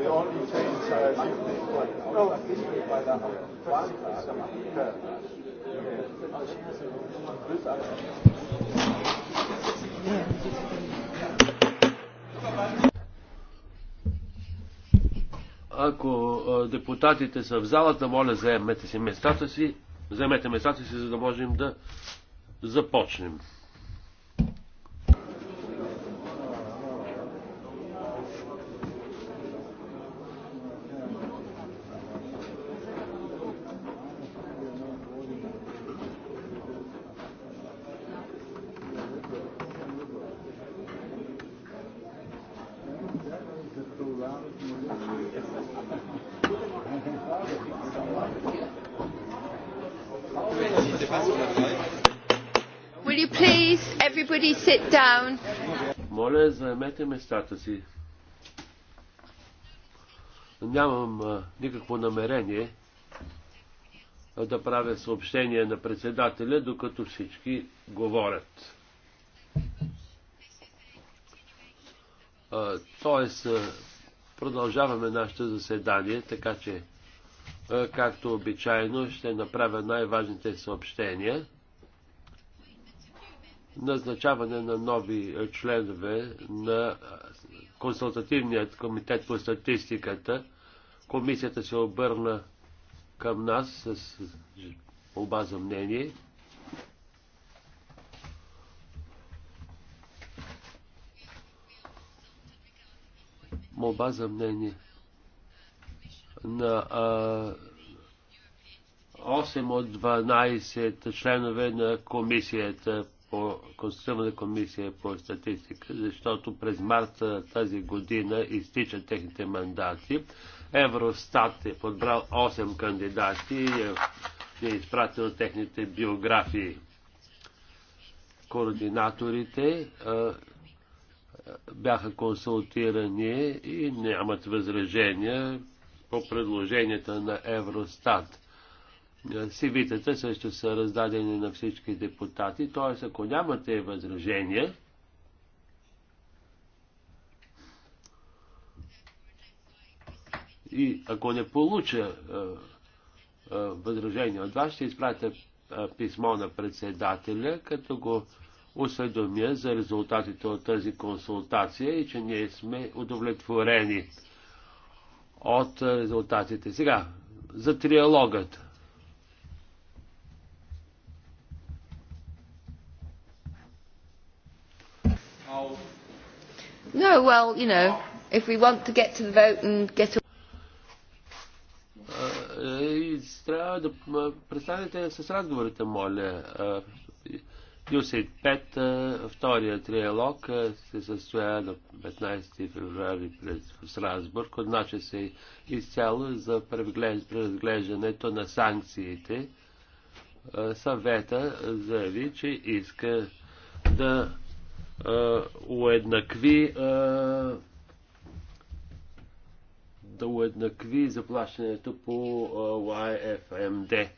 the uh, only oh, by the Ако депутатите са в залата, моля, заемете си местата си, заемете местата си, за да можем да започнем. down. Моля, заемете местата си. Нямам а, никакво намерение а, да правя съобщение на председателя, докато всички говорят. тоест, продължаваме нашето заседание, така че, а, както обичайно, ще направя най-важните съобщения назначаване на нови е, членове на е, консултативният комитет по статистиката. Комисията се обърна към нас с оба за мнение. Моба за мнение на а, 8 от 12 членове на комисията по Конституционната комисия по статистика, защото през март тази година изтичат техните мандати. Евростат е подбрал 8 кандидати и е, е изпратил техните биографии. Координаторите а, е, бяха консултирани и нямат възражения по предложенията на Евростат. Сивитата също са раздадени на всички депутати, т.е. ако нямате възражения, и ако не получа възражение от вас, ще изпратя писмо на председателя, като го усъдомя за резултатите от тази консултация и че ние сме удовлетворени от резултатите. Сега, за триалогът. No, well, you know, if we want to get to the vote and get е, и трябва да престанете с разговорите, моля. Е, Юсей 5, е, втория триалог се състоя на 15 февруари през Страсбург. Отначе се изцяло за преразглеждането на санкциите. Съвета заяви, че иска да уеднакви да уеднакви заплащането по YFMD.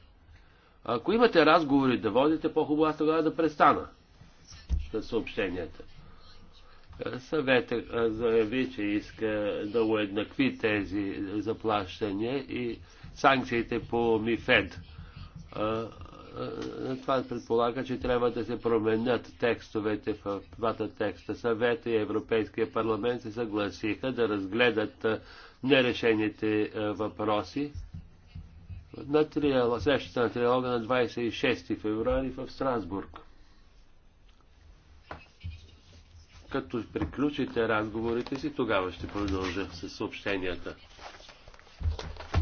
Ако имате разговори да водите, по-хубаво аз тогава да престана с съобщенията. Съветът заяви, че иска да уеднакви тези заплащания и санкциите по МИФЕД. Е, това предполага, че трябва да се променят текстовете в двата текста. Съвета и Европейския парламент се съгласиха да разгледат е, нерешените е, въпроси на триал... срещата на триалога на 26 февруари в Страсбург. Като приключите разговорите си, тогава ще продължа с съобщенията.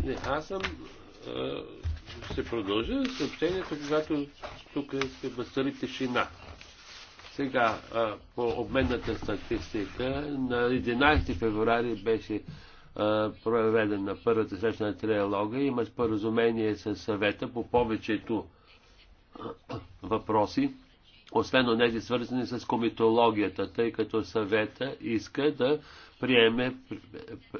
Не, аз съм ще продължа съобщението, когато тук се възцари тишина. Сега, а, по обменната статистика, на 11 февруари беше а, проведена първата среща на триалога. Има споразумение с съвета по повечето въпроси, освен онези свързани с комитологията, тъй като съвета иска да приеме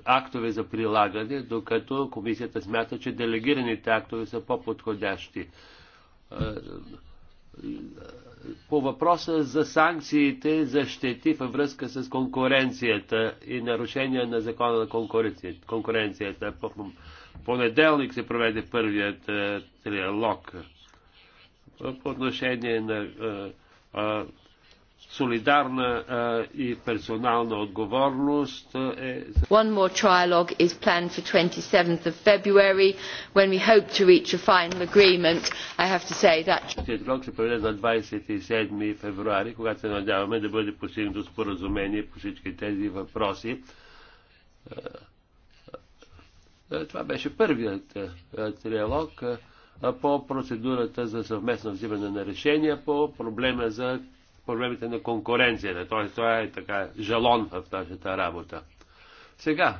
актове за прилагане, докато комисията смята, че делегираните актове са по-подходящи. По въпроса за санкциите за щети във връзка с конкуренцията и нарушения на закона на конкуренцията. По понеделник се проведе първият е, триалог по отношение на е, е, солидарна а, и персонална отговорност е... One more trialogue is planned for 27th of February when we hope to reach a final agreement. I have to say that... Триалог ще проведе на 27 февруари, когато се надяваме да бъде постигнато споразумение по всички тези въпроси. Това беше първият триалог по процедурата за съвместно взимане на решения по проблема за проблемите на конкуренцията. Т.е. това е така жалон в нашата работа. Сега,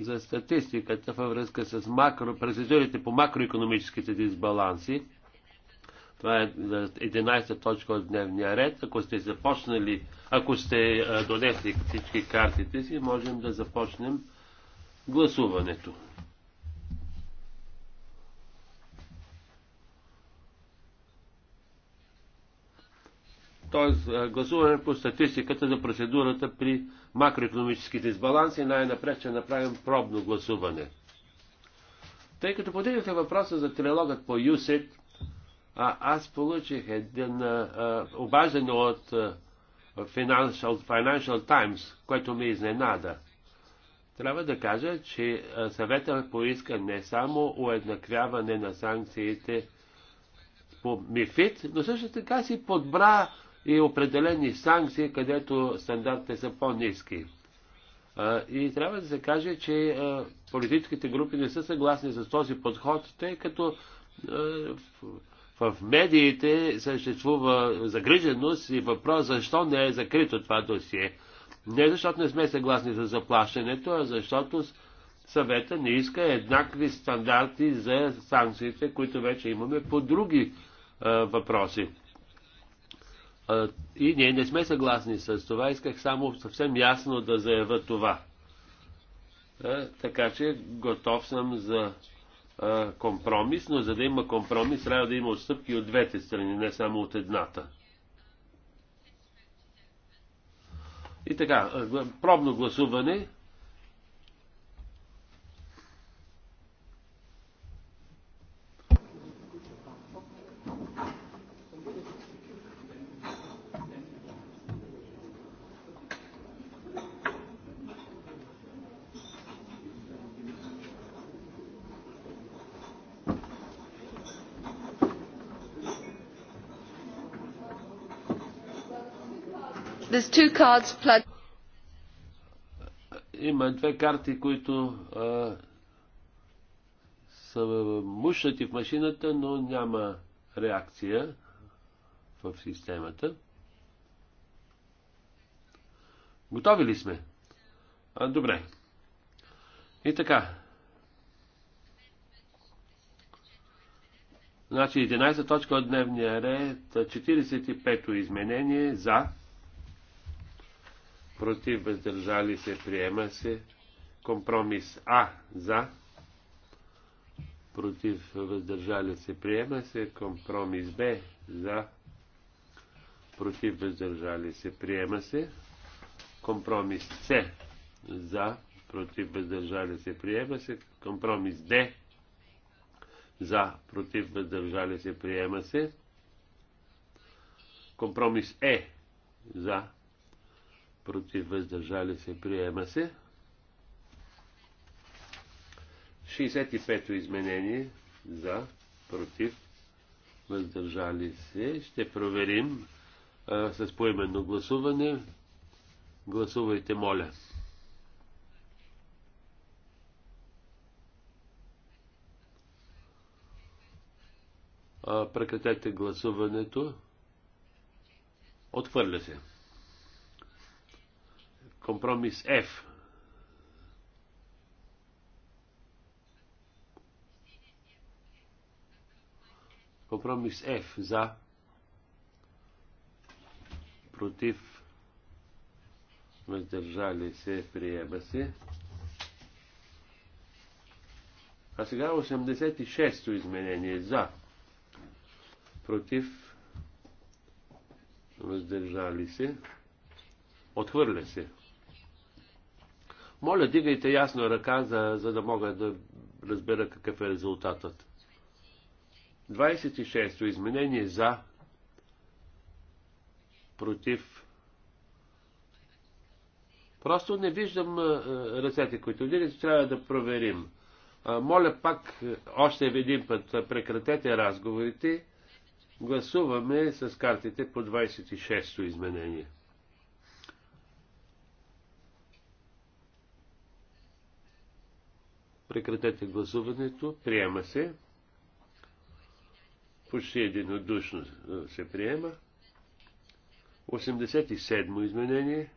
за статистиката във връзка с макро, процедурите по макроекономическите дисбаланси, това е 11 е, точка от дневния ред. Ако сте започнали, ако сте е, донесли всички картите си, можем да започнем гласуването. т.е. гласуване по статистиката за процедурата при макроекономическите избаланси, най-напред ще направим пробно гласуване. Тъй като подигнахте въпроса за трилогът по ЮСЕК, а, аз получих един а, обаждане от а, Financial, Financial Times, което ми изненада. Трябва да кажа, че съвета поиска не само уеднаквяване на санкциите по МИФИТ, но също така си подбра и определени санкции, където стандартите са по-низки. И трябва да се каже, че политическите групи не са съгласни с този подход, тъй като в медиите съществува загриженост и въпрос защо не е закрито това досие. Не защото не сме съгласни за заплащането, а защото съвета не иска еднакви стандарти за санкциите, които вече имаме по други въпроси. И ние не сме съгласни с това, исках само съвсем ясно да заявя това. Така че готов съм за компромис, но за да има компромис, трябва да има отстъпки от двете страни, не само от едната. И така, пробно гласуване cards, Има две карти, които а, са мушнати в машината, но няма реакция в системата. Готови ли сме? А, добре. И така. Значи 11 точка от дневния ред, 45-то изменение за против, въздържали се, приема се. Компромис А за, против, въздържали се, приема се. Компромис Б за, против, въздържали се, приема се. Компромис С за, против, въздържали се, приема се. Компромис Д за, против, въздържали се, приема се. Компромис Е за, против, въздържали се, приема се. 65-то изменение за, против, въздържали се. Ще проверим а, с поименно гласуване. Гласувайте, моля. А, прекратете гласуването. Отхвърля се. Компромис F. Компромис F за, против, въздържали се, приема се. А сега 86-то изменение за, против, въздържали се, отхвърля се. Моля, дигайте ясно ръка, за, за да мога да разбера какъв е резултатът. 26 изменение за, против. Просто не виждам ръцете, които вдигате, трябва да проверим. Моля пак, още един път, прекратете разговорите. Гласуваме с картите по 26-то изменение. Прекратете гласуването. Приема се. Почти единодушно се приема. 87 изменение.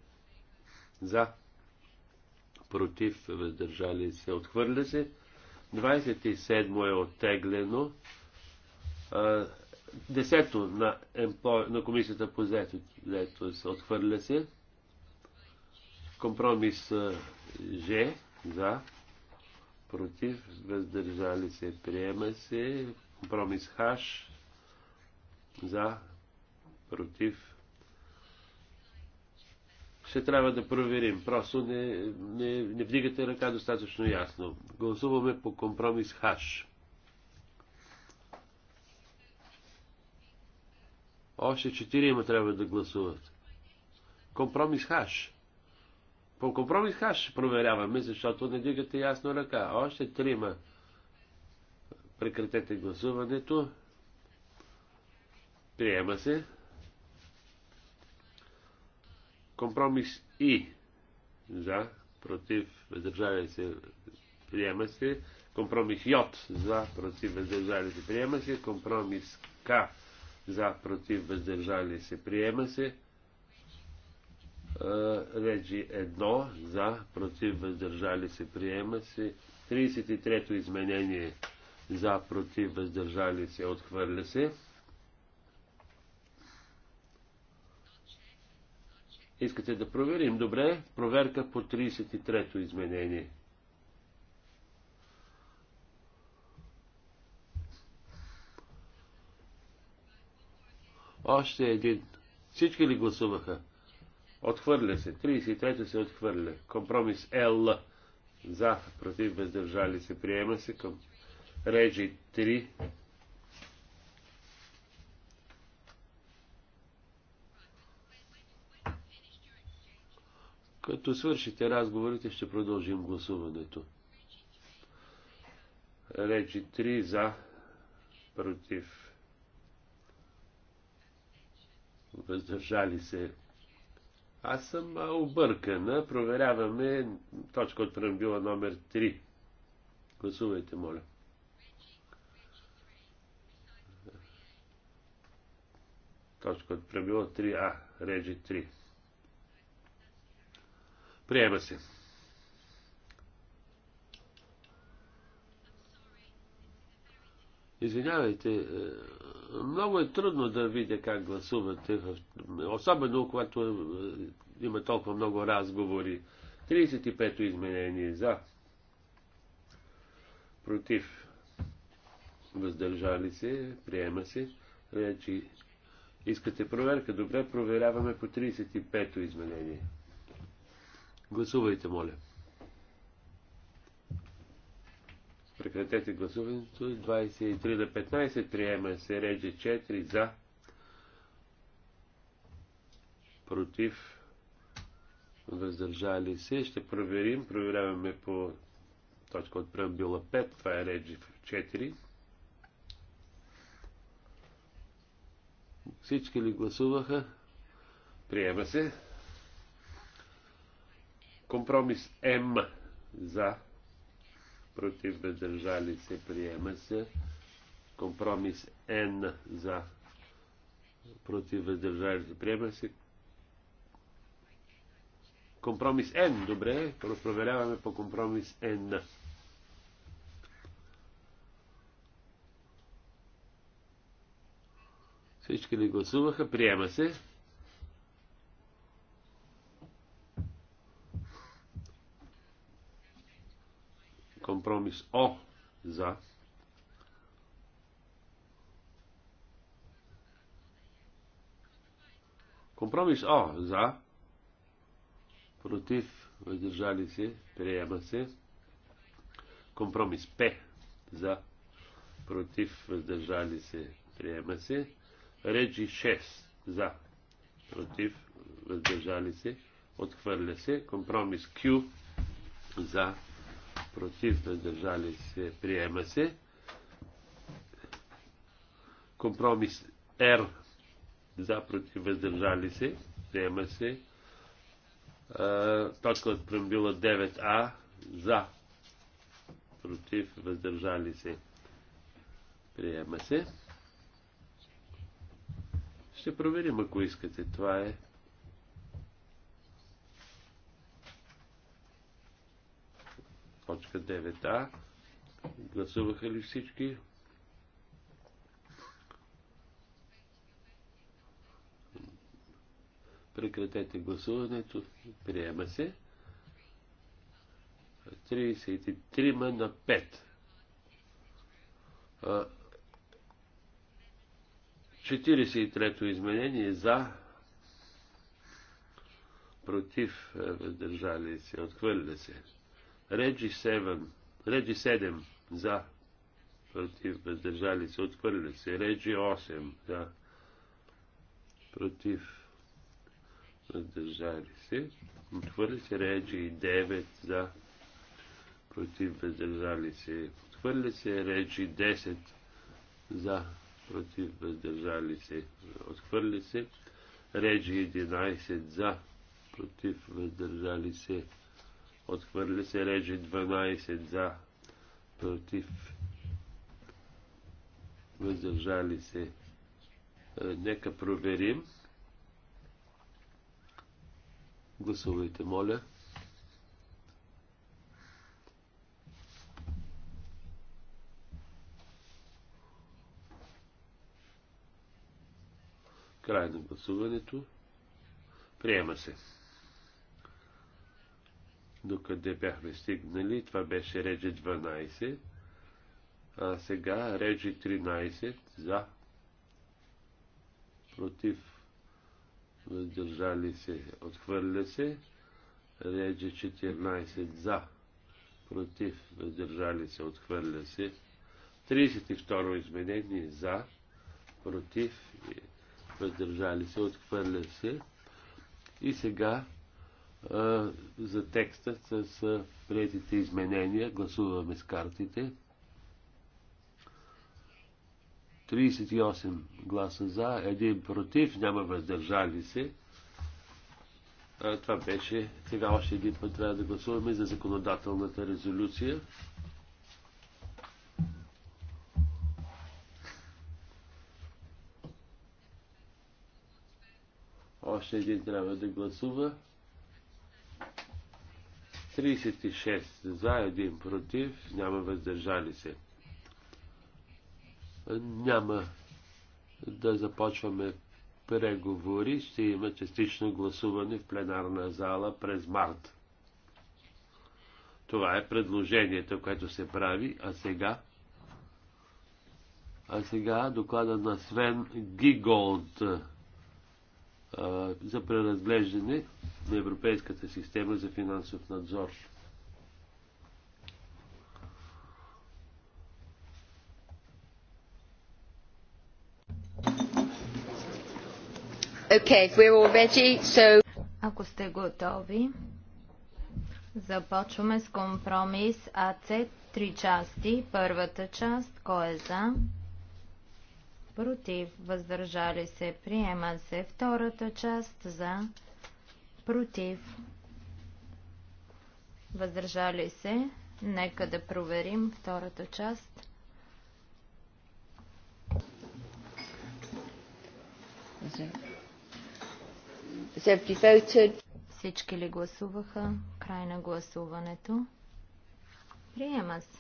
За. Против. Въздържали се. Отхвърля се. 27 е оттеглено. Десето на, емпло... на комисията по заето се отхвърля се. Компромис Ж за против, въздържали се, приема се. Компромис хаш за, против. Ще трябва да проверим. Просто не, не, не вдигате ръка достатъчно ясно. Гласуваме по компромис хаш. Още четирима трябва да гласуват. Компромис хаш. По компромис хаш проверяваме, защото не дигате ясно ръка. Още трима. Прекратете гласуването. Приема се. Компромис И. За. Против. Въздържали се. Приема се. Компромис Й. За. Против. Въздържали се. Приема се. Компромис К. За. Против. Въздържали се. Приема се. Реджи 1 за, против, въздържали се, приема се. 33-то изменение за, против, въздържали се, отхвърля се. Искате да проверим? Добре, проверка по 33-то изменение. Още един. Всички ли гласуваха? Отхвърля се. 33-то се отхвърля. Компромис Л. За, против, въздържали се. Приема се към Реджи 3. Като свършите разговорите, ще продължим гласуването. Речи 3 за, против, въздържали се аз съм объркана. Проверяваме точка от преамбила номер 3. Гласувайте, моля. Точка от преамбила 3А. Реджи 3. Приема се. Извинявайте, е, много е трудно да видя как гласувате, особено когато е, има толкова много разговори. 35-то изменение за, против, въздържали се, приема се, речи, значи, искате проверка, добре, проверяваме по 35-то изменение. Гласувайте, моля. 35 Прекратете гласуването. 23 на 15 приема се реже 4 за. Против. Въздържали се. Ще проверим. Проверяваме по точка от преамбюла 5. Това е реже 4. Всички ли гласуваха? Приема се. Компромис М за против, въздържали се, приема се. Компромис Н за, против, въздържали се, приема се. Компромис Н. добре, проверяваме по компромис Н. Всички ли гласуваха? Приема се. Компромис О за. Компромис О за. Против, въздържали се, приема се. Компромис П за. Против, въздържали се, приема се. Реджи 6 за. Против, въздържали се, отхвърля се. Компромис Q за против, въздържали се, приема се. Компромис Р за, против, въздържали се, приема се. Точка от преамбила 9А за, против, въздържали се, приема се. Ще проверим, ако искате. Това е Точка 9а. Гласуваха ли всички? Прекратете гласуването. Приема се. 33 на 5. 43-то изменение за против въздържали се, отхвърля се. Реджи 7, Реджи 7 за, против, въздържали се, отхвърля се. Реджи 8 за, против, въздържали се. Отхвърля се Реджи 9 за, против, въздържали се. Отхвърля се Реджи 10 за, против, въздържали се. Отхвърля се Реджи 11 за, против, въздържали се. Отхвърля се режи 12 за. Против. Въздържали се. Е, нека проверим. Гласувайте, моля. Край на гласуването. Приема се докъде бяхме стигнали. Това беше Реджи 12. А сега Реджи 13 за против въздържали се, отхвърля се. Реджи 14 за против въздържали се, отхвърля се. 32 изменение за против въздържали се, отхвърля се. И сега за текста с приятите изменения. Гласуваме с картите. 38 гласа за, 1 против, няма въздържали се. А, това беше. Сега още един път трябва да гласуваме за законодателната резолюция. Още един трябва да гласува. 36 за, 1 против, няма въздържали се. Няма да започваме преговори, ще има частично гласуване в пленарна зала през март. Това е предложението, което се прави, а сега а сега доклада на Свен Гиголд за преразглеждане на Европейската система за финансов надзор. Okay, we're all ready, so... Ако сте готови, започваме с компромис АЦ Три части. Първата част, кой е за? против, въздържали се, приема се. Втората част за, против, въздържали се. Нека да проверим втората част. Всички ли гласуваха? Край на гласуването. Приема се.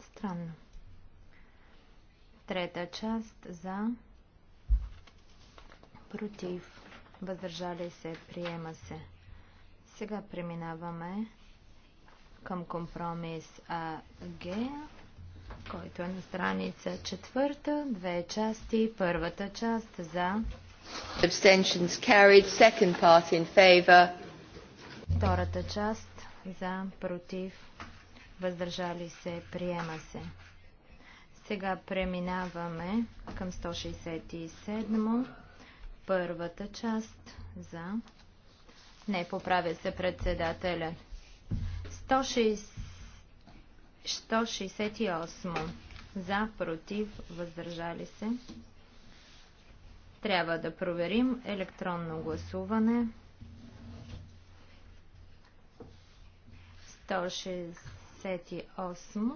Странно. Трета част за против. Въздържали се. Приема се. Сега преминаваме към компромис АГ, който е на страница четвърта, две части. Първата част за Abstentions carried. Second part in favor. Втората част за против. Въздържали се. Приема се. Сега преминаваме към 167. Първата част за... Не, поправя се председателя. 160... 168. За, против, въздържали се. Трябва да проверим електронно гласуване. 168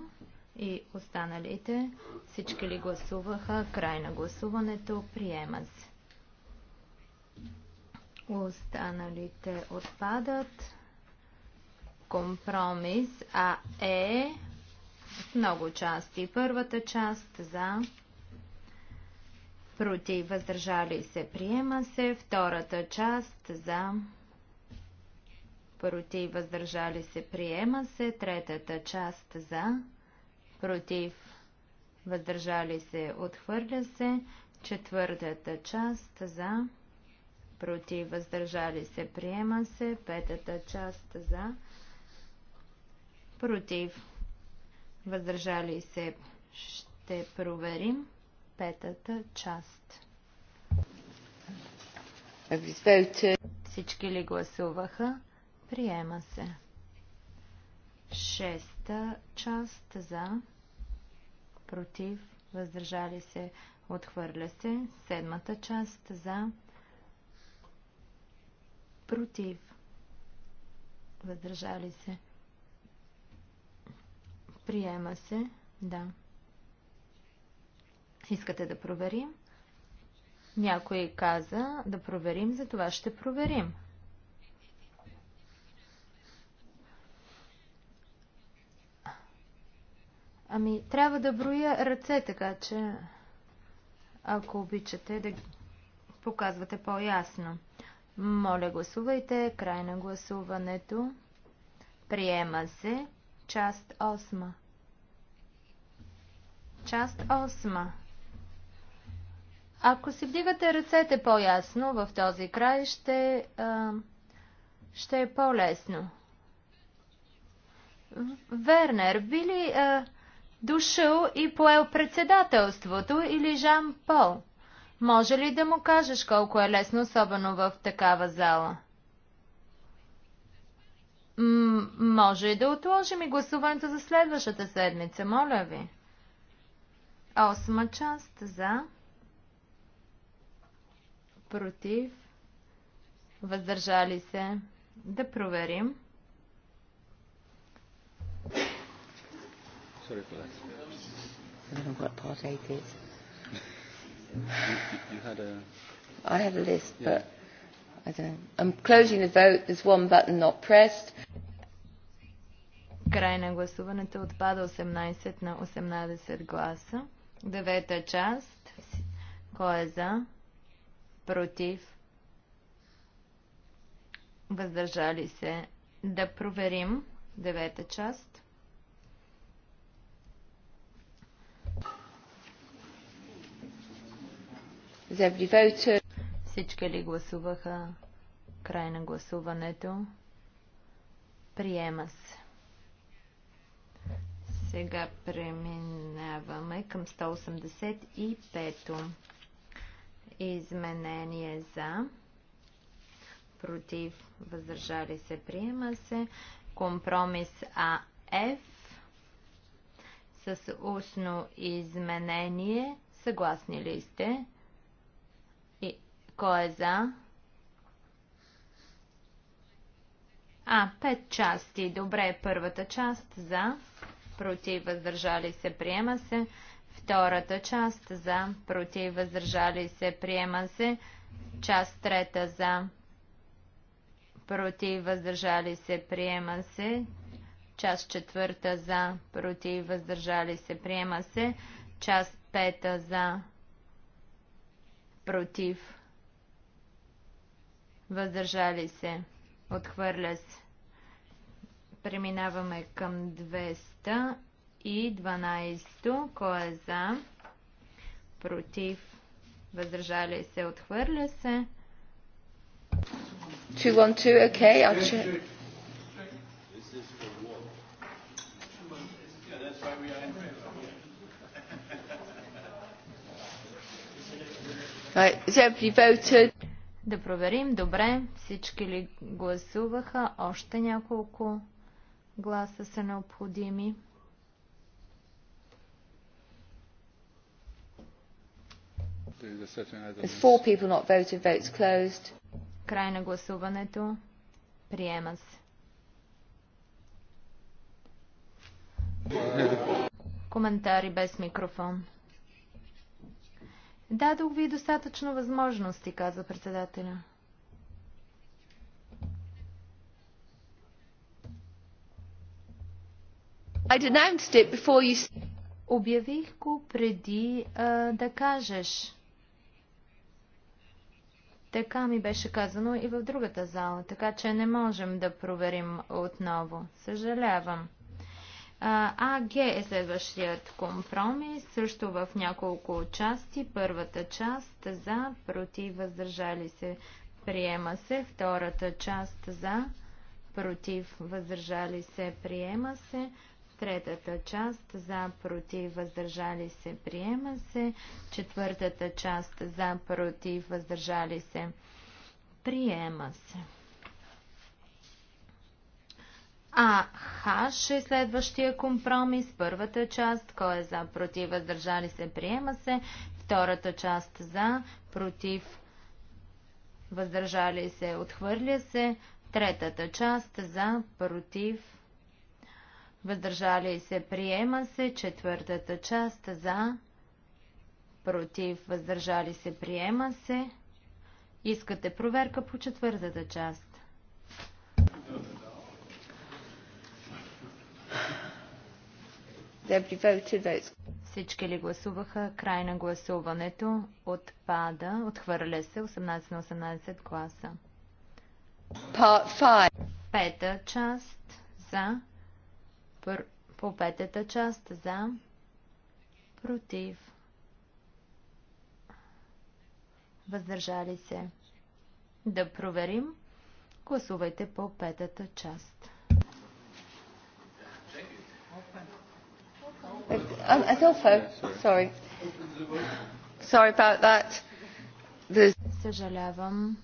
и останалите. Всички ли гласуваха? Край на гласуването. Приема се. Останалите отпадат. Компромис А е в много части. Първата част за против въздържали се приема се. Втората част за против въздържали се приема се. Третата част за против, въздържали се, отхвърля се. Четвъртата част за, против, въздържали се, приема се. Петата част за, против, въздържали се, ще проверим петата част. Всички ли гласуваха? Приема се. Шеста част за, против, въздържали се, отхвърля се. Седмата част за, против, въздържали се. Приема се, да. Искате да проверим? Някой каза да проверим, за това ще проверим. Ами, трябва да броя ръце, така че, ако обичате, да показвате по-ясно. Моля, гласувайте. Край на гласуването. Приема се. Част 8. Част 8. Ако си вдигате ръцете по-ясно в този край, ще, а, ще е по-лесно. Вернер, били... а, дошъл и поел председателството или Жан Пол. Може ли да му кажеш колко е лесно, особено в такава зала? М- може и да отложим и гласуването за следващата седмица, моля ви. Осма част за. Против. Въздържали се. Да проверим. Sorry for that. I don't know what part eight is. You, you had a. I have a list, yeah. but I don't. I'm closing the vote. There's one button not pressed. Край на гласуването отпада 18 на 18 гласа. Девета част. Кой е за? Против? Въздържали се да проверим девета част. Всички ли гласуваха? Край на гласуването. Приема се. Сега преминаваме към 185-то. Изменение за. Против. Въздържали се. Приема се. Компромис АФ с устно изменение. Съгласни ли сте? Кой е за? А, пет части. Добре, първата част за, против, въздържали се, приема се. Втората част за, против, въздържали се, приема се. Част трета за, против, въздържали се, приема се. Част четвърта за, против, въздържали се, приема се. Част пета за, против, въздържали се, отхвърля се. Преминаваме към 200 и 12, кой е за, против, въздържали се, отхвърля се. 212, okay, I'll check. Right, has everybody voted? Да проверим. Добре, всички ли гласуваха? Още няколко гласа са необходими. Voted, votes Край на гласуването. Приема се. Коментари без микрофон. Дадох ви достатъчно възможности, каза председателя. I denounced it before you... Обявих го преди а, да кажеш. Така ми беше казано и в другата зала, така че не можем да проверим отново. Съжалявам. АГ е следващият компромис, също в няколко части. Първата част за, против, въздържали се, приема се. Втората част за, против, въздържали се, приема се. Третата част за, против, въздържали се, приема се. Четвъртата част за, против, въздържали се, приема се. А хаш е следващия компромис. Първата част, кой е за, против, въздържали се, приема се. Втората част за, против, въздържали се, отхвърля се. Третата част за, против, въздържали се, приема се. Четвъртата част за, против, въздържали се, приема се. Искате проверка по четвъртата част. Всички ли гласуваха? Край на гласуването. Отпада. Отхвърля се. 18 на 18 гласа. Пета част за. По петата част за. Против. Въздържали се. Да проверим. Гласувайте по петата част. Um, sorry. Sorry about that. Съжалявам.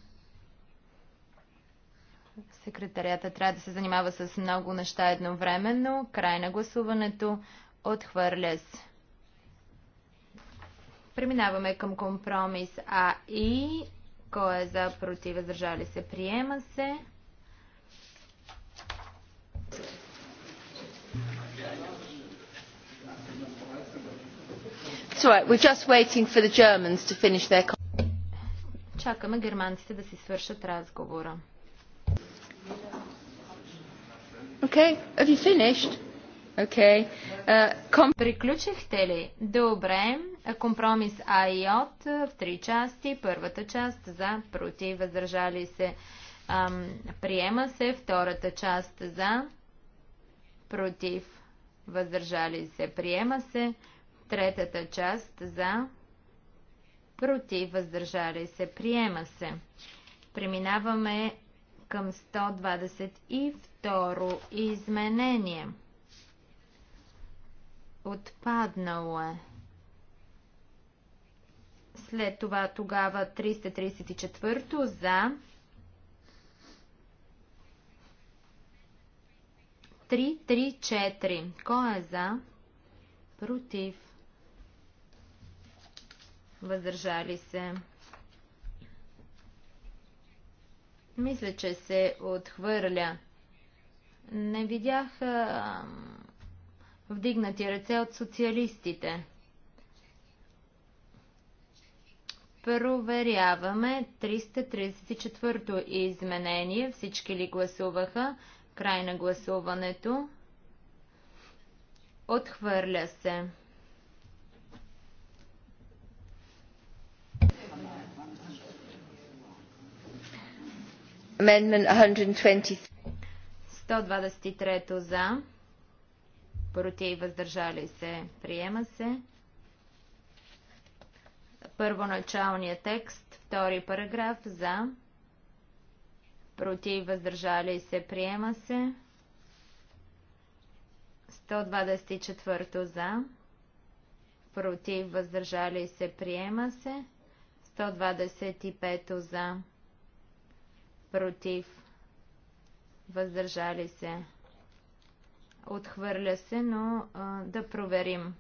Секретарията трябва да се занимава с много неща едновременно. Край на гласуването. Отхвърля се. Преминаваме към компромис А и кой е за против, въздържали се, приема се. Чакаме германците да си свършат разговора. Uh, Приключихте ли? Добре. Компромис А и От в три части. Първата част за, против, въздържали се. Ам, приема се. Втората част за, против, въздържали се. Приема се. Третата част за, против, въздържали се, приема се. Преминаваме към 122 изменение. Отпаднало е. След това тогава 334 за 334. Кой е за? Против въздържали се. Мисля, че се отхвърля. Не видях а, вдигнати ръце от социалистите. Проверяваме 334-то изменение. Всички ли гласуваха? Край на гласуването. Отхвърля се. Amendment 123. за. Против въздържали се. Приема се. Първоначалният текст, втори параграф за. Против въздържали се. Приема се. 124 за. Против въздържали се. Приема се. 125 за против, въздържали се, отхвърля се, но а, да проверим.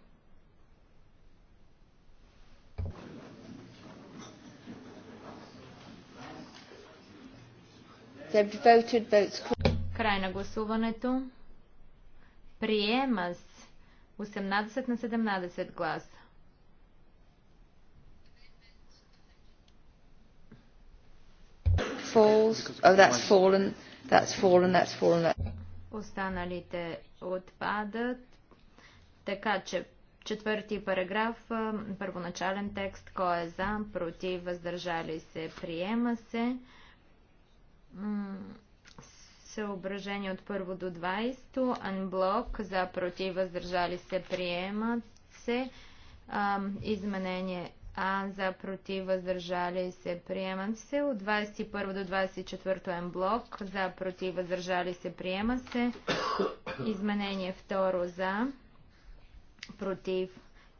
Край на гласуването. Приема с 18 на 17 гласа. falls. Oh, that's fallen. That's fallen. That's fallen. Останалите отпадат. Така че четвърти параграф, първоначален текст, кой е за, против, въздържали се, приема се. Съображение от първо до 20, анблок, за, против, въздържали се, приема се. Изменение а за против въздържали се приема се. От 21 до 24 ен блок. За против въздържали се приема се. Изменение второ за против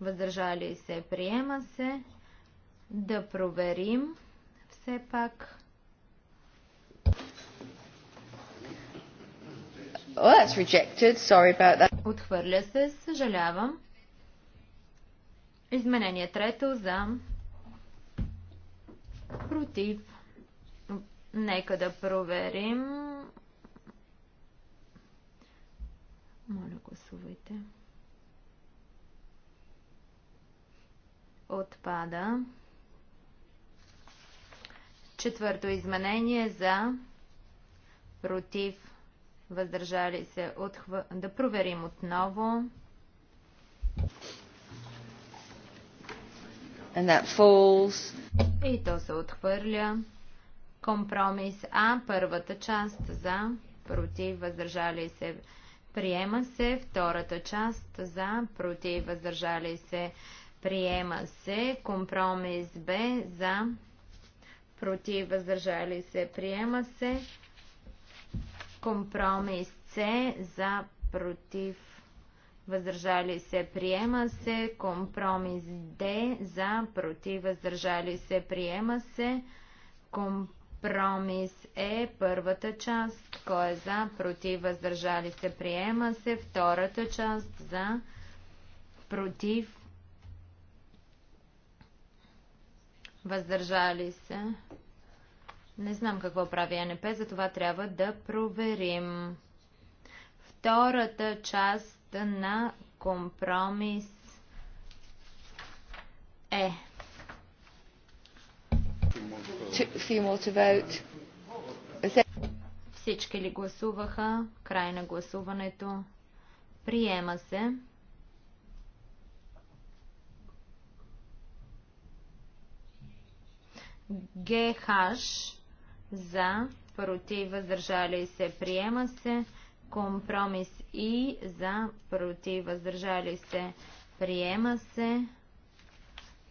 въздържали се приема се. Да проверим все пак. Oh, that's rejected. Sorry about that. Отхвърля се, съжалявам. Изменение трето за против. Нека да проверим. Моля, гласувайте. Отпада. Четвърто изменение за против. Въздържали се отхва... да проверим отново. Thank And that falls. И то се отхвърля. Компромис А, първата част за, против, въздържали се. Приема се втората част за, против, въздържали се. Приема се компромис Б за, против, въздържали се. Приема се компромис С за, против, въздържали се, приема се. Компромис Д за, против, въздържали се, приема се. Компромис Е, първата част, кой е за, против, въздържали се, приема се. Втората част за, против, въздържали се. Не знам какво прави НП, затова трябва да проверим. Втората част текста на компромис Е. Всички ли гласуваха? Край на гласуването. Приема се. ГХ за, против, въздържали се, приема се. Компромис И за против въздържали се приема се.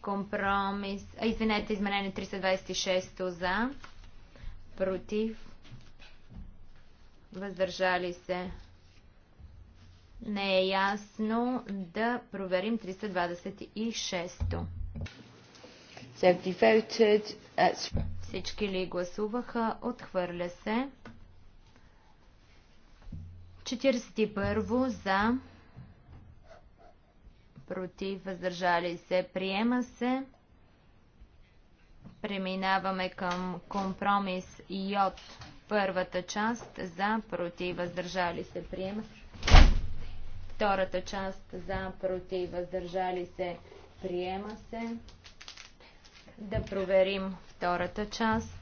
Компромис. А, извинете, изменение 326 за против въздържали се. Не е ясно да проверим 326-то. Всички ли гласуваха? Отхвърля се. 41 за, против, въздържали се, приема се. Преминаваме към компромис йод. Първата част за, против, въздържали се, приема се. Втората част за, против, въздържали се, приема се. Да проверим втората част.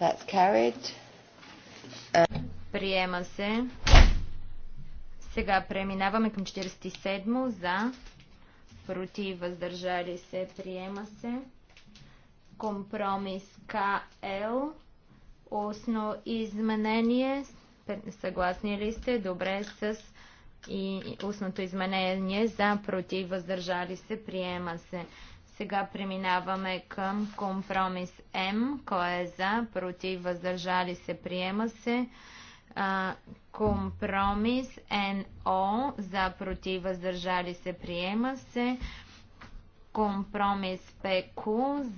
That's carried. Uh, приема се. Сега преминаваме към 47 за против въздържали се. Приема се. Компромис КЛ. Устно изменение. Съгласни ли сте? Добре с и устното изменение за против въздържали се. Приема се. Сега преминаваме към компромис М. Кой е за? Против? Въздържали се? Приема се. компромис НО. За? Против? Въздържали се? Приема се. Компромис ПК.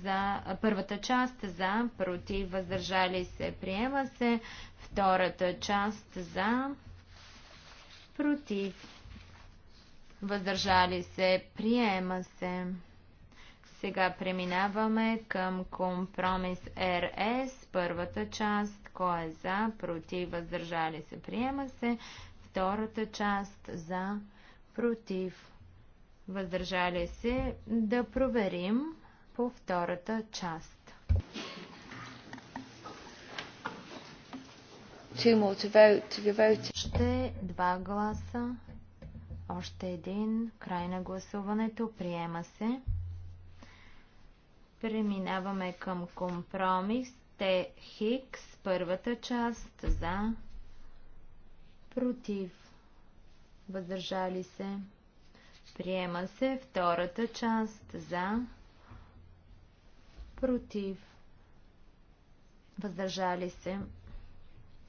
За първата част за? Против? Въздържали се? Приема се. Втората част за? Против? Въздържали се? Приема се. Сега преминаваме към компромис РС, първата част, кой е за, против, въздържали се, приема се, втората част, за, против, въздържали се, да проверим по втората част. Ще два гласа, още един, край на гласуването, приема се. Преминаваме към компромис Те Хикс, първата част за против. Въздържали се. Приема се втората част за против. Въздържали се.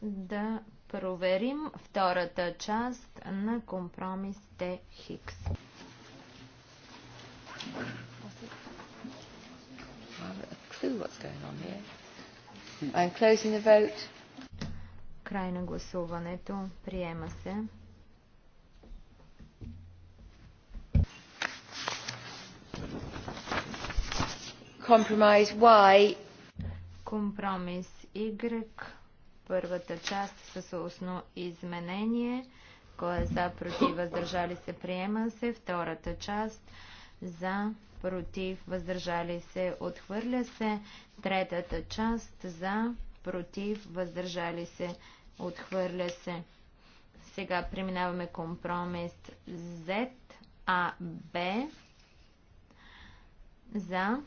Да проверим втората част на компромис Т Хикс. Thank you a clue what's going on here. I'm closing the vote. Край на гласуването. Приема се. Compromise Y. Компромис Y. Първата част с устно изменение. Кой е за, против, въздържали се, приема се. Втората част за, против, въздържали се, отхвърля се. Третата част за, против, въздържали се, отхвърля се. Сега преминаваме компромис Z, А, Б, за,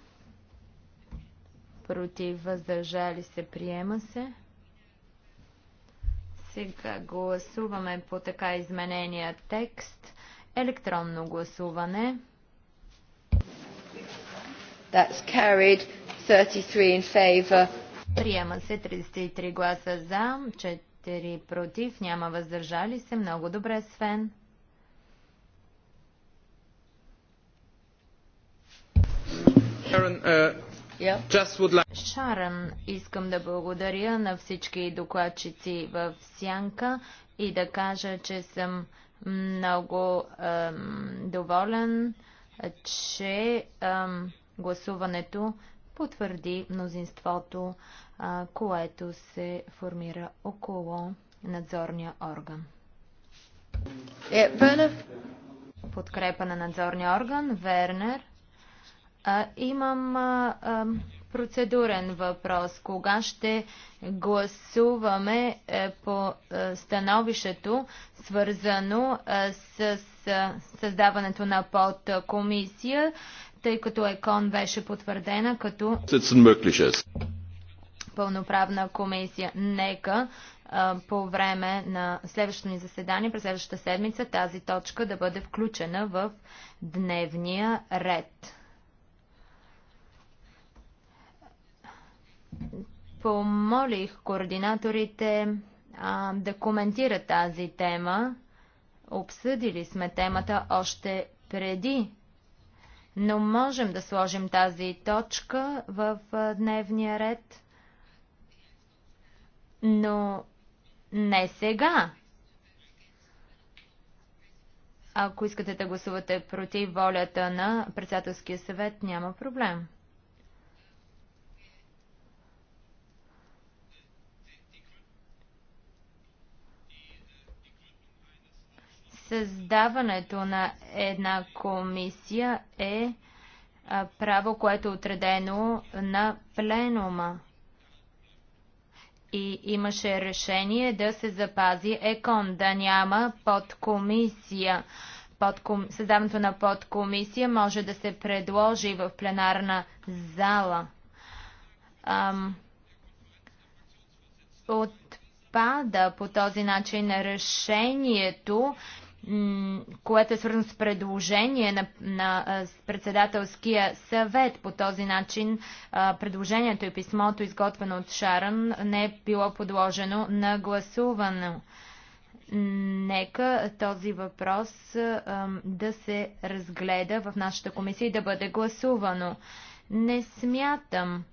против, въздържали се, приема се. Сега гласуваме по така изменения текст. Електронно гласуване. That's carried. 33 in favor. Приема се 33 гласа за, 4 против, няма въздържали се. Много добре, Свен. Шаран, uh, yeah. like... искам да благодаря на всички докладчици в Сянка и да кажа, че съм много um, доволен, че um, гласуването потвърди мнозинството, което се формира около надзорния орган. Е, Подкрепа на надзорния орган, Вернер. имам процедурен въпрос. Кога ще гласуваме е, по е, становището, свързано с създаването на подкомисия? комисия? тъй като ЕКОН беше потвърдена като пълноправна комисия. Нека по време на следващото ни заседание, през следващата седмица, тази точка да бъде включена в дневния ред. Помолих координаторите а, да коментират тази тема. Обсъдили сме темата още преди но можем да сложим тази точка в дневния ред, но не сега. Ако искате да гласувате против волята на председателския съвет, няма проблем. Създаването на една комисия е право, което е отредено на пленума. И имаше решение да се запази ЕКОН, да няма подкомисия. Подком... Създаването на подкомисия може да се предложи в пленарна зала. Ам... Отпада по този начин решението което е свързано с предложение на, на председателския съвет. По този начин предложението и писмото, изготвено от Шаран, не е било подложено на гласуване. Нека този въпрос да се разгледа в нашата комисия и да бъде гласувано. Не смятам,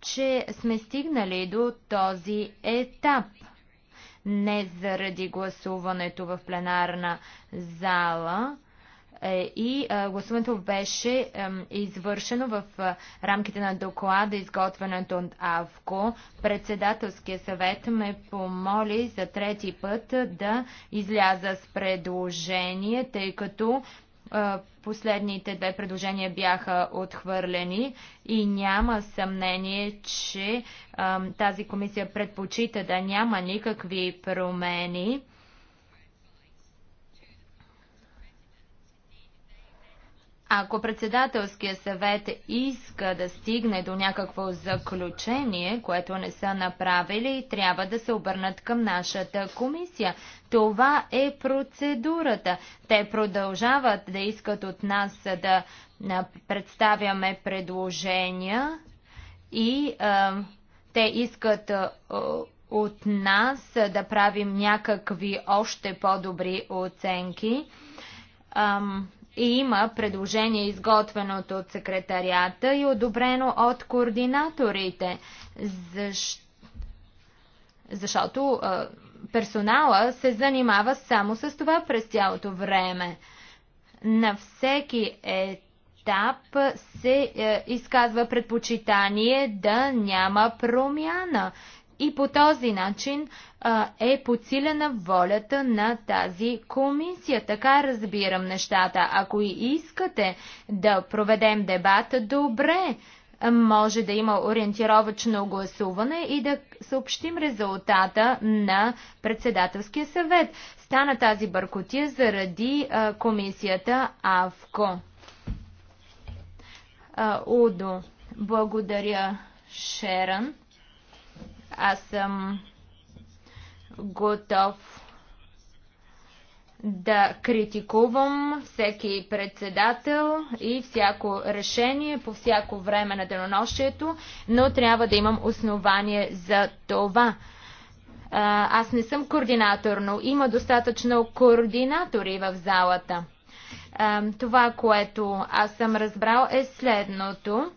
че сме стигнали до този етап – не заради гласуването в пленарна зала. Е, и гласуването беше извършено в рамките на доклада, изготвянето от АВКО. Председателския съвет ме помоли за трети път да изляза с предложение, тъй като Последните две предложения бяха отхвърлени и няма съмнение, че тази комисия предпочита да няма никакви промени. Ако председателския съвет иска да стигне до някакво заключение, което не са направили, трябва да се обърнат към нашата комисия. Това е процедурата. Те продължават да искат от нас да представяме предложения и а, те искат а, от нас да правим някакви още по-добри оценки. Ам, и има предложение изготвеното от секретарията и одобрено от координаторите, защ... защото а, персонала се занимава само с това през цялото време. На всеки етап се е, изказва предпочитание да няма промяна и по този начин а, е подсилена волята на тази комисия. Така разбирам нещата. Ако и искате да проведем дебат, добре. Може да има ориентировачно гласуване и да съобщим резултата на председателския съвет. Стана тази бъркотия заради а, комисията АВКО. А, Удо, благодаря, Шеран. Аз съм готов да критикувам всеки председател и всяко решение по всяко време на денонощието, но трябва да имам основание за това. Аз не съм координатор, но има достатъчно координатори в залата. Това, което аз съм разбрал е следното.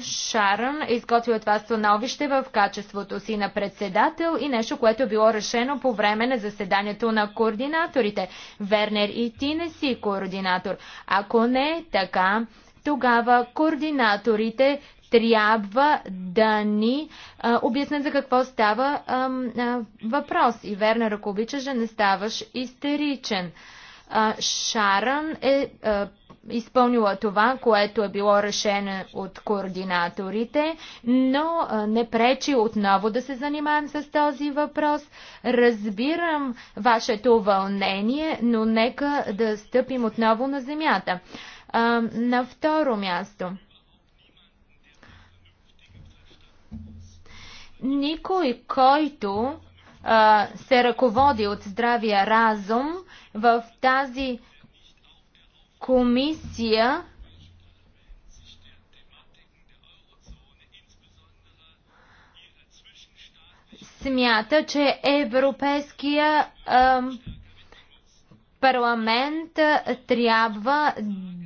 Шарън е изготвил това становище в качеството си на председател и нещо, което е било решено по време на заседанието на координаторите. Вернер и ти не си координатор. Ако не така, тогава координаторите трябва да ни а, обяснят за какво става а, а, въпрос. И Вернер, ако обичаш, да не ставаш истеричен. А, Шаран е а, изпълнила това, което е било решено от координаторите, но не пречи отново да се занимаем с този въпрос. Разбирам вашето вълнение, но нека да стъпим отново на земята. на второ място. Никой, който а, се ръководи от здравия разум в тази комисия смята, че Европейския а, парламент а, трябва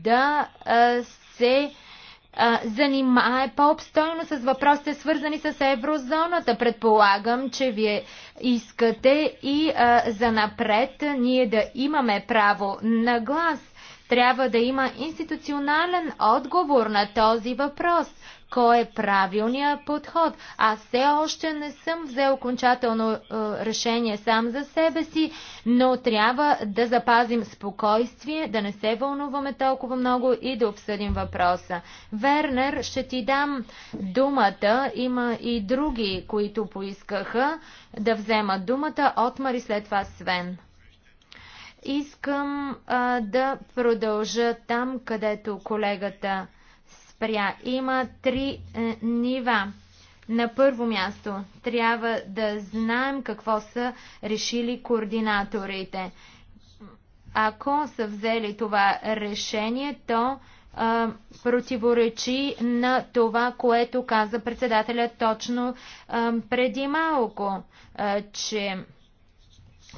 да а, се занимае по-обстойно с въпросите, свързани с еврозоната. Предполагам, че вие искате и за напред ние да имаме право на глас трябва да има институционален отговор на този въпрос. Кой е правилният подход? Аз все още не съм взел окончателно е, решение сам за себе си, но трябва да запазим спокойствие, да не се вълнуваме толкова много и да обсъдим въпроса. Вернер, ще ти дам думата. Има и други, които поискаха да вземат думата. Отмари след това Свен. Искам а, да продължа там, където колегата спря. Има три е, нива. На първо място трябва да знаем какво са решили координаторите. Ако са взели това решение, то а, противоречи на това, което каза председателя точно а, преди малко, а, че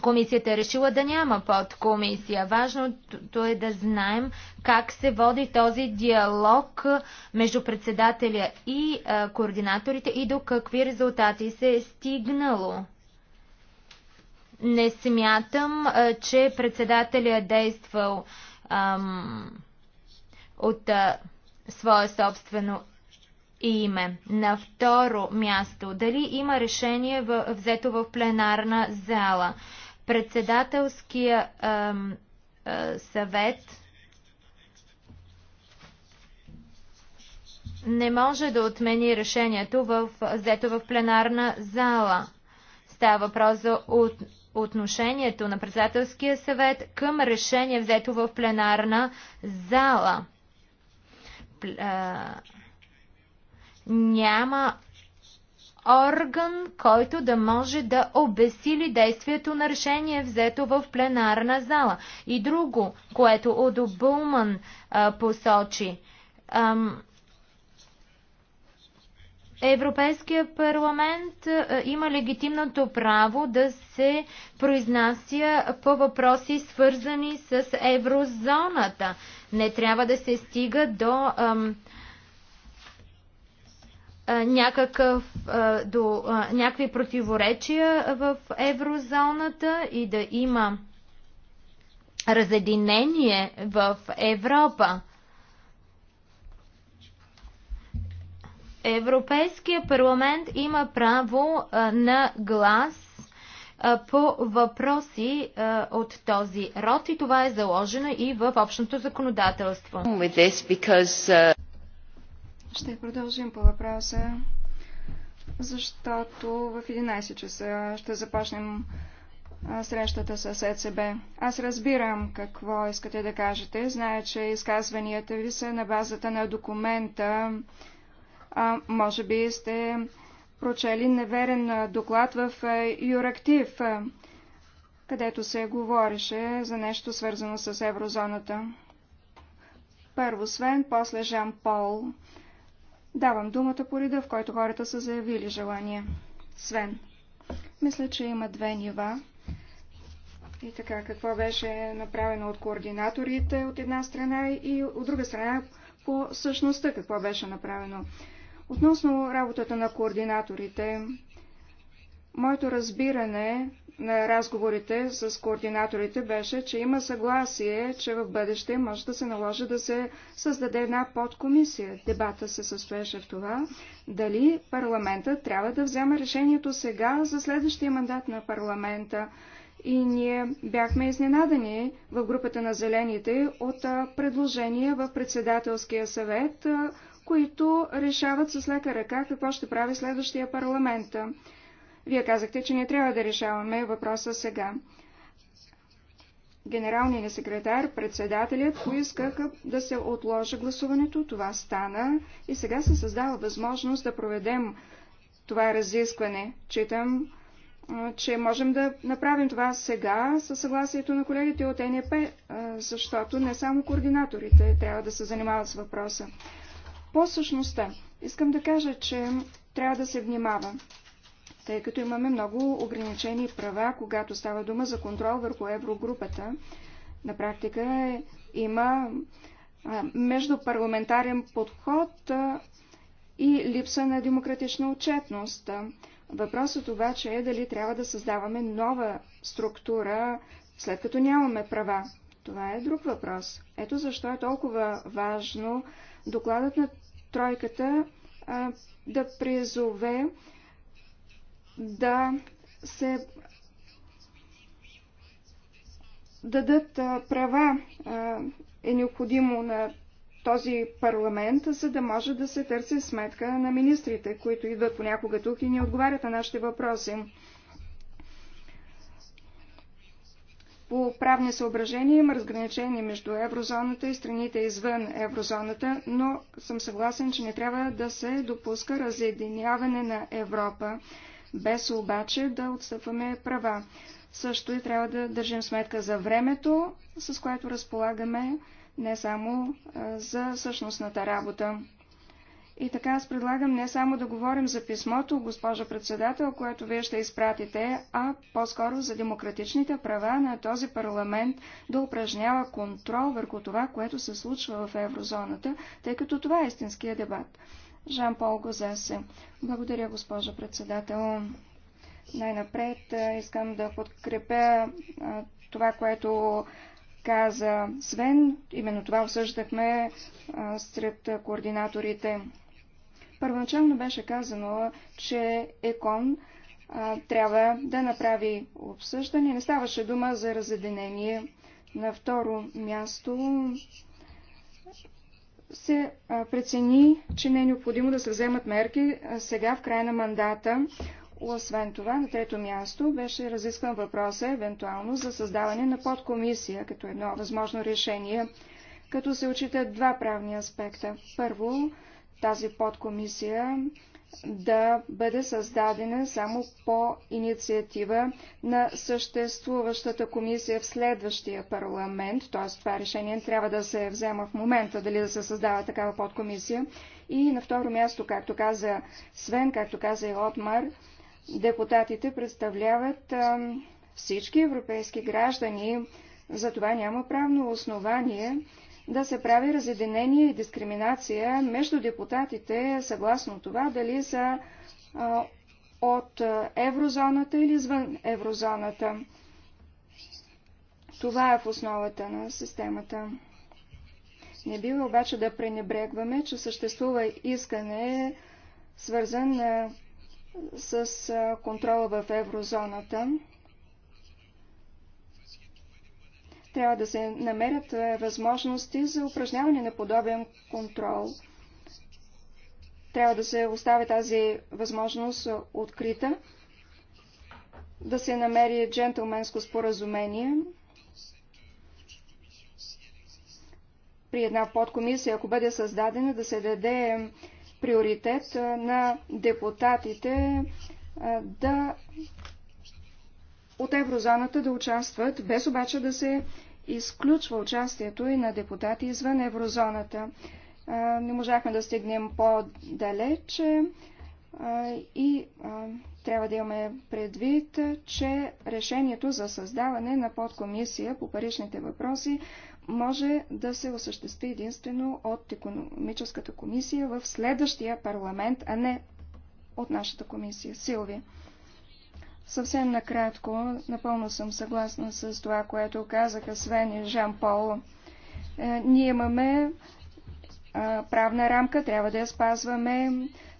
Комисията е решила да няма подкомисия. Важното е да знаем как се води този диалог между председателя и а, координаторите и до какви резултати се е стигнало. Не смятам, а, че председателя е действал ам, от а, свое собствено име. На второ място, дали има решение в, взето в пленарна зала? Председателския а, а, съвет не може да отмени решението в, взето в пленарна зала. Става въпрос за от, отношението на председателския съвет към решение взето в пленарна зала. Няма орган, който да може да обесили действието на решение, взето в пленарна зала. И друго, което Удо Булман а, посочи. Ам, Европейския парламент а, има легитимното право да се произнася по въпроси, свързани с еврозоната. Не трябва да се стига до... Ам, някакъв, до някакви противоречия в еврозоната и да има разединение в Европа. Европейския парламент има право на глас по въпроси от този род и това е заложено и в общото законодателство. Uh, ще продължим по въпроса, защото в 11 часа ще започнем срещата с ЕЦБ. Аз разбирам какво искате да кажете. Зная, че изказванията ви са на базата на документа. А, може би сте прочели неверен доклад в Юрактив, където се говореше за нещо свързано с еврозоната. Първо Свен, после Жан Пол. Давам думата по реда, в който хората са заявили желание. Свен. Мисля, че има две нива. И така, какво беше направено от координаторите от една страна и от друга страна по същността какво беше направено. Относно работата на координаторите, моето разбиране на разговорите с координаторите беше, че има съгласие, че в бъдеще може да се наложи да се създаде една подкомисия. Дебата се състоеше в това, дали парламента трябва да взема решението сега за следващия мандат на парламента. И ние бяхме изненадани в групата на зелените от предложения в председателския съвет, които решават с лека ръка какво ще прави следващия парламент. Вие казахте, че не трябва да решаваме въпроса сега. Генералният секретар, председателят поискаха да се отложи гласуването. Това стана и сега се създава възможност да проведем това разискване. Читам, че можем да направим това сега със съгласието на колегите от НЕП, защото не само координаторите трябва да се занимават с въпроса. По същността, искам да кажа, че трябва да се внимава тъй като имаме много ограничени права, когато става дума за контрол върху еврогрупата. На практика е, има междупарламентарен подход и липса на демократична отчетност. Въпросът обаче е дали трябва да създаваме нова структура, след като нямаме права. Това е друг въпрос. Ето защо е толкова важно докладът на тройката а, да призове да се дадат права е необходимо на този парламент, за да може да се търси сметка на министрите, които идват понякога тук и ни отговарят на нашите въпроси. По правни съображения има разграничение между еврозоната и страните извън еврозоната, но съм съгласен, че не трябва да се допуска разединяване на Европа без обаче да отстъпваме права. Също и трябва да държим сметка за времето, с което разполагаме не само за същностната работа. И така аз предлагам не само да говорим за писмото, госпожа председател, което вие ще изпратите, а по-скоро за демократичните права на този парламент да упражнява контрол върху това, което се случва в еврозоната, тъй като това е истинския дебат. Жан-Пол Гозесе. Благодаря, госпожо председател. Най-напред искам да подкрепя това, което каза Свен. Именно това обсъждахме сред координаторите. Първоначално беше казано, че ЕКОН трябва да направи обсъждане. Не ставаше дума за разединение. На второ място се прецени, че не е необходимо да се вземат мерки сега в края на мандата. Освен това, на трето място беше разискван въпроса евентуално за създаване на подкомисия като едно възможно решение, като се очитат два правни аспекта. Първо, тази подкомисия да бъде създадена само по инициатива на съществуващата комисия в следващия парламент, т.е. това решение трябва да се взема в момента, дали да се създава такава подкомисия. И на второ място, както каза Свен, както каза и Отмар, депутатите представляват а, всички европейски граждани, за това няма правно основание да се прави разединение и дискриминация между депутатите, съгласно това дали са от еврозоната или извън еврозоната. Това е в основата на системата. Не бива обаче да пренебрегваме, че съществува искане, свързан с контрола в еврозоната. Трябва да се намерят е, възможности за упражняване на подобен контрол. Трябва да се остави тази възможност е, открита, да се намери джентълменско споразумение при една подкомисия, ако бъде създадена, да се даде е, приоритет на депутатите да от еврозоната да участват, без обаче да се изключва участието и на депутати извън еврозоната. Не можахме да стигнем по-далече и трябва да имаме предвид, че решението за създаване на подкомисия по паричните въпроси може да се осъществи единствено от економическата комисия в следващия парламент, а не от нашата комисия. Силви. Съвсем накратко, напълно съм съгласна с това, което казаха Свен и Жан Пол. Е, ние имаме правна рамка, трябва да я спазваме.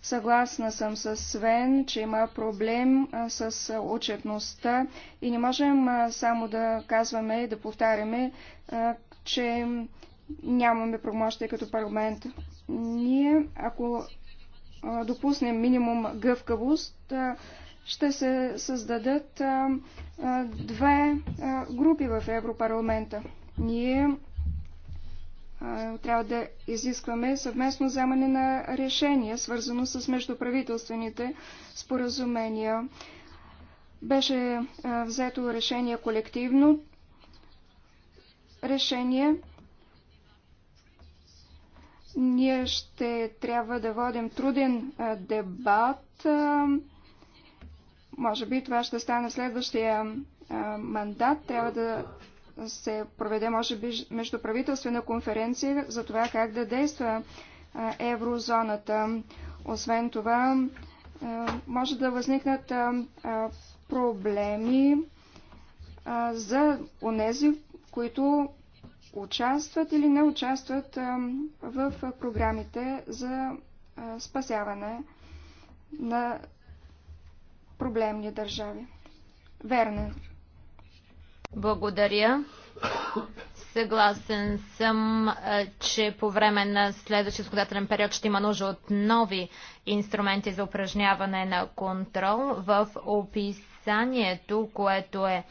Съгласна съм с Свен, че има проблем с отчетността и не можем само да казваме и да повтаряме, че нямаме промощи като парламент. Ние, ако допуснем минимум гъвкавост, ще се създадат две групи в Европарламента. Ние трябва да изискваме съвместно вземане на решения, свързано с междуправителствените споразумения. Беше взето решение колективно, решение. Ние ще трябва да водим труден дебат може би това ще стане следващия мандат. Трябва да се проведе, може би, междуправителствена конференция за това как да действа еврозоната. Освен това, може да възникнат проблеми за онези, които участват или не участват в програмите за спасяване на проблемни държави. Верно. Е. Благодаря. Съгласен съм, е, че по време на следващия законодателен период ще има нужда от нови инструменти за упражняване на контрол. В описанието, което е,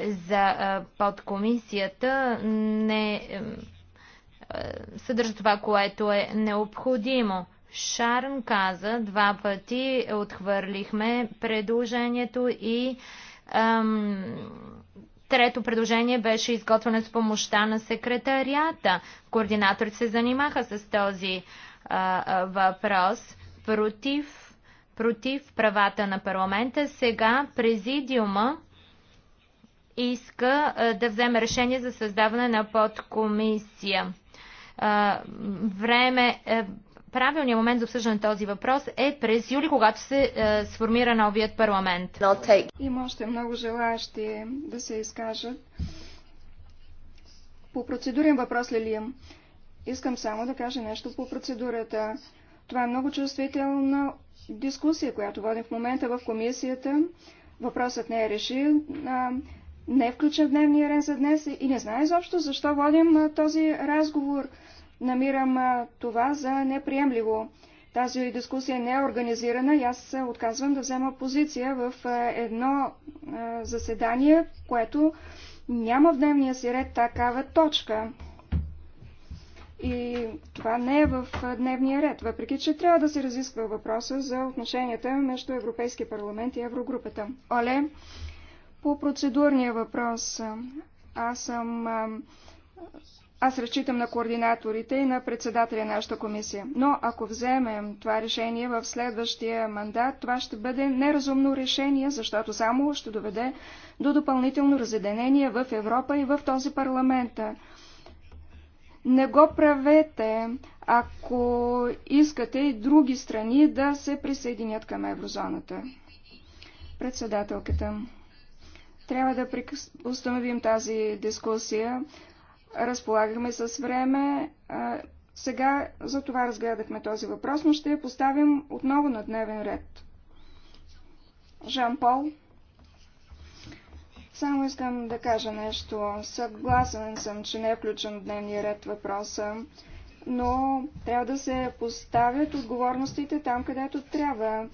е за подкомисията, не съдържа това, което е необходимо. Шарм каза, два пъти отхвърлихме предложението и ам, трето предложение беше изготвено с помощта на секретарията. Координаторите се занимаха с този а, а, въпрос. Против, против правата на парламента. Сега президиума иска а, да вземе решение за създаване на подкомисия. А, време, а, правилният момент за обсъждане на този въпрос е през юли, когато се е, сформира новият парламент. Има още много желаящи да се изкажат. По процедурен въпрос, Лилиям, искам само да кажа нещо по процедурата. Това е много чувствителна дискусия, която водим в момента в комисията. Въпросът не е решен, не е включен в дневния ред за днес и не знае изобщо защо водим този разговор намирам това за неприемливо. Тази дискусия не е организирана и аз отказвам да взема позиция в едно заседание, което няма в дневния си ред такава точка. И това не е в дневния ред, въпреки че трябва да се разисква въпроса за отношенията между Европейския парламент и Еврогрупата. Оле, по процедурния въпрос, аз съм аз разчитам на координаторите и на председателя на нашата комисия. Но ако вземем това решение в следващия мандат, това ще бъде неразумно решение, защото само ще доведе до допълнително разединение в Европа и в този парламент. Не го правете, ако искате и други страни да се присъединят към еврозоната. Председателката. Трябва да установим тази дискусия разполагахме с време. Сега за това разгледахме този въпрос, но ще я поставим отново на дневен ред. Жан Пол. Само искам да кажа нещо. Съгласен съм, че не е включен в дневния ред въпроса, но трябва да се поставят отговорностите там, където трябва.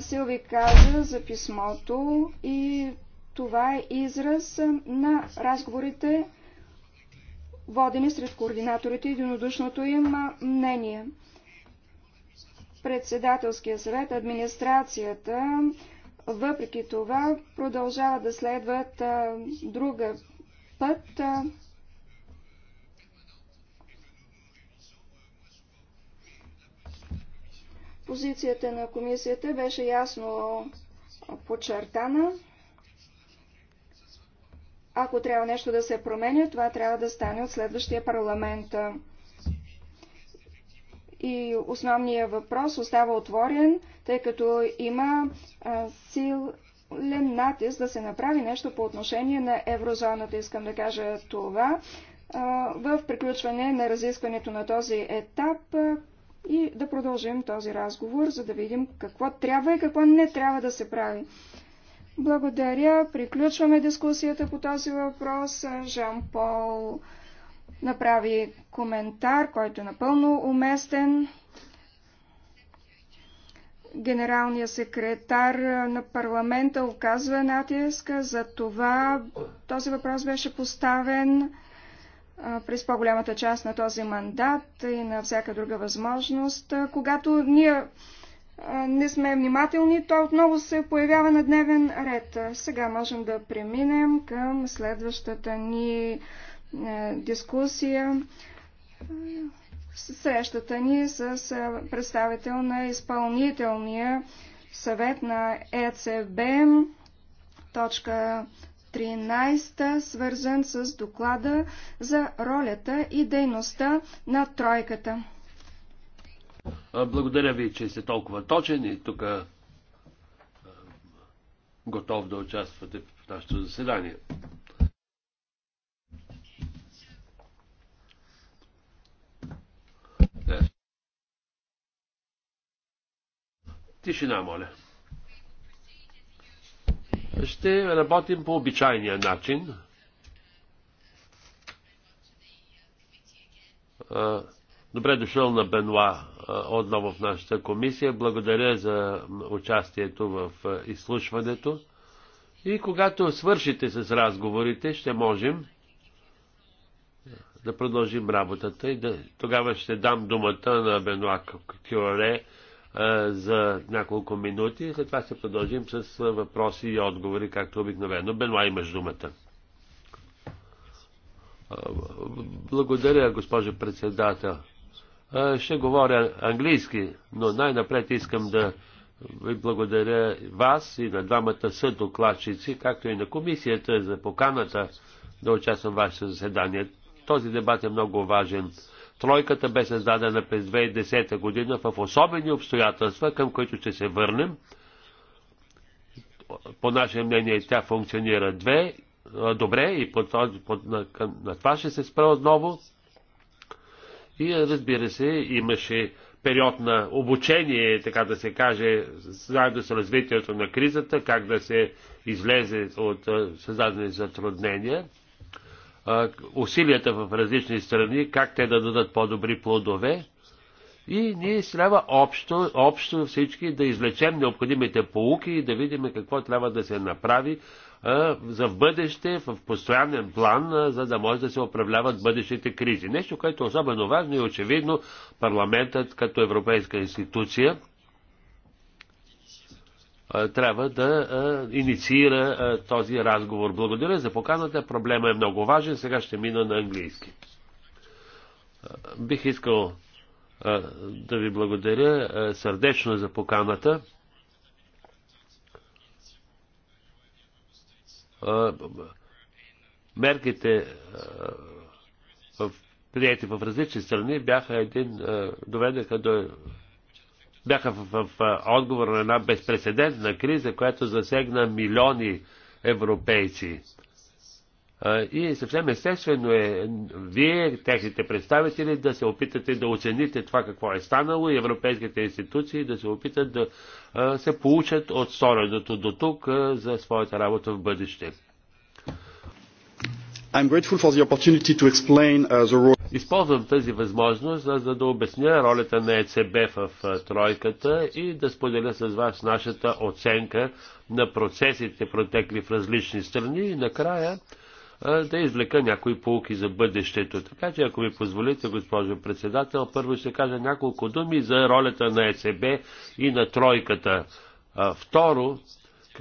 Силви каза за писмото и това е израз на разговорите водени сред координаторите единодушното им мнение. Председателския съвет, администрацията, въпреки това, продължава да следват а, друга път. А, Позицията на комисията беше ясно подчертана. Ако трябва нещо да се променя, това трябва да стане от следващия парламент. И основният въпрос остава отворен, тъй като има а, сил, силен натиск да се направи нещо по отношение на еврозоната. Искам да кажа това в приключване на разискването на този етап и да продължим този разговор, за да видим какво трябва и какво не трябва да се прави. Благодаря. Приключваме дискусията по този въпрос. Жан-Пол направи коментар, който е напълно уместен. Генералният секретар на парламента оказва натиска. За това този въпрос беше поставен през по-голямата част на този мандат и на всяка друга възможност. Когато ние не сме внимателни, то отново се появява на дневен ред. Сега можем да преминем към следващата ни е, дискусия. Срещата ни с представител на изпълнителния съвет на ЕЦБ, точка 13, свързан с доклада за ролята и дейността на тройката. Благодаря ви, че сте толкова точен и тук готов да участвате в нашето заседание. Е. Тишина, моля. Ще работим по обичайния начин. Добре дошъл на Бенуа отново в нашата комисия. Благодаря за участието в изслушването. И когато свършите с разговорите, ще можем да продължим работата и да, тогава ще дам думата на Бенуа Кюре за няколко минути. След това ще продължим с въпроси и отговори, както обикновено. Бенуа, имаш думата. Благодаря, госпожо председател. Ще говоря английски, но най-напред искам да ви благодаря вас и на двамата съдокладчици, както и на комисията за поканата да участвам в вашето заседание. Този дебат е много важен. Тройката бе създадена през 2010 година в особени обстоятелства, към които ще се върнем. По наше мнение тя функционира две, добре и под, под, на, на това ще се спра отново. И разбира се, имаше период на обучение, така да се каже, заедно с развитието на кризата, как да се излезе от създадени затруднения, усилията в различни страни, как те да дадат по-добри плодове. И ние трябва общо, общо всички да излечем необходимите полуки и да видим какво трябва да се направи, за в бъдеще, в постоянен план, за да може да се управляват бъдещите кризи. Нещо, което е особено важно и очевидно парламентът като европейска институция трябва да инициира този разговор. Благодаря за поканата. Проблема е много важен. Сега ще мина на английски. Бих искал да ви благодаря сърдечно за поканата. мерките в приятели в различни страни бяха един, доведеха до бяха в, в, в отговор на една безпредседентна криза, която засегна милиони европейци. И съвсем естествено е вие, техните представители, да се опитате да оцените това какво е станало и европейските институции да се опитат да се получат от стореното до тук за своята работа в бъдеще. I'm grateful for the opportunity to explain uh, the role Използвам тази възможност, за да обясня ролята на ЕЦБ в тройката и да споделя с вас нашата оценка на процесите, протекли в различни страни и накрая да извлека някои полуки за бъдещето. Така че, ако ми позволите, госпожо председател, първо ще кажа няколко думи за ролята на ЕЦБ и на тройката. Второ,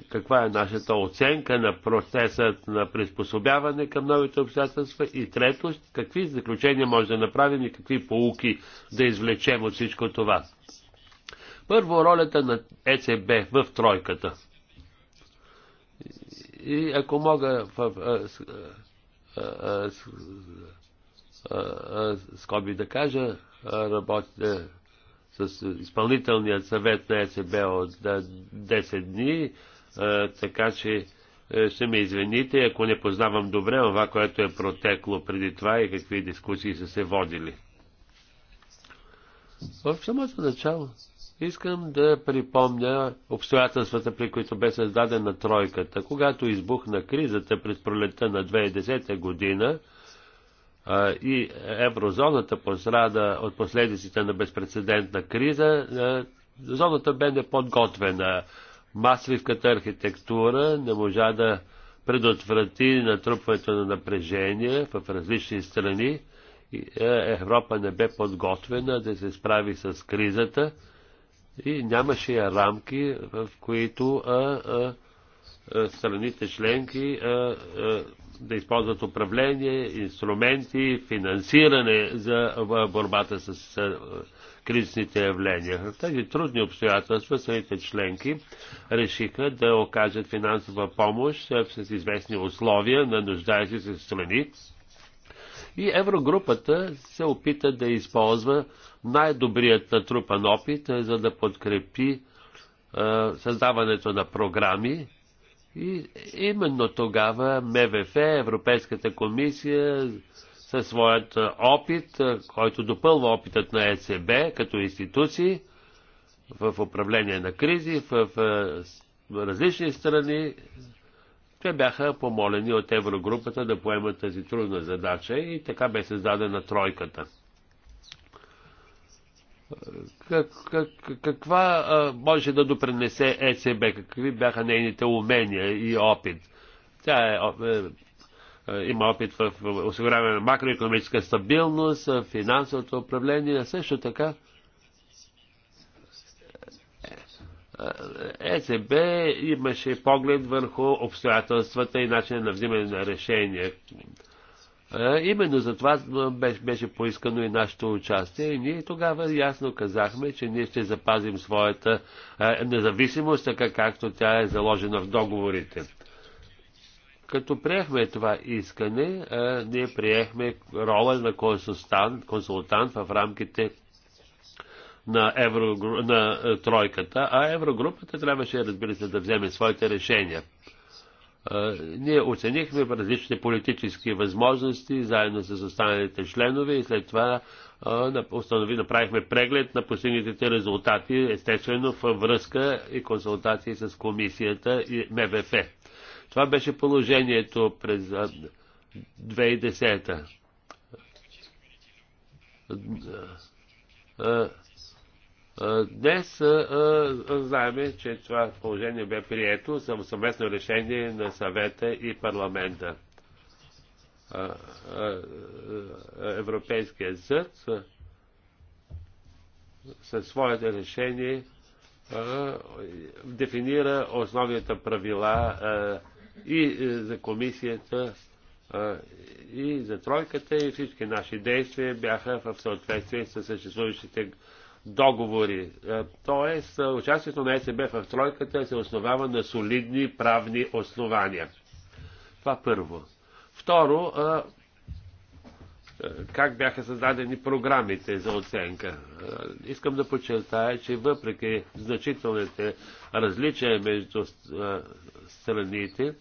каква е нашата оценка на процесът на приспособяване към новите обстоятелства и трето, какви заключения може да направим и какви полуки да извлечем от всичко това. Първо, ролята на ЕЦБ в тройката – и ако мога в скоби да кажа, работя с изпълнителният съвет на ЕСБ от 10 дни, така че ще ме извините, ако не познавам добре това, което е протекло преди това и какви дискусии са се водили. В самото начало Искам да припомня обстоятелствата, при които бе създадена тройката. Когато избухна кризата през пролетта на 2010 година а, и еврозоната пострада от последиците на безпредседентна криза, а, зоната бе неподготвена. Масливката архитектура не можа да предотврати натрупването на напрежение в различни страни. Е, Европа не бе подготвена да се справи с кризата и нямаше рамки, в които а, а, а, страните членки а, а, да използват управление, инструменти, финансиране за борбата с кризисните явления. В тези трудни обстоятелства страните членки решиха да окажат финансова помощ с известни условия на нуждаещи се страни. И еврогрупата се опита да използва най-добрият натрупан опит, е, за да подкрепи е, създаването на програми. И именно тогава МВФ, Европейската комисия, със своят е, опит, който допълва опитът на ЕЦБ като институции в управление на кризи в различни страни, те бяха помолени от Еврогрупата да поемат тази трудна задача и така бе създадена тройката. Как, как, каква а, може да допренесе ЕЦБ? Какви бяха нейните умения и опит? Тя е, е, е, има опит в осигуряване на макроекономическа стабилност, финансовото управление, също така ЕЦБ е, е имаше поглед върху обстоятелствата и начина на взимане на решения Именно за това беше поискано и нашето участие и ние тогава ясно казахме, че ние ще запазим своята независимост, така както тя е заложена в договорите. Като приехме това искане, ние приехме роля на консултант, консултант в рамките на, Еврогру... на тройката, а Еврогрупата трябваше, разбира се, да вземе своите решения ние оценихме различните политически възможности заедно с останалите членове и след това установи, направихме преглед на постигнатите резултати, естествено в връзка и консултации с комисията и МВФ. Това беше положението през 2010. Днес знаем, че това положение бе прието за съвместно решение на съвета и парламента. Европейският съд със своето решение дефинира основните правила и е, за комисията, и за тройката, и всички наши действия бяха в съответствие с съществуващите договори. Е, тоест, е, участието на СБ в тройката се основава на солидни правни основания. Това първо. Второ, е, как бяха създадени програмите за оценка. Искам да подчертая, че въпреки значителните различия между страните,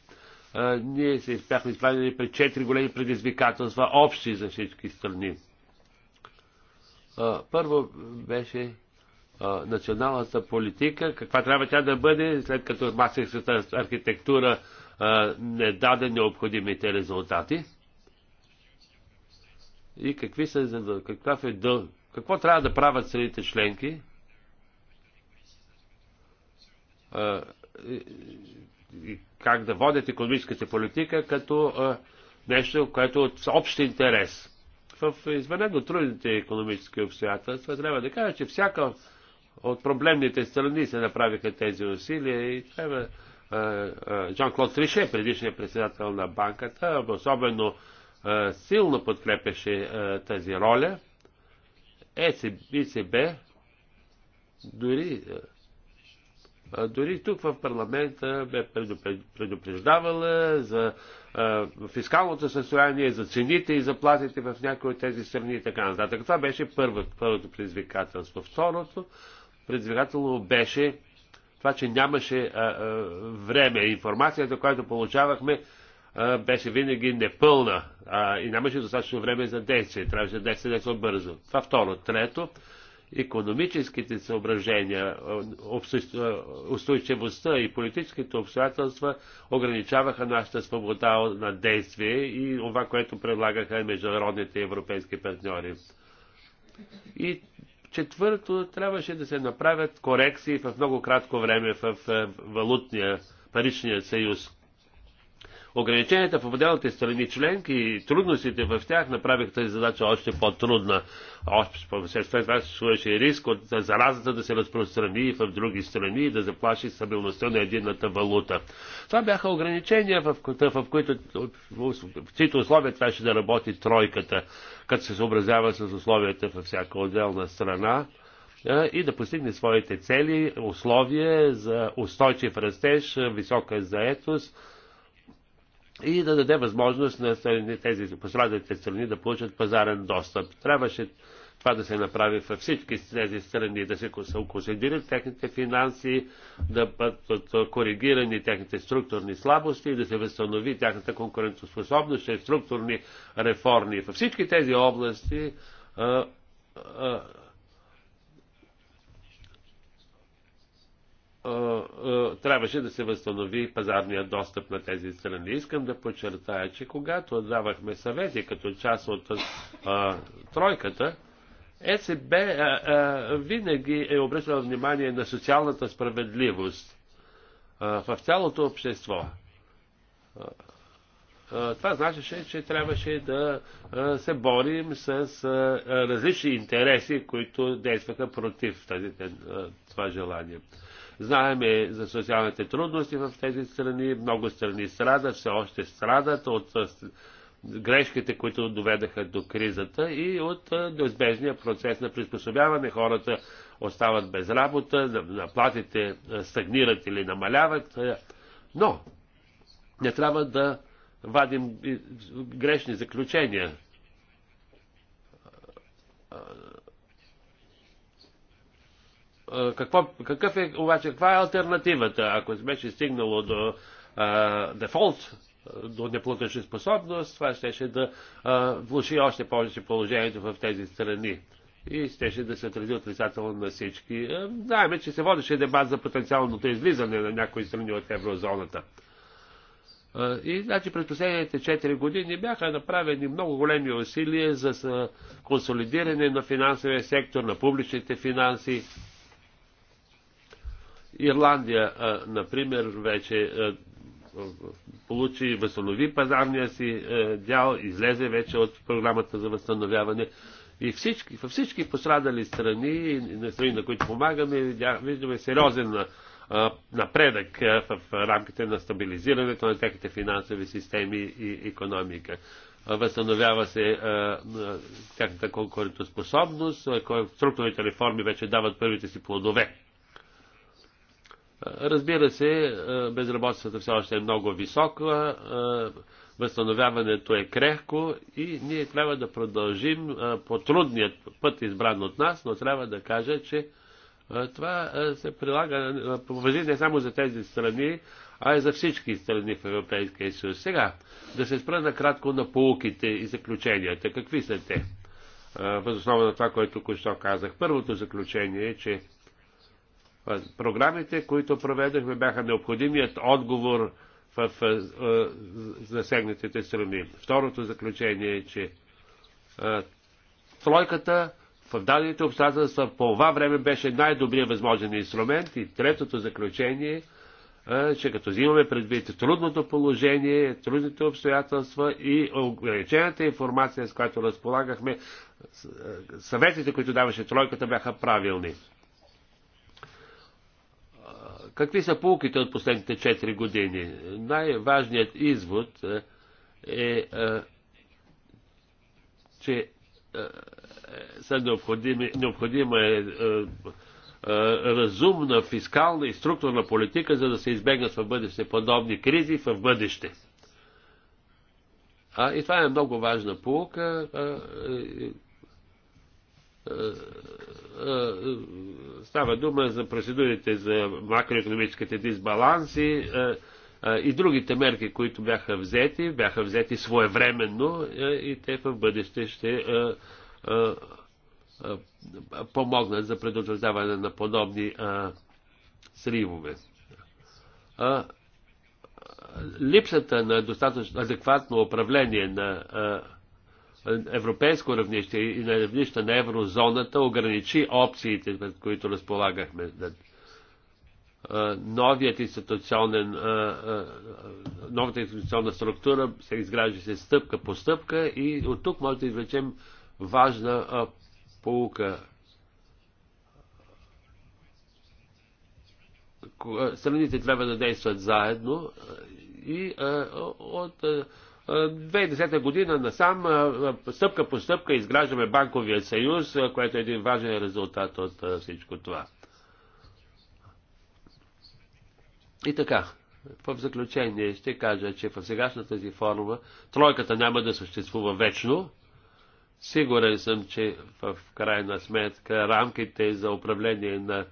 ние се бяхме изправени пред четири големи предизвикателства, общи за всички страни. Първо беше националната политика, каква трябва тя да бъде, след като масовата архитектура не даде необходимите резултати. И какви са, какъв е дъл... какво трябва да правят средите членки? И как да водят економическата политика като нещо, което е от общ интерес в извънредно трудните економически обстоятелства, трябва да кажа, че всяка от проблемните страни се направиха тези усилия и трябва Жан-Клод Трише, предишният председател на банката, особено силно подкрепеше тази роля. ЕЦБ дори, дори тук в парламента бе предупреждавала за е, фискалното състояние, за цените и заплатите в някои от тези страни и така нататък. Това беше първо, първото предизвикателство. Второто предизвикателство беше това, че нямаше а, е, а, е, време. Информацията, която получавахме, а, беше винаги непълна а, и нямаше достатъчно време за действие. Трябваше да се действа бързо. Това второ. Трето, економическите съображения, устойчивостта и политическите обстоятелства ограничаваха нашата свобода на действие и това, което предлагаха международните европейски партньори. И четвърто, трябваше да се направят корекции в много кратко време в валутния паричния съюз. Ограниченията в отделните страни членки и трудностите в тях направих тази задача още по-трудна. Още това слушаше и риск от заразата да се разпространи в други страни и да заплаши стабилността на единната валута. Това бяха ограничения, в, в, които, в, в чието условия трябваше да работи тройката, като се съобразява с условията във всяка отделна страна и да постигне своите цели, условия за устойчив растеж, висока заетост, и да даде възможност на страни, тези пострадалите страни да получат пазарен достъп. Трябваше това да се направи във всички тези страни, да се консолидират техните финанси, да бъдат коригирани техните структурни слабости и да се възстанови тяхната конкурентоспособност чрез структурни реформи. Във всички тези области трябваше да се възстанови пазарния достъп на тези страни. Искам да подчертая, че когато давахме съвети като част от а, тройката, ЕЦБ а, а, винаги е обръщал внимание на социалната справедливост а, в цялото общество. А, това значеше, че трябваше да а, се борим с а, различни интереси, които действаха против тази, това желание. Знаеме за социалните трудности в тези страни. Много страни страдат, все още страдат от грешките, които доведаха до кризата и от неизбежния процес на приспособяване. Хората остават без работа, наплатите стагнират или намаляват. Но не трябва да вадим грешни заключения. Какво, какъв е, обаче, каква е альтернативата? Ако беше стигнало до а, дефолт, до неплатъчна способност, това щеше да а, влуши още повече положението в тези страни. И щеше да се отрази отрицателно на всички. Знаеме, че се водеше дебат за потенциалното излизане на някои страни от еврозоната. и значи през последните 4 години бяха направени много големи усилия за консолидиране на финансовия сектор, на публичните финанси, Ирландия, например, вече получи, възстанови пазарния си дял, излезе вече от програмата за възстановяване. И всички, във всички пострадали страни, на страни, на които помагаме, виждаме сериозен напредък в рамките на стабилизирането на техните финансови системи и економика. Възстановява се тяхната конкурентоспособност, структурните реформи вече дават първите си плодове. Разбира се, безработицата все още е много висока, възстановяването е крехко и ние трябва да продължим по трудният път избран от нас, но трябва да кажа, че това се прилага, въжи не само за тези страни, а и за всички страни в Европейския съюз. Сега, да се спра накратко на полуките и заключенията. Какви са те? Възоснова на това, което току-що казах. Първото заключение е, че Програмите, които проведохме, бяха необходимият отговор в засегнатите страни. Второто заключение е, че тройката в дадените обстоятелства по това време беше най-добрият възможен инструмент. И третото заключение е, че като взимаме предвид трудното положение, трудните обстоятелства и ограничената информация, с която разполагахме, съветите, които даваше тройката, бяха правилни. Какви са полуките от последните 4 години? Най-важният извод е, е че е, са необходими, необходима е, е, разумна фискална и структурна политика, за да се избегнат в бъдеще подобни кризи в бъдеще. А, и това е много важна полука. Става дума за процедурите за макроекономическите дисбаланси е, е, и другите мерки, които бяха взети, бяха взети своевременно е, и те в бъдеще ще помогнат за предотвратяване на подобни сривове липсата на достатъчно адекватно управление на а, европейско равнище и на равнище на еврозоната ограничи опциите, пред които разполагахме. Новият институционен, новата институционна структура се изгражда се стъпка по стъпка и от тук може да извлечем важна полука. Страните трябва да действат заедно и от 2010 е, година насам е, е, стъпка по стъпка изграждаме банковия съюз, което е един важен резултат от всичко това. И така, в заключение ще кажа, че в сегашната тази форма тройката няма да съществува вечно. Сигурен съм, че в крайна сметка рамките за управление на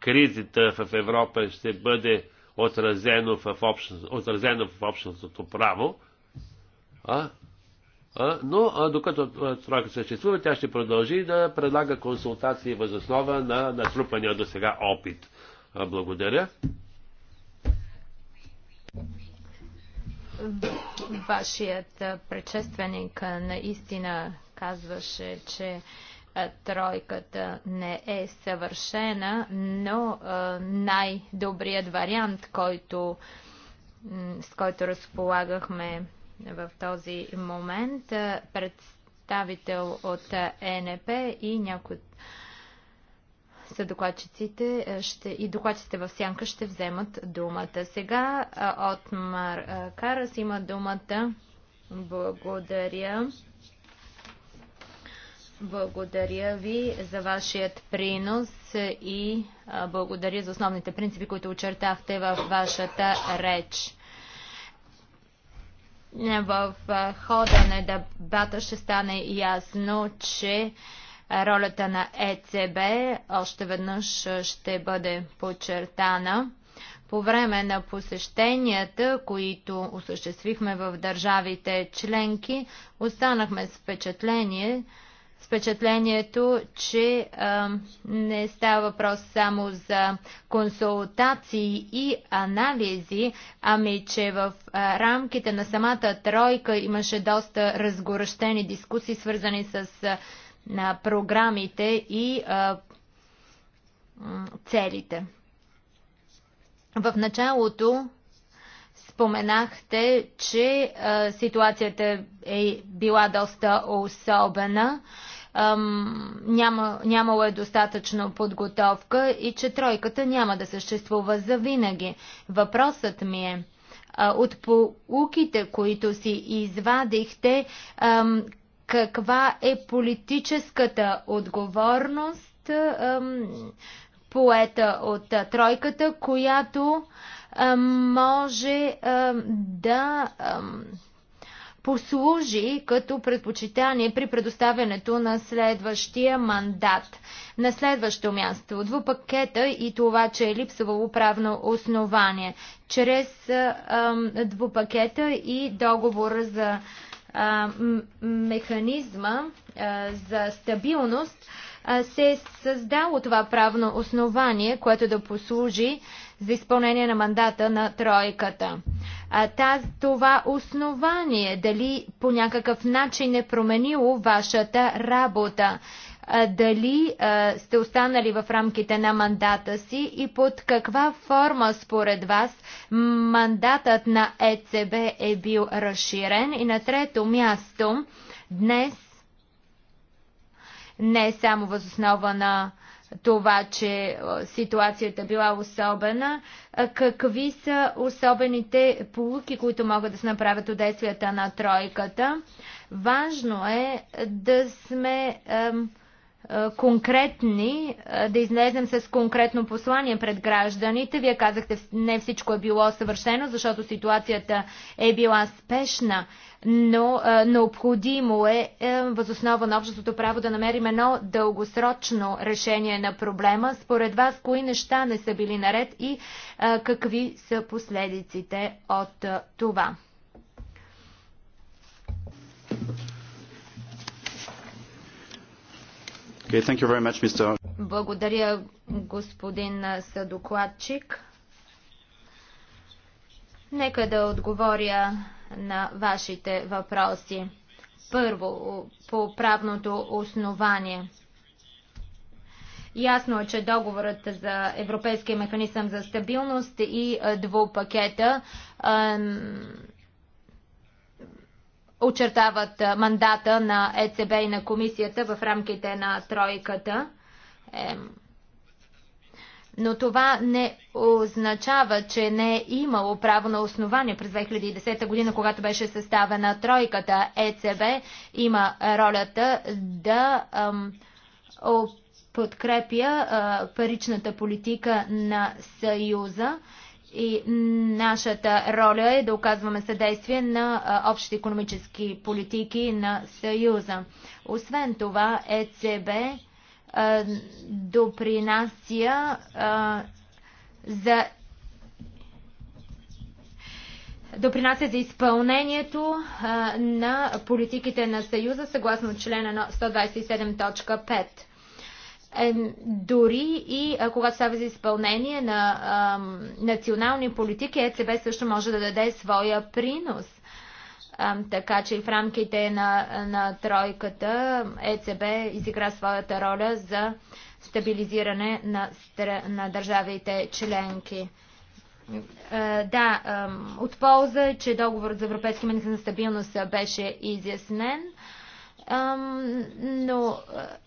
кризата в Европа ще бъде отразено в, общност, отразено в общностното право. А, а, но а, докато тройка съществува, тя ще продължи да предлага консултации възоснова на натрупания до сега опит. А, благодаря. Вашият предшественик наистина казваше, че тройката не е съвършена, но най-добрият вариант, който, с който разполагахме в този момент представител от ЕНП и някои са докладчиците ще, и докладчиците в сянка ще вземат думата. Сега от Мар Карас има думата. Благодаря. Благодаря ви за вашият принос и благодаря за основните принципи, които очертахте във вашата реч в хода на дебата ще стане ясно, че ролята на ЕЦБ още веднъж ще бъде подчертана. По време на посещенията, които осъществихме в държавите членки, останахме с впечатление, впечатлението, че а, не става въпрос само за консултации и анализи, ами че в а, рамките на самата тройка имаше доста разгорещени дискусии, свързани с а, програмите и а, целите. В началото споменахте, че а, ситуацията е била доста особена. А, ам, няма, нямало е достатъчно подготовка и че тройката няма да съществува за винаги. Въпросът ми е, а, от поуките, които си извадихте, ам, каква е политическата отговорност ам, поета от а, тройката, която а, може да послужи като предпочитание при предоставянето на следващия мандат. На следващо място, двупакета и това, че е липсвало правно основание. Чрез двупакета и договор за механизма за стабилност се е създало това правно основание, което да послужи за изпълнение на мандата на тройката. Таз, това основание дали по някакъв начин е променило вашата работа? Дали сте останали в рамките на мандата си и под каква форма според вас мандатът на ЕЦБ е бил разширен? И на трето място, днес не само възоснова на това, че е, ситуацията е била особена. Е, какви са особените полуки, които могат да се направят от действията на тройката? Важно е да сме. Ем, конкретни, да излезем с конкретно послание пред гражданите. Вие казахте, не всичко е било съвършено, защото ситуацията е била спешна, но необходимо е, е възоснова на обществото право да намерим едно дългосрочно решение на проблема. Според вас, кои неща не са били наред и какви са последиците от това? Благодаря, господин съдокладчик. Нека да отговоря на вашите въпроси. Първо, по правното основание. Ясно е, че договорът за Европейския механизъм за стабилност и двупакета очертават мандата на ЕЦБ и на комисията в рамките на тройката. Но това не означава, че не е имало право на основание през 2010 година, когато беше съставена тройката. ЕЦБ има ролята да подкрепя паричната политика на Съюза. И нашата роля е да оказваме съдействие на общите економически политики на Съюза. Освен това, ЕЦБ допринася за допринася за изпълнението а, на политиките на Съюза съгласно члена 127.5 е, дори и а, когато става за изпълнение на а, национални политики, ЕЦБ също може да даде своя принос. А, така че и в рамките на, на тройката ЕЦБ изигра своята роля за стабилизиране на, стра... на държавите членки. Е, да, от полза е, че договорът за Европейски механизъм за стабилност беше изяснен но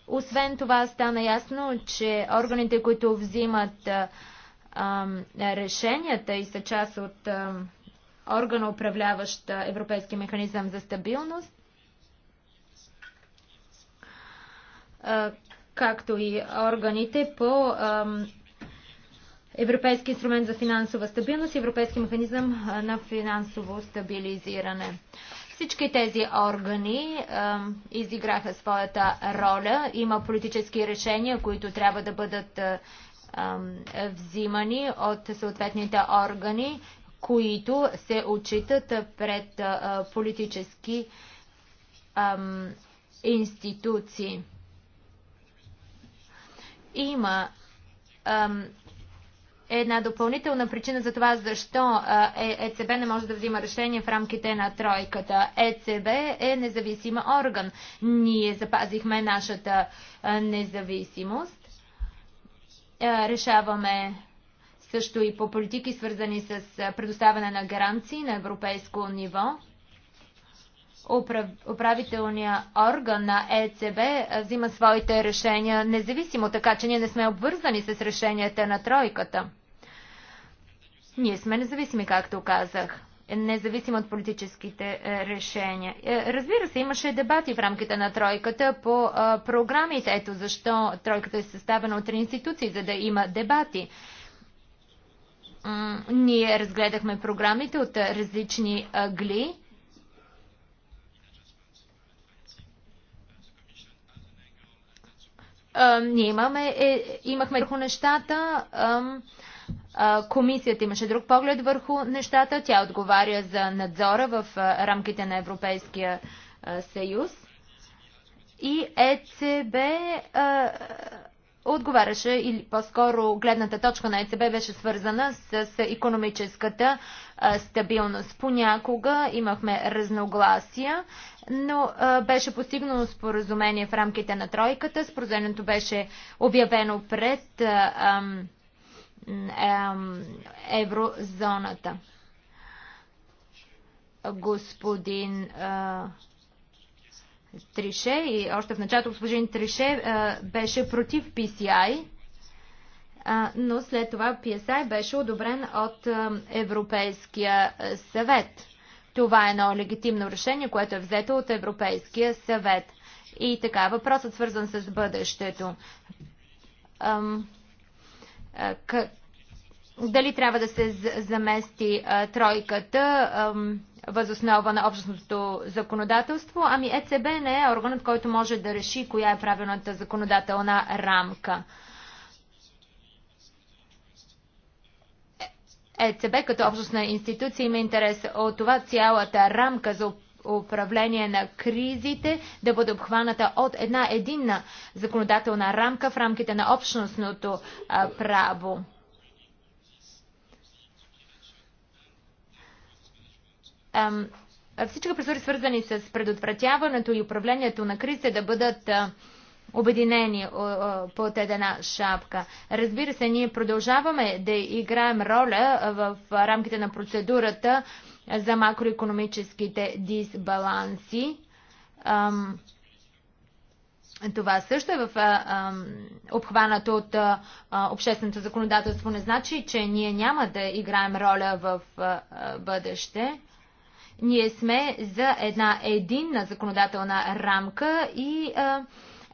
освен това стана ясно, че органите, които взимат решенията и са част от органа, управляващ Европейски механизъм за стабилност, както и органите по Европейски инструмент за финансова стабилност и Европейски механизъм на финансово стабилизиране. Всички тези органи е, изиграха своята роля. Има политически решения, които трябва да бъдат е, е, взимани от съответните органи, които се отчитат пред е, политически е, институции. Има е една допълнителна причина за това, защо е, ЕЦБ не може да взима решение в рамките на тройката. ЕЦБ е независим орган. Ние запазихме нашата независимост. Решаваме също и по политики, свързани с предоставяне на гаранции на европейско ниво управ... управителния орган на ЕЦБ е, взима своите решения независимо, така че ние не сме обвързани с решенията на тройката. Ние сме независими, както казах независимо от политическите е, решения. Е, разбира се, имаше дебати в рамките на тройката по програмите. Ето защо тройката е съставена от три институции, за да има дебати. Ние разгледахме програмите от различни гли Е, ние имаме, е, имахме върху нещата. комисията имаше друг поглед върху нещата. Тя отговаря за надзора в рамките на Европейския съюз. И ЕЦБ отговаряше или по-скоро гледната точка на ЕЦБ беше свързана с економическата стабилност. Понякога имахме разногласия, но беше постигнало споразумение в рамките на тройката. Споразумението беше обявено пред еврозоната. Господин Трише и още в началото господин Трише беше против PCI, но след това PSI беше одобрен от Европейския съвет. Това е едно легитимно решение, което е взето от Европейския съвет. И така, въпросът свързан с бъдещето. Дали трябва да се замести тройката? възоснова на общностното законодателство, ами ЕЦБ не е органът, който може да реши коя е правилната законодателна рамка. ЕЦБ като общностна институция има интерес от това цялата рамка за управление на кризите да бъде обхваната от една единна законодателна рамка в рамките на общностното право. всички процедури, свързани с предотвратяването и управлението на кризите, да бъдат обединени под една шапка. Разбира се, ние продължаваме да играем роля в рамките на процедурата за макроекономическите дисбаланси. Това също е в обхванато от общественото законодателство. Не значи, че ние няма да играем роля в бъдеще. Ние сме за една единна законодателна рамка и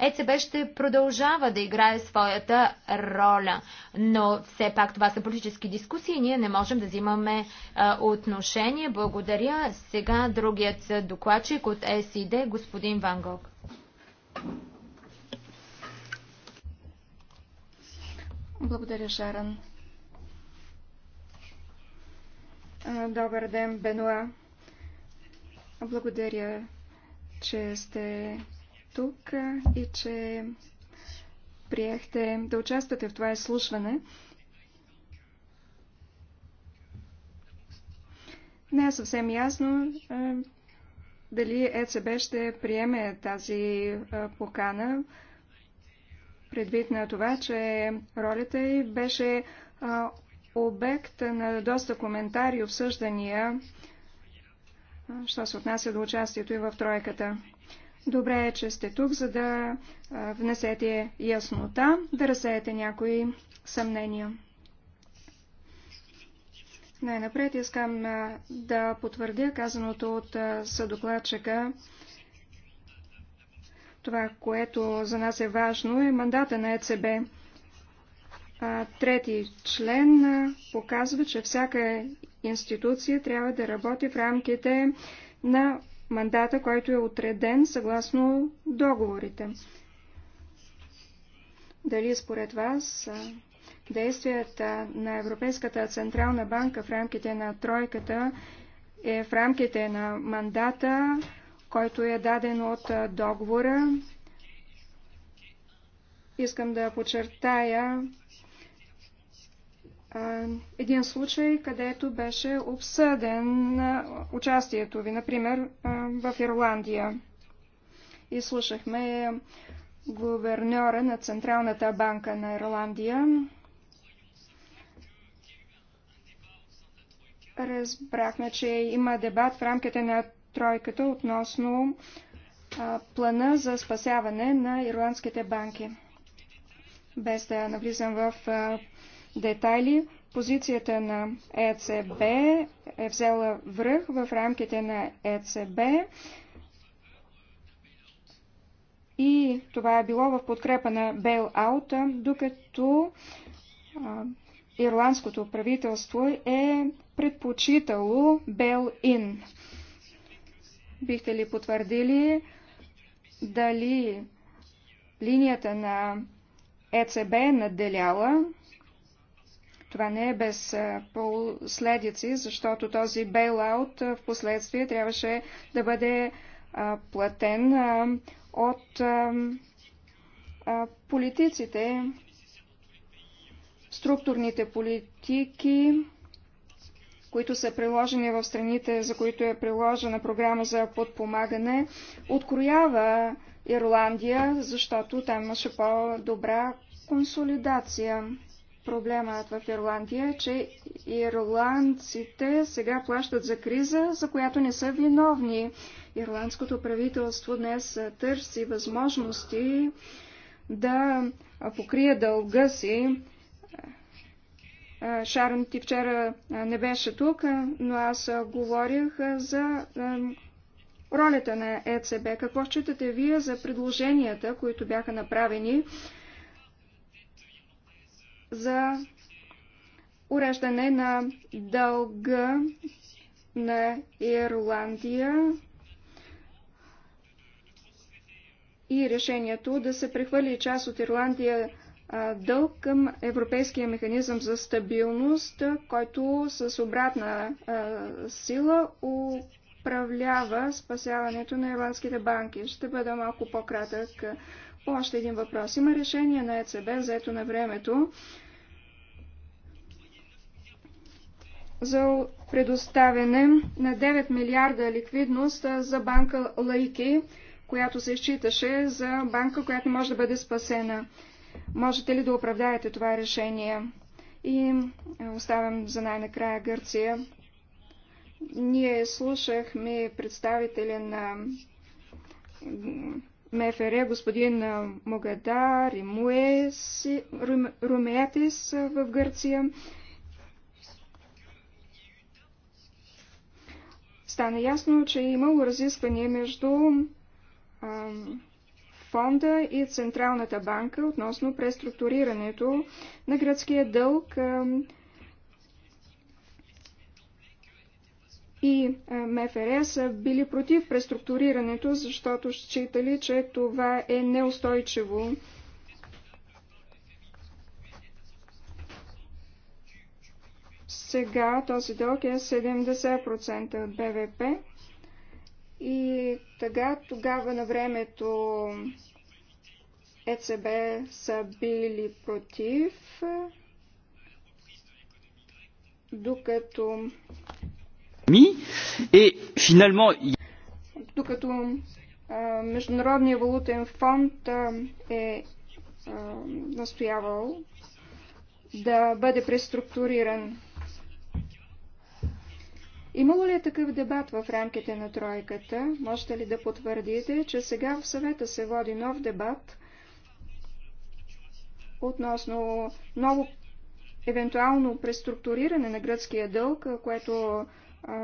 ЕЦБ ще продължава да играе своята роля. Но все пак това са политически дискусии и ние не можем да взимаме отношение. Благодаря. Сега другият докладчик от е СИД, господин Ван Гог. Благодаря, Шаран. Добър ден, Бенуа. Благодаря, че сте тук и че приехте да участвате в това изслушване. Не е съвсем ясно дали ЕЦБ ще приеме тази покана, предвид на това, че ролята й беше обект на доста коментари и обсъждания що се отнася до участието и в тройката. Добре е, че сте тук, за да внесете яснота, да разсеете някои съмнения. Най-напред искам да потвърдя казаното от съдокладчика. Това, което за нас е важно, е мандата на ЕЦБ. Трети член показва, че всяка институция трябва да работи в рамките на мандата, който е отреден съгласно договорите. Дали според вас действията на Европейската Централна банка в рамките на тройката е в рамките на мандата, който е даден от договора. Искам да подчертая един случай, където беше обсъден участието ви, например, в Ирландия. И слушахме гуверньора на Централната банка на Ирландия. Разбрахме, че има дебат в рамките на тройката относно плана за спасяване на ирландските банки. Без да навлизам в детайли. Позицията на ЕЦБ е взела връх в рамките на ЕЦБ и това е било в подкрепа на бейл-аута, докато ирландското правителство е предпочитало бейл-ин. Бихте ли потвърдили дали линията на ЕЦБ е надделяла това не е без последици, защото този бейлаут в последствие трябваше да бъде платен от политиците, структурните политики, които са приложени в страните, за които е приложена програма за подпомагане, откроява Ирландия, защото там имаше по-добра консолидация. Проблемът в Ирландия е, че ирландците сега плащат за криза, за която не са виновни. Ирландското правителство днес търси възможности да покрие дълга си. Шарон ти вчера не беше тук, но аз говорих за ролята на ЕЦБ. Какво считате вие за предложенията, които бяха направени? за уреждане на дълга на Ирландия и решението да се прехвърли част от Ирландия дълг към Европейския механизъм за стабилност, който с обратна сила управлява спасяването на ирландските банки. Ще бъда малко по-кратък по още един въпрос. Има решение на ЕЦБ, взето на времето, за предоставяне на 9 милиарда ликвидност за банка Лайки, която се считаше за банка, която не може да бъде спасена. Можете ли да оправдаете това решение? И оставям за най-накрая Гърция. Ние слушахме представители на МФР, господин Могадар и Муес, Румеатис в Гърция. стана ясно, че е имало разисквания между фонда и Централната банка относно преструктурирането на гръцкия дълг и МФР са били против преструктурирането, защото считали, че това е неустойчиво Сега този дълг е 70% от БВП. И тъга, тогава на времето ЕЦБ са били против, докато е, и финално докато Международния валутен фонд а, е а, настоявал да бъде преструктуриран Имало ли е такъв дебат в рамките на тройката? Можете ли да потвърдите, че сега в съвета се води нов дебат относно ново евентуално преструктуриране на гръцкия дълг, което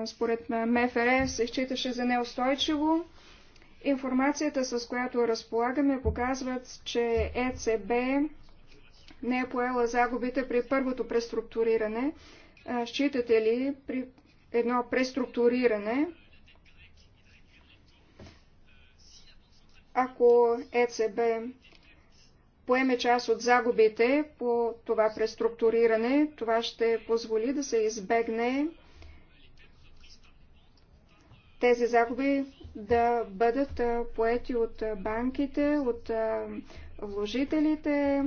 според МФР се считаше за неустойчиво? Информацията, с която разполагаме, показват, че ЕЦБ не е поела загубите при първото преструктуриране. Считате ли при едно преструктуриране. Ако ЕЦБ поеме част от загубите по това преструктуриране, това ще позволи да се избегне тези загуби да бъдат поети от банките, от вложителите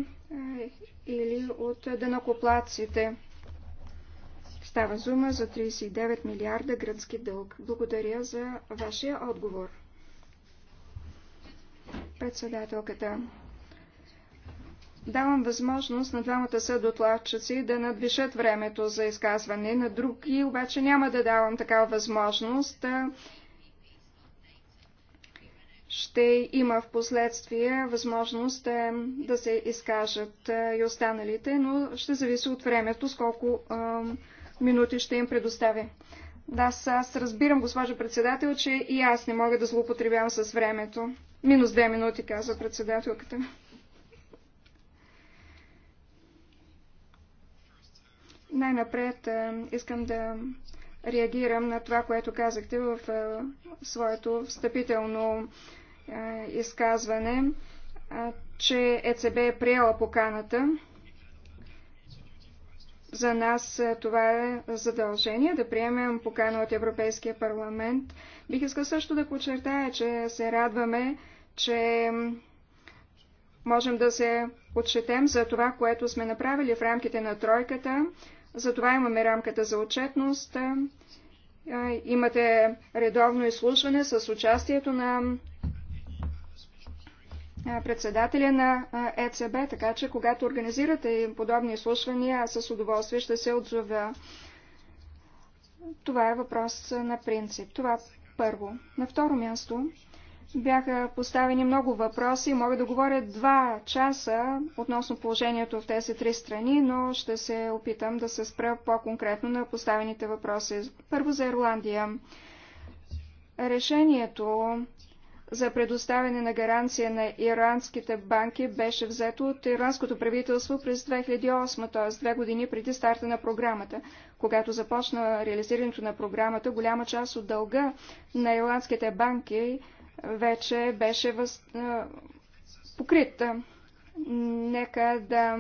или от денокоплаците. Става зума за 39 милиарда гръцки дълг. Благодаря за вашия отговор. Председателката. Давам възможност на двамата съдотлавчици да надвишат времето за изказване. На други обаче няма да давам такава възможност. Ще има в последствие възможност е, да се изкажат е, и останалите, но ще зависи от времето, сколко е, минути ще им предоставя. Да, аз разбирам, госпожа председател, че и аз не мога да злоупотребявам с времето. Минус две минути, казва председателката. Най-напред е, искам да реагирам на това, което казахте в е, своето встъпително е, изказване, че ЕЦБ е приела поканата. За нас е, това е задължение да приемем покана от Европейския парламент. Бих искал също да подчертая, че се радваме, че можем да се отчетем за това, което сме направили в рамките на тройката. За това имаме рамката за отчетност. Е, имате редовно изслушване с участието на председателя на ЕЦБ, така че когато организирате подобни изслушвания, аз с удоволствие ще се отзовя. Това е въпрос на принцип. Това първо. На второ място бяха поставени много въпроси. Мога да говоря два часа относно положението в тези три страни, но ще се опитам да се спра по-конкретно на поставените въпроси. Първо за Ирландия. Решението за предоставяне на гаранция на иранските банки беше взето от иранското правителство през 2008, т.е. две години преди старта на програмата. Когато започна реализирането на програмата, голяма част от дълга на ирландските банки вече беше въз... покрита. Нека да,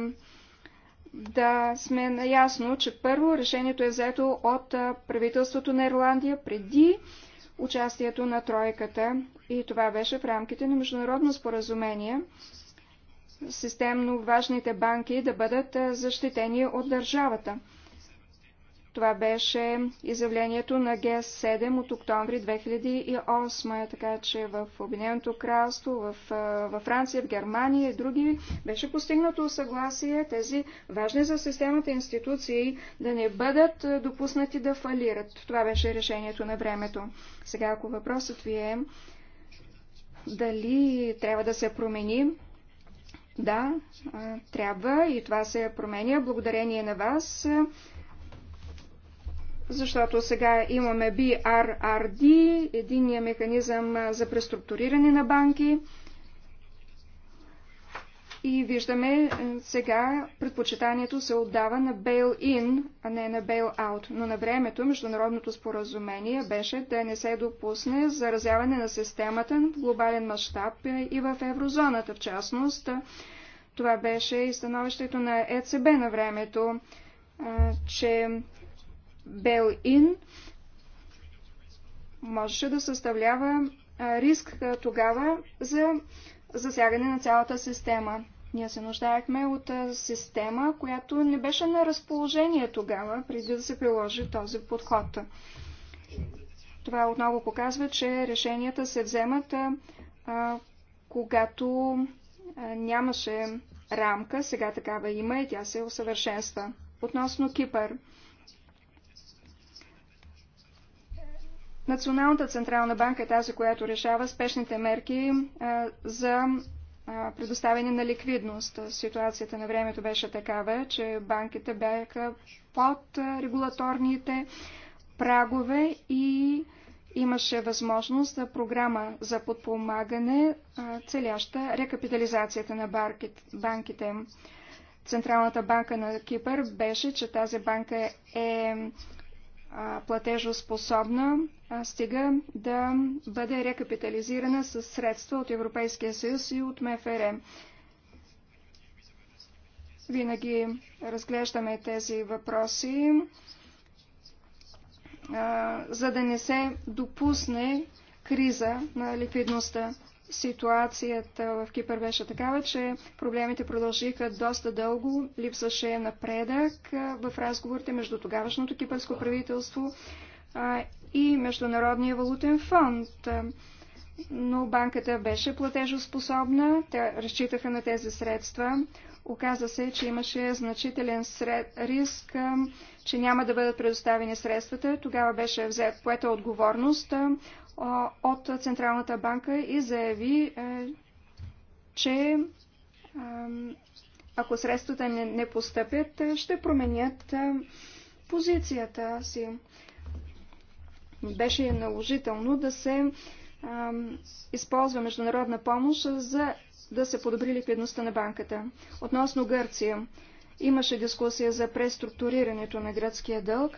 да сме наясно, че първо решението е взето от правителството на Ирландия преди участието на тройката и това беше в рамките на международно споразумение системно важните банки да бъдат защитени от държавата. Това беше изявлението на Г7 от октомври 2008, така че в Обединеното кралство, в, в Франция, в Германия и други беше постигнато съгласие тези важни за системата институции да не бъдат допуснати да фалират. Това беше решението на времето. Сега, ако въпросът ви е дали трябва да се промени, да, трябва и това се променя благодарение на вас защото сега имаме BRRD, единния механизъм за преструктуриране на банки. И виждаме е, сега предпочитанието се отдава на bail-in, а не на bail-out. Но на времето международното споразумение беше да не се допусне заразяване на системата в глобален мащаб е, и в еврозоната в частност. Това беше и становището на ЕЦБ на времето, че Бел-Ин можеше да съставлява риск тогава за засягане на цялата система. Ние се нуждаехме от система, която не беше на разположение тогава, преди да се приложи този подход. Това отново показва, че решенията се вземат, когато нямаше рамка, сега такава има и тя се усъвършенства. Относно Кипър. Националната централна банка е тази, която решава спешните мерки за предоставяне на ликвидност. Ситуацията на времето беше такава, че банките бяха под регулаторните прагове и имаше възможност за програма за подпомагане, целяща рекапитализацията на банките. Централната банка на Кипър беше, че тази банка е платежоспособна, стига да бъде рекапитализирана с средства от Европейския съюз и от МФР. Винаги разглеждаме тези въпроси, за да не се допусне криза на ликвидността. Ситуацията в Кипър беше такава, че проблемите продължиха доста дълго, липсваше напредък в разговорите между тогавашното кипърско правителство и Международния валутен фонд. Но банката беше платежоспособна, те разчитаха на тези средства. Оказа се, че имаше значителен сред... риск, че няма да бъдат предоставени средствата. Тогава беше взет поета отговорност от Централната банка и заяви, е, че ако средствата не, не постъпят, е, ще променят е, позицията си. Беше наложително да се използва международна помощ за да се подобри ликвидността на банката. Относно Гърция, имаше дискусия за преструктурирането на гръцкия дълг.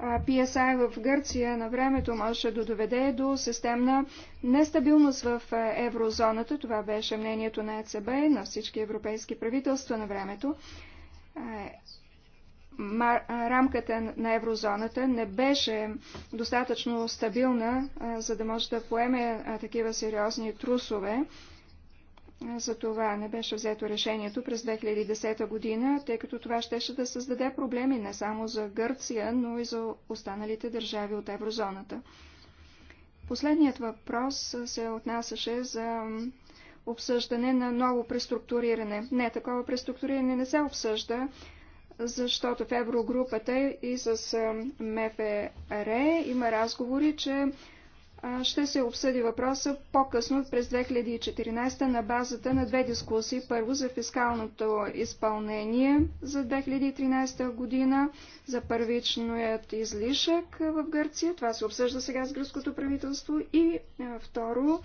PSI в Гърция на времето можеше да доведе до системна нестабилност в еврозоната. Това беше мнението на ЕЦБ и на всички европейски правителства на времето. Рамката на еврозоната не беше достатъчно стабилна, за да може да поеме такива сериозни трусове за това не беше взето решението през 2010 година, тъй като това щеше да създаде проблеми не само за Гърция, но и за останалите държави от еврозоната. Последният въпрос се отнасяше за обсъждане на ново преструктуриране. Не, такова преструктуриране не се обсъжда, защото в еврогрупата и с МФР има разговори, че ще се обсъди въпроса по-късно през 2014 на базата на две дискусии. Първо за фискалното изпълнение за 2013 година, за първичният излишък в Гърция. Това се обсъжда сега с гръцкото правителство. И второ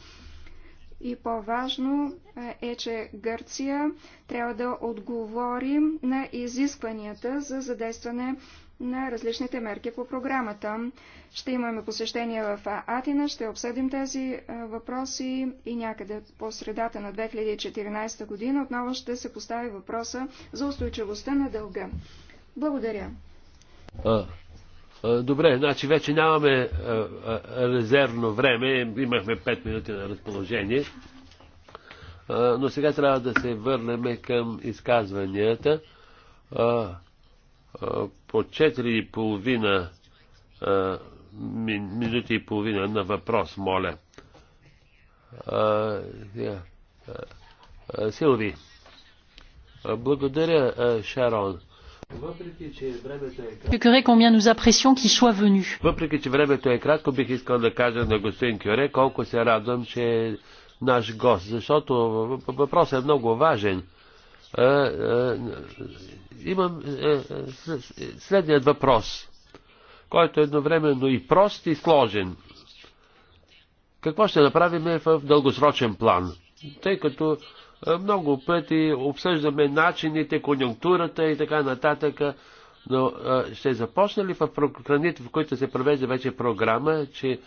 и по-важно е, че Гърция трябва да отговори на изискванията за задействане на различните мерки по програмата. Ще имаме посещение в Атина, ще обсъдим тези е, въпроси и някъде по средата на 2014 година отново ще се постави въпроса за устойчивостта на дълга. Благодаря. А, а, добре, значи вече нямаме а, е, е, резервно време, имахме 5 минути на разположение, но сега трябва да се върнем към изказванията по 4,5 минути и половина на въпрос, моля. Е, е, е, Силви. Благодаря, Шарон. Въпреки че, Въпреки, че времето е кратко, бих искал да кажа на господин Кюре колко се радвам, че е наш гост, защото въпросът е много важен. Е, е, имам е, следният въпрос, който е едновременно и прост и сложен. Какво ще направим в дългосрочен план? Тъй като много пъти обсъждаме начините, конъюнктурата и така нататък, но ще започна ли в храните, в които се провежда вече програма, че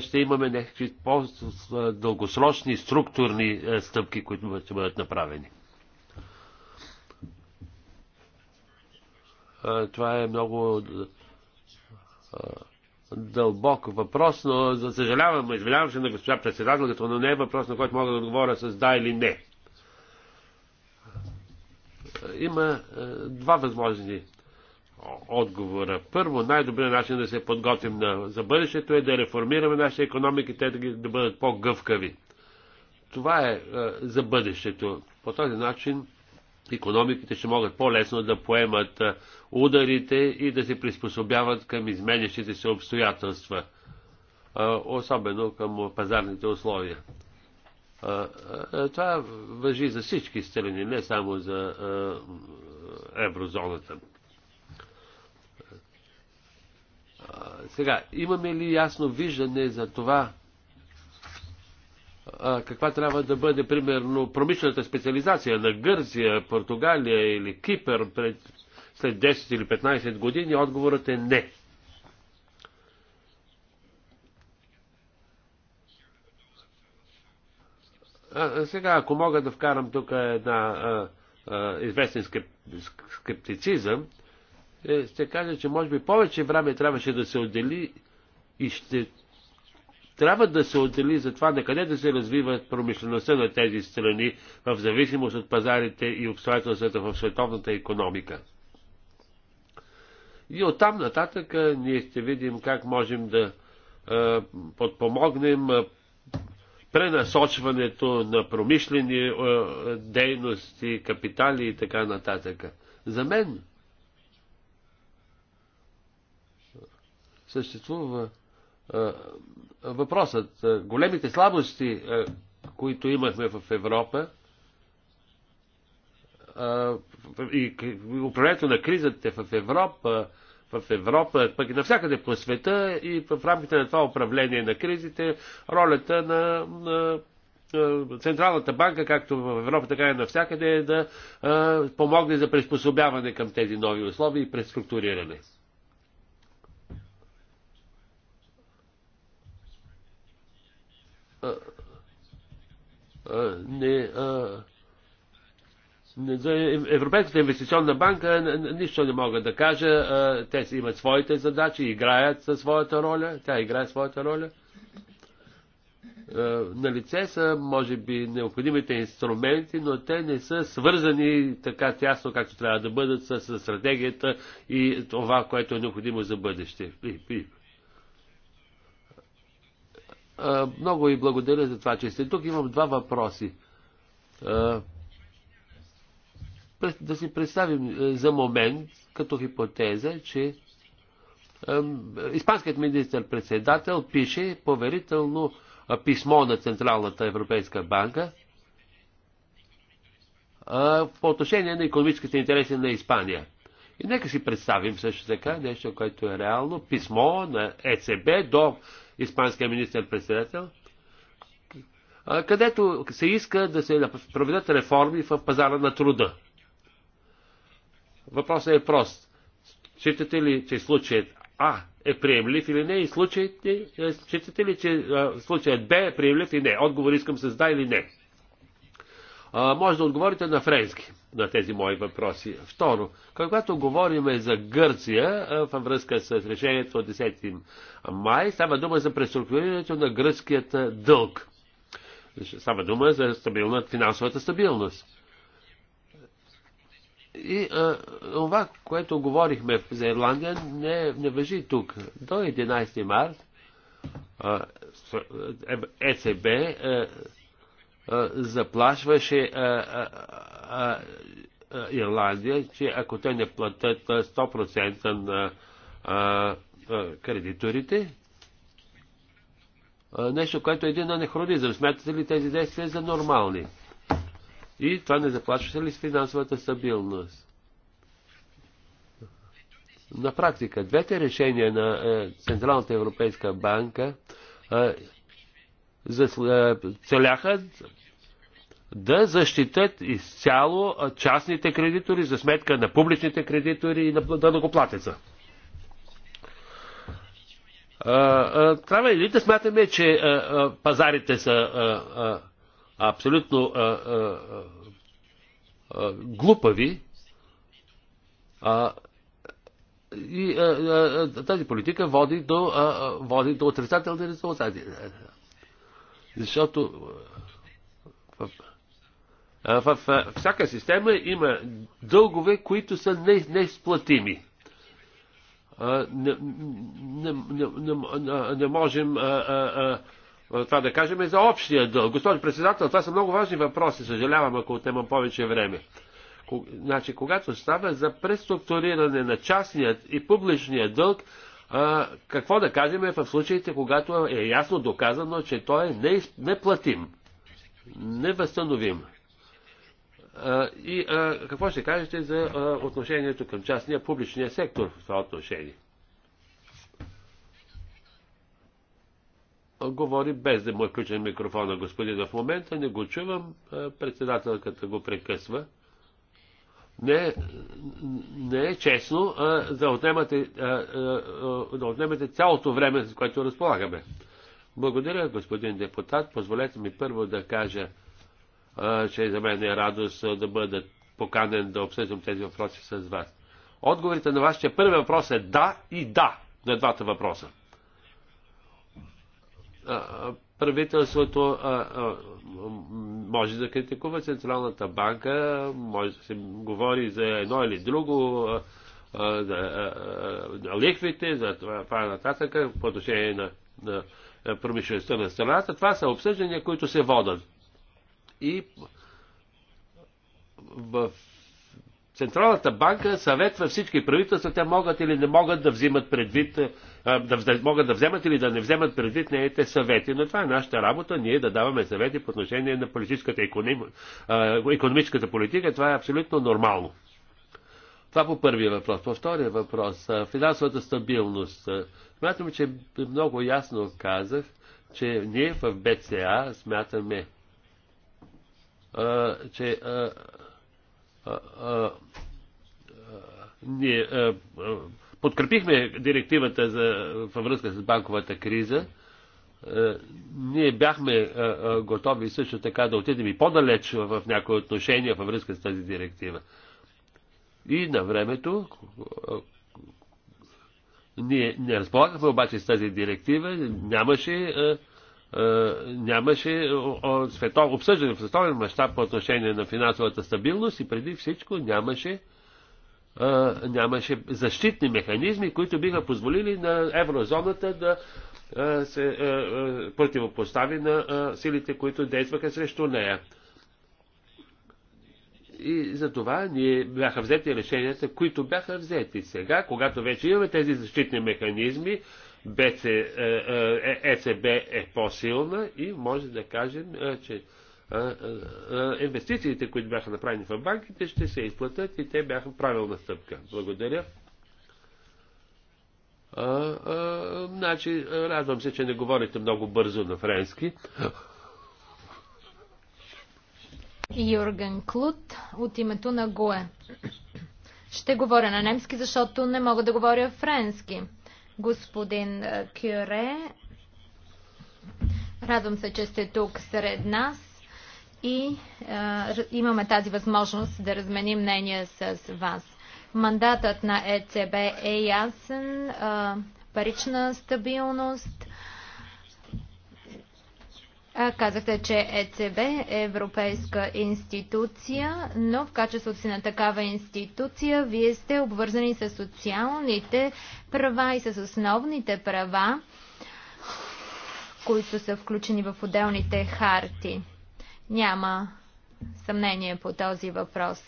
ще имаме някакви по-дългосрочни структурни стъпки, които ще бъдат направени? Това е много дълбок въпрос, но за съжалявам, извинявам се на госпожа председателката, но не е въпрос, на който мога да отговоря с да или не. Има два възможни отговора. Първо, най-добрият начин да се подготвим на, за бъдещето е да реформираме нашите економики, те да, ги, да бъдат по-гъвкави. Това е, е за бъдещето. По този начин економиките ще могат по-лесно да поемат ударите и да се приспособяват към изменящите се обстоятелства, особено към пазарните условия. Това въжи за всички страни, не само за еврозоната. Сега, имаме ли ясно виждане за това, каква трябва да бъде, примерно, промишлената специализация на Гърция, Португалия или Кипър пред, след 10 или 15 години, отговорът е не. А, сега, ако мога да вкарам тук една а, а, известен скеп, скептицизъм, е, ще кажа, че може би повече време трябваше да се отдели и ще трябва да се отдели за това на къде да се развива промишлеността на тези страни в зависимост от пазарите и обстоятелствата в световната економика. И оттам нататък ние ще видим как можем да подпомогнем пренасочването на промишлени дейности, капитали и така нататък. За мен съществува е, въпросът. Е, големите слабости, е, които имахме в Европа, и управлението на кризата в Европа, в Европа, пък и навсякъде по света и в рамките на това управление на кризите, ролята на, на, Централната банка, както в Европа, така и навсякъде, е да а, помогне за приспособяване към тези нови условия и преструктуриране. не, не, за Европейската инвестиционна банка нищо не мога да кажа. Те си имат своите задачи, играят със своята роля. Тя играе своята роля. На лице са, може би, необходимите инструменти, но те не са свързани така тясно, както трябва да бъдат с стратегията и това, което е необходимо за бъдеще. И, и много ви благодаря за това, че сте тук. Имам два въпроси. Да си представим за момент, като хипотеза, че Испанският министр-председател пише поверително писмо на Централната Европейска банка по отношение на економическите интереси на Испания. И нека си представим също така нещо, което е реално. Писмо на ЕЦБ до испанския министр-председател, където се иска да се проведат реформи в пазара на труда. Въпросът е прост. Считате ли, че случаят А е приемлив или не? И случаите, е, считате ли, че случаят Б е приемлив или не? Отговор искам с да или не. може да отговорите на френски на тези мои въпроси. Второ, когато говорим за Гърция във връзка с решението от 10 май, става дума за преструктурирането на гръцкият дълг. Става дума за стабилна, финансовата стабилност. И а, това, което говорихме за Ирландия, не, не въжи тук. До 11 март ЕЦБ е, е, е, заплашваше Ирландия, че ако те не платят 100% на кредиторите, нещо, което е един анехронизъм. Смятате ли тези действия за нормални? И това не заплашваше ли с финансовата стабилност? На практика, двете решения на е, Централната европейска банка е, е, целяха да защитат изцяло частните кредитори за сметка на публичните кредитори и на дългоплатеца. Е, е, трябва ли да смятаме, че пазарите са абсолютно глупави и тази политика води до, води до отрицателни резултати. Защото в, в, в всяка система има дългове, които са не, несплатими. Не, не, не, не, не можем а, а, а, това да кажем е за общия дълг. Господин председател, това са много важни въпроси. Съжалявам, ако отнемам повече време. Значи, когато става за преструктуриране на частният и публичният дълг, а, какво да кажем е в случаите, когато е ясно доказано, че той е неплатим, невъзстановим. А, и а, какво ще кажете за а, отношението към частния, публичния сектор в това отношение? Говори без да му е включен микрофона, господин, в момента не го чувам, председателката го прекъсва не, не е честно а, да, отнемате, а, а, да отнемате цялото време, с което разполагаме. Благодаря, господин депутат. Позволете ми първо да кажа, а, че за мен е радост да бъда поканен да обсъждам тези въпроси с вас. Отговорите на вашия първи въпрос е да и да на двата въпроса правителството а, а, може да критикува Централната банка, може да се говори за едно или друго, а, за а, лихвите, за това, това нататък, по отношение на, на промишлеността на страната. Това са обсъждания, които се водят. И в Централната банка съветва всички правителства, те могат или не могат да взимат предвид да, да могат да вземат или да не вземат предвид нейните съвети. Но това е нашата работа, ние да даваме съвети по отношение на политическата економ... економическата политика. Това е абсолютно нормално. Това по първия въпрос. По втория въпрос, финансовата стабилност. Смятам, че много ясно казах, че ние в БЦА смятаме, че ние подкрепихме директивата за, във връзка с банковата криза. Е, ние бяхме е, е, готови също така да отидем и по-далеч в някои отношения във връзка с тази директива. И на времето ние не разполагахме обаче с тази директива, нямаше, нямаше обсъждане в световен мащаб по отношение на финансовата стабилност и преди всичко нямаше нямаше защитни механизми, които биха позволили на еврозоната да се противопостави на силите, които действаха срещу нея. И за това ние бяха взети решенията, които бяха взети. Сега, когато вече имаме тези защитни механизми, БЦ, ЕЦБ е, е, е по-силна и може да кажем, че инвестициите, които бяха направени в банките, ще се изплатят и те бяха правилна стъпка. Благодаря. А, а, значи, радвам се, че не говорите много бързо на френски. Юрген Клут от името на Гуе. Ще говоря на немски, защото не мога да говоря френски. Господин Кюре, радвам се, че сте тук сред нас и а, имаме тази възможност да разменим мнение с вас. Мандатът на ЕЦБ е ясен, а, парична стабилност. А, казахте, че ЕЦБ е европейска институция, но в качеството си на такава институция вие сте обвързани с социалните права и с основните права, които са включени в отделните харти. Няма съмнение по този въпрос.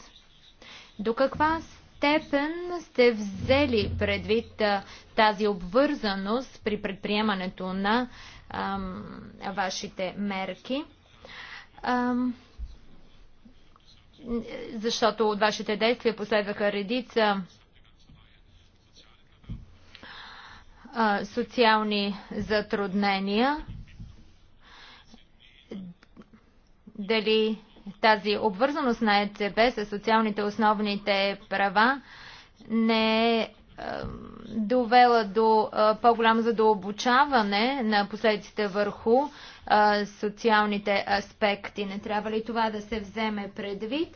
До каква степен сте взели предвид тази обвързаност при предприемането на ам, вашите мерки? Ам, защото от вашите действия последваха редица а, социални затруднения. дали тази обвързаност на ЕЦБ с социалните основните права не е довела до по-голямо задълбочаване на последиците върху социалните аспекти. Не трябва ли това да се вземе предвид?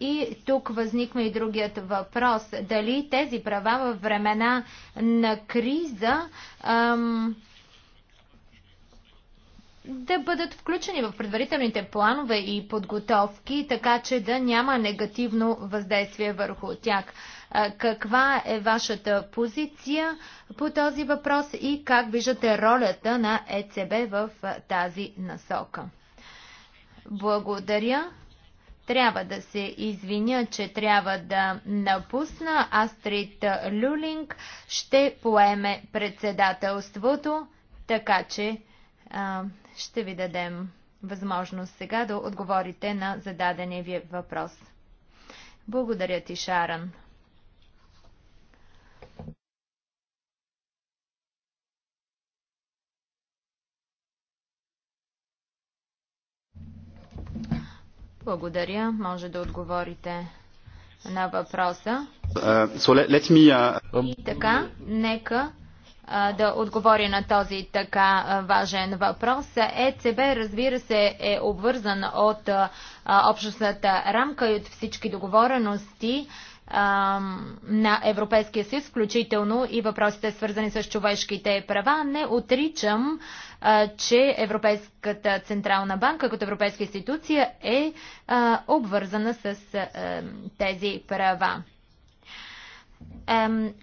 И тук възниква и другият въпрос. Дали тези права във времена на криза ам, да бъдат включени в предварителните планове и подготовки, така че да няма негативно въздействие върху тях. Каква е вашата позиция по този въпрос и как виждате ролята на ЕЦБ в тази насока? Благодаря. Трябва да се извиня, че трябва да напусна. Астрид Люлинг ще поеме председателството, така че ще ви дадем възможност сега да отговорите на зададения ви въпрос. Благодаря ти, Шаран. Благодаря. Може да отговорите на въпроса. Uh, so let, let me, uh... И така, нека да отговори на този така важен въпрос. ЕЦБ, разбира се, е обвързан от общностната рамка и от всички договорености на Европейския съюз, включително и въпросите свързани с човешките права. Не отричам, че Европейската Централна банка като европейска институция е обвързана с тези права.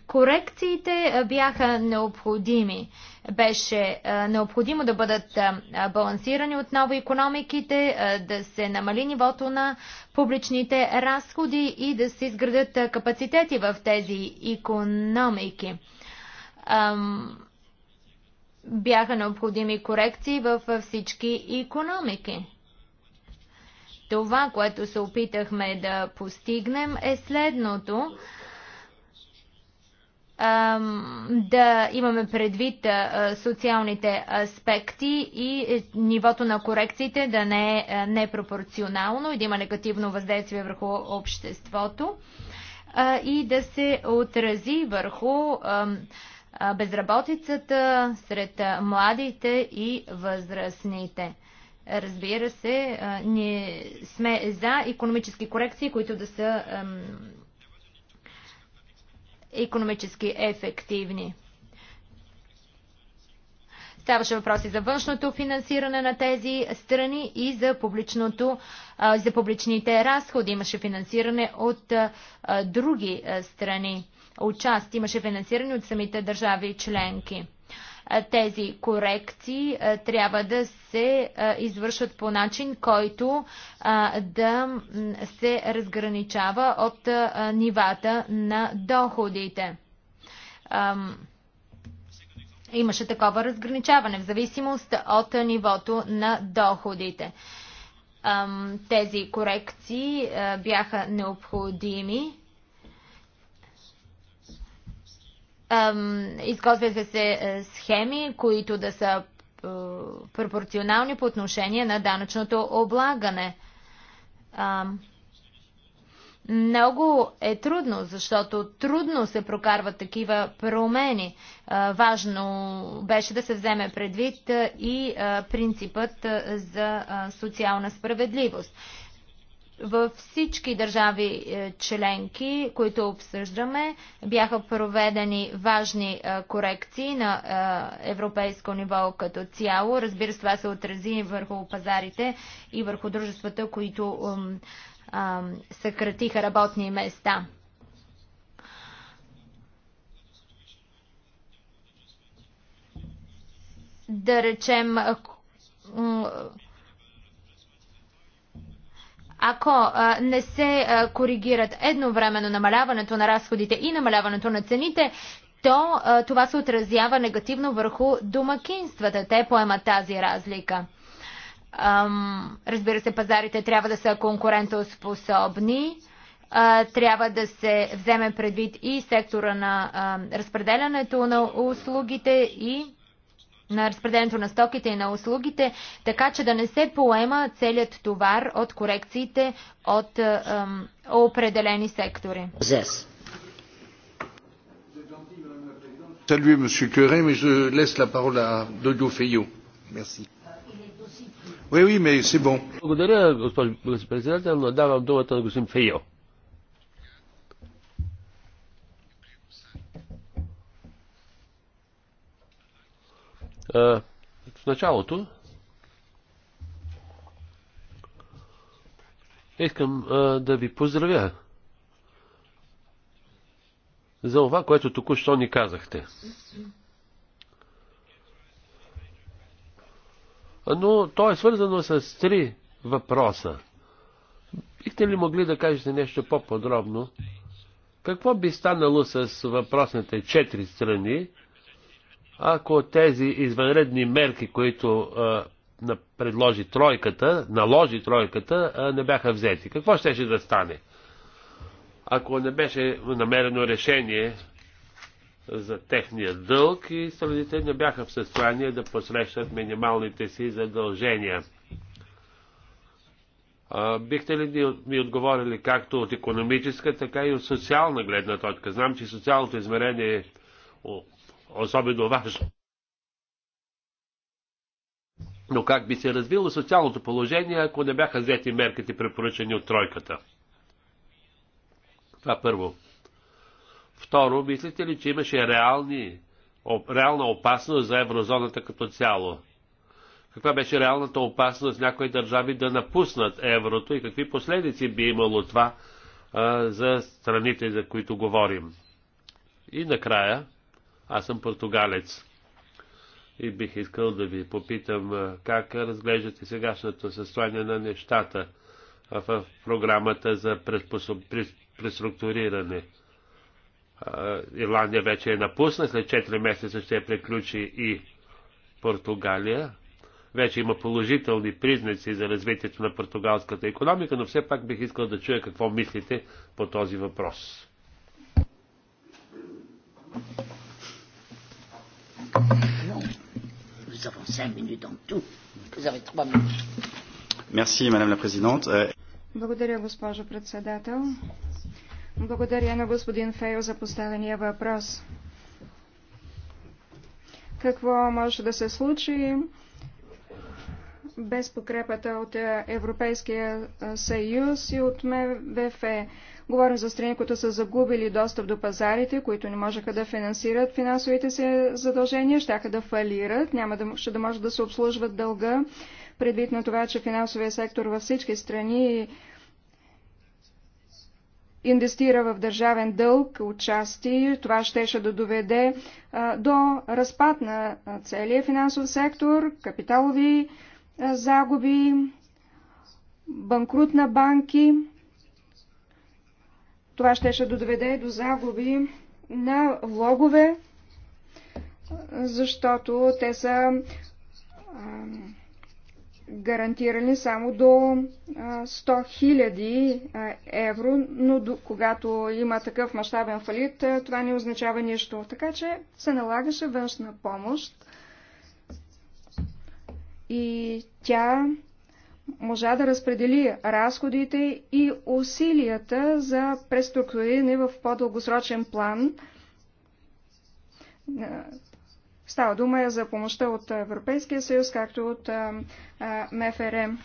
Корекциите е, бяха необходими. Беше е, необходимо да бъдат е, балансирани отново економиките, да се намали нивото на публичните разходи и да се изградат капацитети в тези економики. Бяха необходими корекции във всички економики. Това, което се опитахме да постигнем е следното – да имаме предвид социалните аспекти и е, нивото на корекциите да не е непропорционално и да има негативно въздействие върху обществото и да се отрази върху безработицата сред младите и възрастните. Разбира се, ние сме за економически корекции, които да са економически ефективни. Ставаше въпроси за външното финансиране на тези страни и за, публичното, за публичните разходи. Имаше финансиране от други страни. Отчасти имаше финансиране от самите държави членки. Тези корекции трябва да се извършват по начин, който да се разграничава от нивата на доходите имаше такова разграничаване в зависимост от нивото на доходите. Тези корекции бяха необходими Изготвя се, се схеми, които да са е, пропорционални по отношение на данъчното облагане. Много е трудно, защото трудно се прокарват такива промени. Е, важно беше да се вземе предвид е, и принципът за социална справедливост. Във всички държави е, членки, които обсъждаме, бяха проведени важни е, корекции на е, европейско ниво като цяло. Разбира се, това се отрази върху пазарите и върху дружествата, които съкратиха работни места. Да речем, ако не се коригират едновременно намаляването на разходите и намаляването на цените, то това се отразява негативно върху домакинствата. Те поемат тази разлика. Разбира се, пазарите трябва да са конкурентоспособни трябва да се вземе предвид и сектора на разпределянето на услугите и на разпределението на стоките и на услугите, така че да не се поема целият товар от корекциите от ем, определени сектори. Yes. Salut, Monsieur Curé, mais je laisse la parole à Dodio Feyo. Merci. Oui, oui, mais c'est bon. Благодаря, господин председател. Давам думата на господин Фейо. в началото искам да ви поздравя за това, което току-що ни казахте. Но то е свързано с три въпроса. Бихте ли могли да кажете нещо по-подробно? Какво би станало с въпросните четири страни, ако тези извънредни мерки, които предложи тройката, наложи тройката, не бяха взети. Какво щеше да стане? Ако не беше намерено решение за техния дълг и страните не бяха в състояние да посрещат минималните си задължения. А, бихте ли ми отговорили както от економическа, така и от социална гледна точка? Знам, че социалното измерение е особено важно. Но как би се развило социалното положение, ако не бяха взети мерките препоръчени от тройката? Това първо. Второ, мислите ли, че имаше реални, реална опасност за еврозоната като цяло? Каква беше реалната опасност някои държави да напуснат еврото и какви последици би имало това а, за страните, за които говорим? И накрая, аз съм португалец и бих искал да ви попитам как разглеждате сегашното състояние на нещата в програмата за преструктуриране. Ирландия вече е напусна, след 4 месеца ще приключи и Португалия. Вече има положителни признаци за развитието на португалската економика, но все пак бих искал да чуя какво мислите по този въпрос. Non, nous avons cinq minutes en tout. Vous avez trois minutes. Merci, Madame la Présidente. Euh, Благодаря, госпожо председател. Благодаря на господин Фейл за поставения въпрос. Какво може да се случи без покрепата от Европейския съюз и от МВФ? Говорим за страни, които са загубили достъп до пазарите, които не можеха да финансират финансовите си задължения, щяха да фалират, няма да, ще да може да се обслужват дълга, предвид на това, че финансовия сектор във всички страни инвестира в държавен дълг отчасти. Това щеше да доведе а, до разпад на целия финансов сектор, капиталови а, загуби, банкрут на банки. Това щеше да доведе до загуби на влогове, защото те са гарантирани само до 100 000 евро, но до, когато има такъв мащабен фалит, това не означава нищо. Така че се налагаше външна помощ и тя можа да разпредели разходите и усилията за преструктуриране в по-дългосрочен план. Е, става дума за помощта от Европейския съюз, както от МФРМ. Е, е,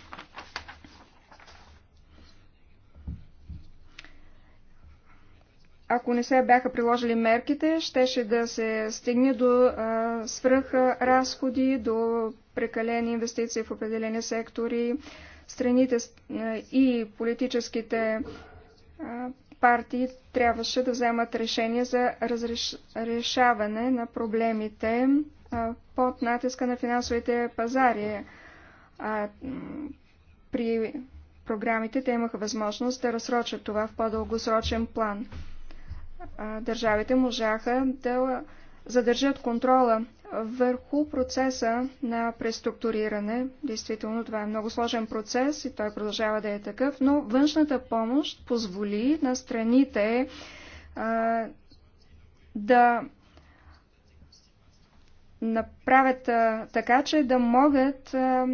ако не се бяха приложили мерките, щеше да се стигне до а, свръх разходи, до прекалени инвестиции в определени сектори. Страните и политическите а, партии трябваше да вземат решение за решаване на проблемите а, под натиска на финансовите пазари. А, при програмите те имаха възможност да разсрочат това в по-дългосрочен план държавите можаха да задържат контрола върху процеса на преструктуриране. Действително това е много сложен процес и той продължава да е такъв, но външната помощ позволи на страните а, да направят а, така, че да могат а,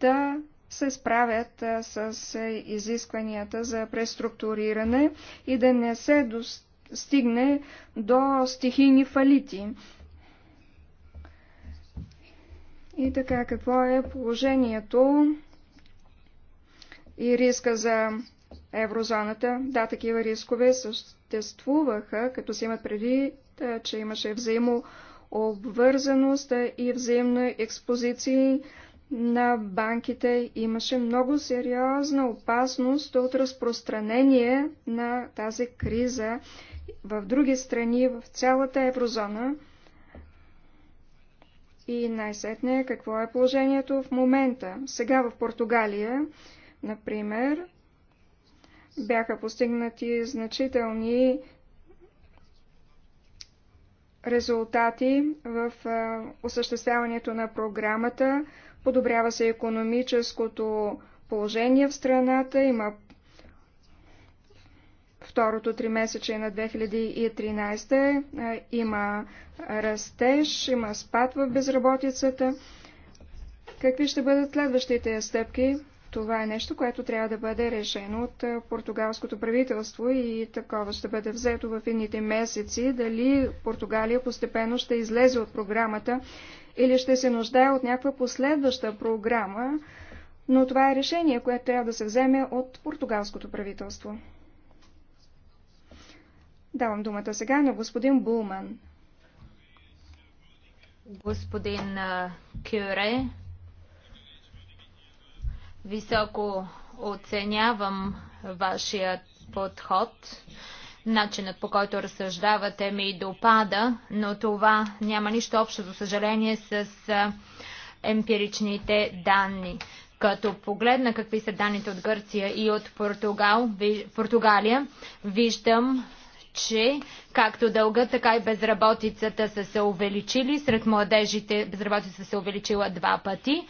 да се справят а, с изискванията за преструктуриране и да не се достигнат стигне до стихийни фалити. И така, какво е положението и риска за еврозоната? Да, такива рискове съществуваха, като се имат преди, че имаше взаимообвързаност и взаимни експозиции на банките. Имаше много сериозна опасност от разпространение на тази криза в други страни, в цялата еврозона. И най-сетне какво е положението в момента. Сега в Португалия, например, бяха постигнати значителни резултати в осъществяването на програмата. Подобрява се економическото положение в страната, има второто три месече на 2013 има растеж, има спад в безработицата. Какви ще бъдат следващите стъпки? Това е нещо, което трябва да бъде решено от португалското правителство и такова ще бъде взето в едните месеци. Дали Португалия постепенно ще излезе от програмата или ще се нуждае от някаква последваща програма, но това е решение, което трябва да се вземе от португалското правителство. Давам думата сега на господин Булман. Господин Кюре, високо оценявам вашият подход. Начинът по който разсъждавате ми допада, но това няма нищо общо, за съжаление, с емпиричните данни. Като погледна какви са данните от Гърция и от Португал, Португалия, виждам, че както дълга, така и безработицата са се увеличили. Сред младежите безработицата се увеличила два пъти.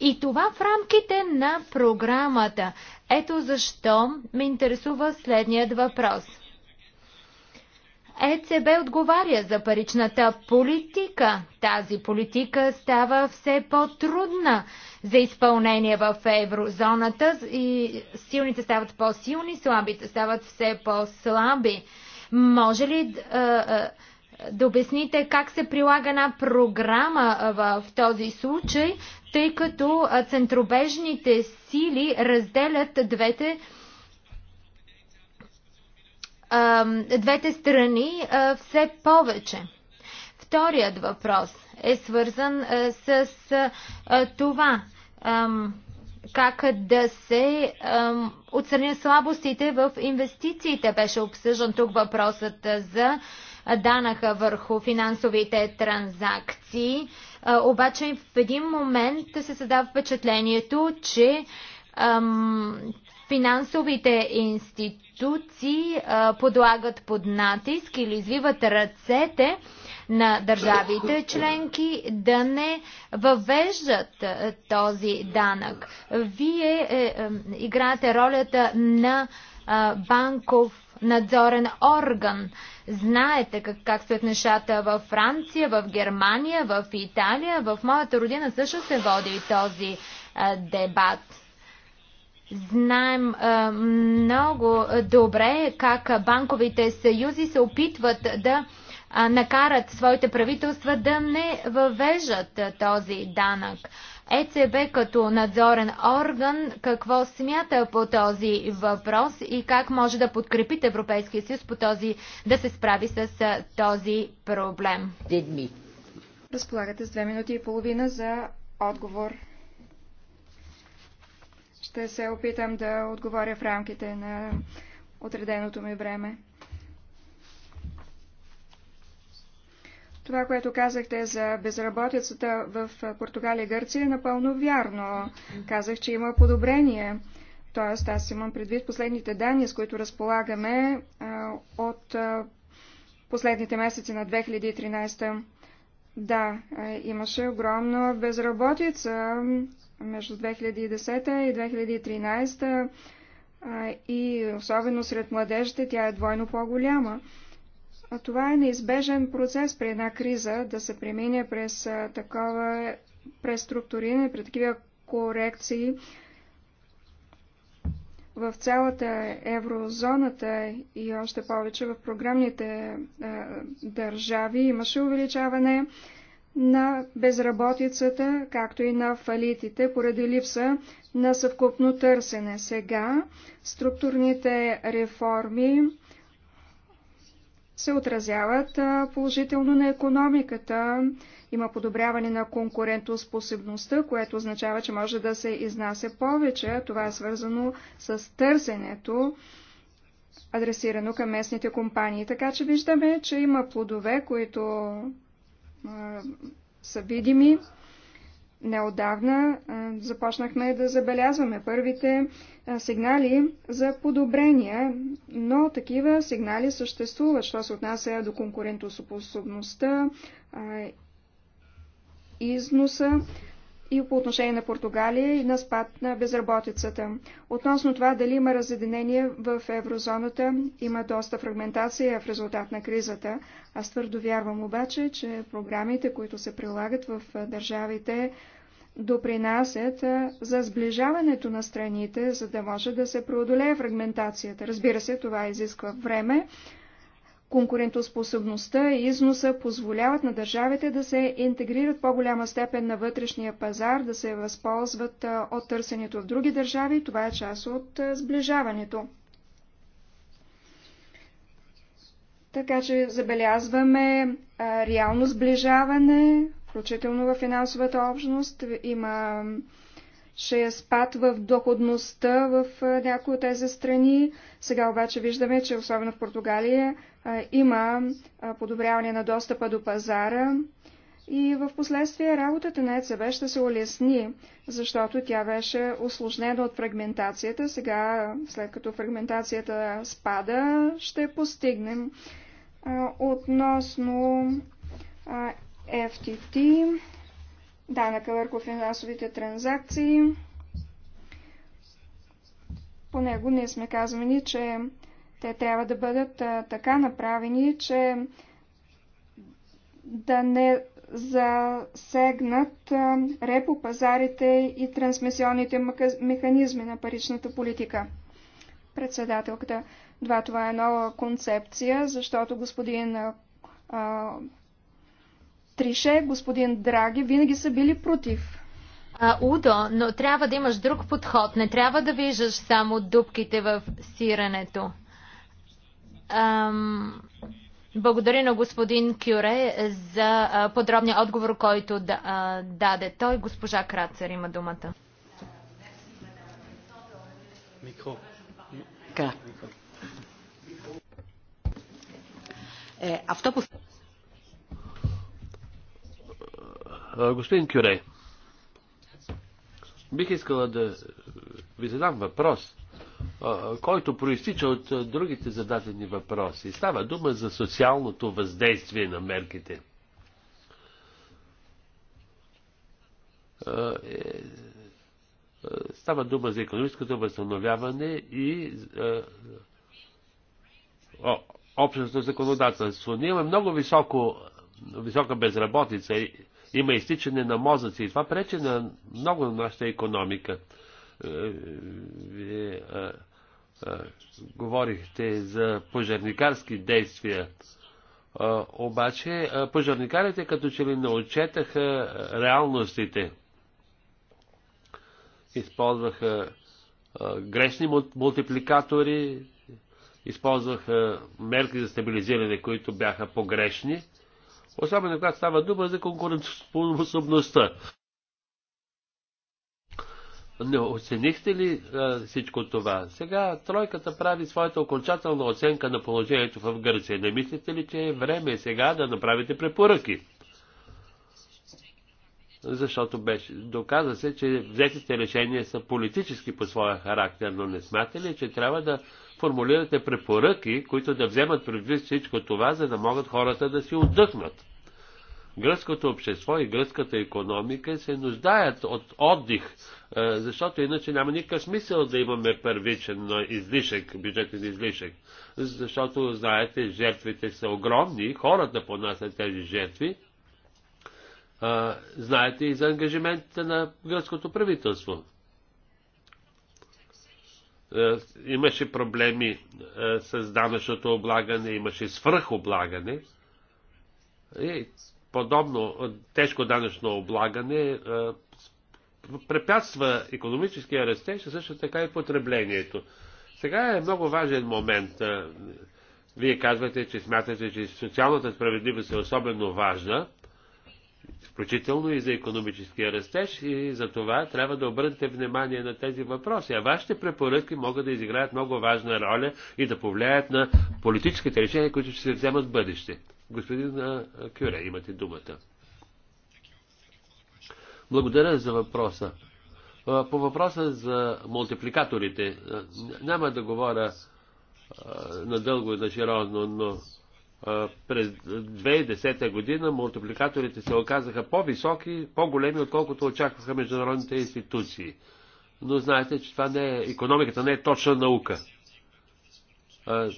И това в рамките на програмата. Ето защо ме интересува следният въпрос. ЕЦБ отговаря за паричната политика. Тази политика става все по-трудна за изпълнение в еврозоната и силните стават по-силни, слабите стават все по-слаби. Може ли да, да обясните как се прилага една програма в този случай, тъй като центробежните сили разделят двете двете страни все повече. Вторият въпрос е свързан с това как да се ам, отстранят слабостите в инвестициите. Беше обсъждан тук въпросът за данъка върху финансовите транзакции. обаче в един момент се създава впечатлението, че финансовите институции а, подлагат под натиск или извиват ръцете на държавите членки да не въвеждат този данък. Вие е, е играете ролята на банков надзорен орган. Знаете как, как стоят нещата във Франция, в Германия, в Италия. В моята родина също се води този дебат. Знаем много добре как банковите съюзи се опитват да накарат своите правителства да не въвежат този данък. ЕЦБ като надзорен орган какво смята по този въпрос и как може да подкрепите Европейския съюз по този, да се справи с този проблем? Разполагате с две минути и половина за отговор. Ще се опитам да отговоря в рамките на отреденото ми време. Това, което казахте за безработицата в Португалия и Гърция е напълно вярно. Казах, че има подобрение. Тоест, аз имам предвид последните данни, с които разполагаме от последните месеци на 2013. Да, имаше огромна безработица между 2010 и 2013 и особено сред младежите тя е двойно по-голяма. Това е неизбежен процес при една криза да се премине през такова преструктуриране, през такива корекции в цялата еврозоната и още повече в програмните държави имаше увеличаване на безработицата, както и на фалитите, поради липса на съвкупно търсене. Сега структурните реформи се отразяват положително на економиката. Има подобряване на конкурентоспособността, което означава, че може да се изнася повече. Това е свързано с търсенето, адресирано към местните компании. Така че виждаме, че има плодове, които са видими. Неодавна започнахме да забелязваме първите сигнали за подобрения, но такива сигнали съществуват, що се отнася до конкурентоспособността, износа и по отношение на Португалия и на спад на безработицата. Относно това дали има разединение в еврозоната, има доста фрагментация в резултат на кризата. Аз твърдо вярвам обаче, че програмите, които се прилагат в държавите, допринасят за сближаването на страните, за да може да се преодолее фрагментацията. Разбира се, това изисква време, Конкурентоспособността и износа позволяват на държавите да се интегрират по-голяма степен на вътрешния пазар, да се възползват от търсенето в други държави. Това е част от сближаването. Така че забелязваме реално сближаване, включително в финансовата общност. Има ще е спад в доходността в някои от тези страни. Сега обаче виждаме, че особено в Португалия има подобряване на достъпа до пазара и в последствие работата на ЕЦБ ще се улесни, защото тя беше осложнена от фрагментацията. Сега, след като фрагментацията спада, ще постигнем относно FTT, данъка върху финансовите транзакции. По него ние сме казвани, че те трябва да бъдат така направени, че да не засегнат репо пазарите и трансмисионните механизми на паричната политика. Председателката, два това е нова концепция, защото господин а, Трише, господин Драги винаги са били против. А, Удо, но трябва да имаш друг подход. Не трябва да виждаш само дупките в сирането. Ам... Благодаря на господин Кюре за подробния отговор, който да, даде той. Госпожа Крацер има думата. Микро. Е, авто... Господин Кюре, бих искала да ви задам въпрос който проистича от другите зададени въпроси. Става дума за социалното въздействие на мерките. Е, става дума за економическото възстановяване и общото законодателство. Ние имаме много високо, висока безработица, има изтичане на мозъци и това пречи на много на нашата економика. Е, вие е, е, говорихте за пожарникарски действия. Обаче пожарникарите като че ли не отчетаха реалностите. Използваха грешни мултипликатори, използваха мерки за стабилизиране, които бяха погрешни, особено когато става дума за конкурентоспособността. Не оценихте ли а, всичко това? Сега тройката прави своята окончателна оценка на положението в Гърция. Не мислите ли, че е време сега да направите препоръки? Защото беше, доказа се, че взетите решения са политически по своя характер, но не смятате ли, че трябва да формулирате препоръки, които да вземат предвид всичко това, за да могат хората да си отдъхнат? Гръцкото общество и гръцката економика се нуждаят от отдих, е, защото иначе няма никакъв смисъл да имаме първичен е, излишък, бюджетен излишък. Защото, знаете, жертвите са огромни, хората понасят тези жертви. Е, знаете и за ангажиментите на гръцкото правителство имаше проблеми с данъчното облагане, имаше свръхоблагане. И подобно е, тежко данъчно облагане е, препятства економическия растеж, а също така и потреблението. Сега е много важен момент. Е, вие казвате, че смятате, че социалната справедливост е особено важна, включително и за економическия растеж и за това трябва да обърнете внимание на тези въпроси. А вашите препоръки могат да изиграят много важна роля и да повлияят на политическите решения, които ще се вземат в бъдеще. Господин Кюре, имате думата. Благодаря за въпроса. По въпроса за мултипликаторите, няма да говоря надълго и на широко, но през 2010 година мултипликаторите се оказаха по-високи, по-големи, отколкото очакваха международните институции. Но знаете, че това не е, економиката не е точна наука.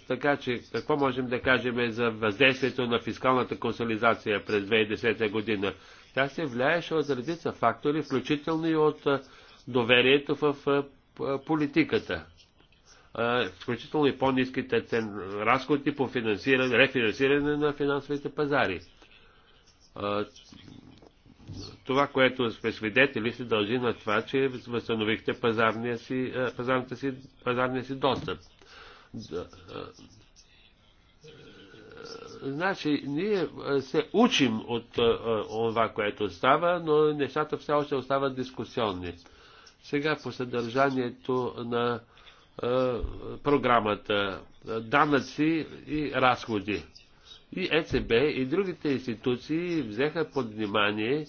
Така че, какво можем да кажем за въздействието на фискалната консолидация през 2010 година? Тя се влияеше от редица фактори, включително и от доверието в политиката. Включително и по-низките цен разходи по финансиране, рефинансиране на финансовите пазари. Това, което сме свидетели, се дължи на това, че възстановихте пазарния си, пазарния си достъп Значи, ние се учим от това, което става, но нещата все още остават дискусионни. Сега по съдържанието на програмата данъци и разходи. И ЕЦБ и другите институции взеха под внимание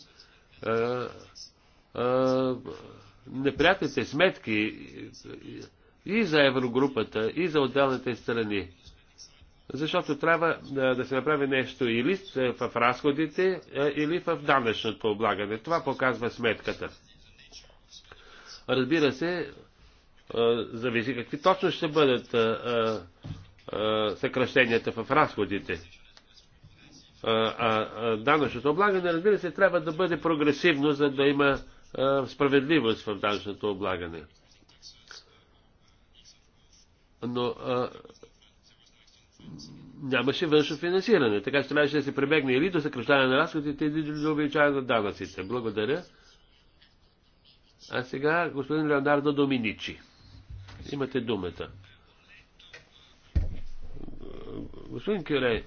а, а, неприятните сметки и за еврогрупата, и за отделните страни. Защото трябва да се направи нещо или е, в разходите, или в данъчното облагане. Това показва сметката. Разбира се, зависи какви точно ще бъдат съкръщенията в разходите. А данъчното облагане, разбира се, трябва да бъде прогресивно, за да има справедливост в данъчното облагане но а, нямаше външно финансиране. Така че трябваше да се прибегне или до съкръщаване на разходите, или до увеличаване на данъците. Благодаря. А сега господин Леонардо Доминичи. Имате думата. Господин Кюрей,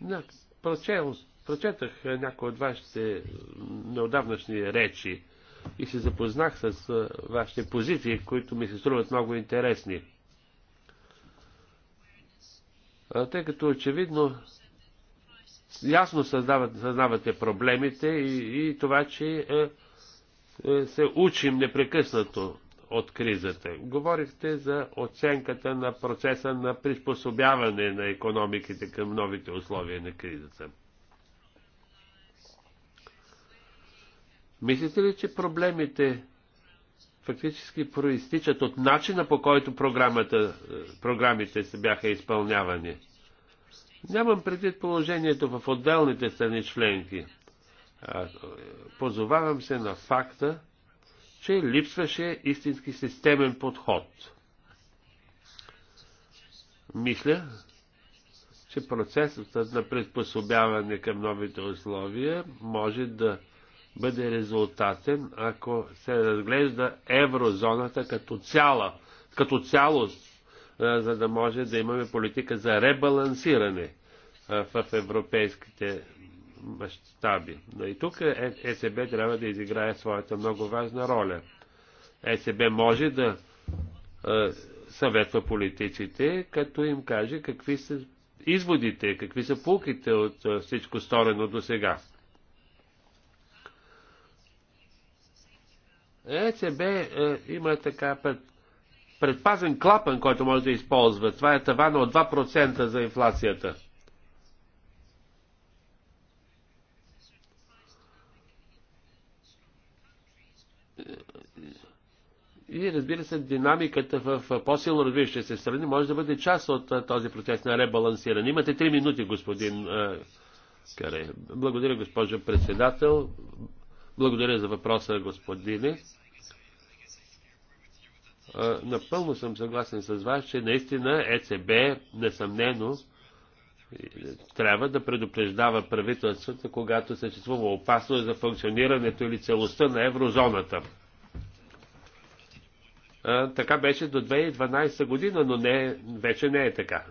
Да, прочел Прочетах е, някои от вашите е, неодавнашни речи и се запознах с е, вашите позиции, които ми се струват много интересни. Тъй като очевидно ясно съзнавате проблемите и, и това, че е, е, се учим непрекъснато от кризата. Говорихте за оценката на процеса на приспособяване на економиките към новите условия на кризата. Мислите ли, че проблемите фактически проистичат от начина по който програмата, е, програмите се бяха изпълнявани? Нямам предвид положението в отделните страни членки. Е, позовавам се на факта, че липсваше истински системен подход. Мисля, че процесът на приспособяване към новите условия може да бъде резултатен, ако се разглежда еврозоната като цяла, като цялост, за да може да имаме политика за ребалансиране в европейските мащаби. Но и тук е, ЕСБ трябва да изиграе своята много важна роля. ЕСБ може да съветва политиците, като им каже какви са изводите, какви са пулките от всичко сторено до сега. ЕЦБ е, е, има така пред, предпазен клапан, който може да използва. Това е тавана от 2% за инфлацията. И разбира се, динамиката в по-силно развиващи се страни може да бъде част от този процес на ребалансиране. Имате 3 минути, господин Каре. Благодаря, госпожо председател. Благодаря за въпроса, господине. Напълно съм съгласен с вас, че наистина ЕЦБ, несъмнено, трябва да предупреждава правителствата, когато съществува опасност за функционирането или целостта на еврозоната. така беше до 2012 година, но не, вече не е така.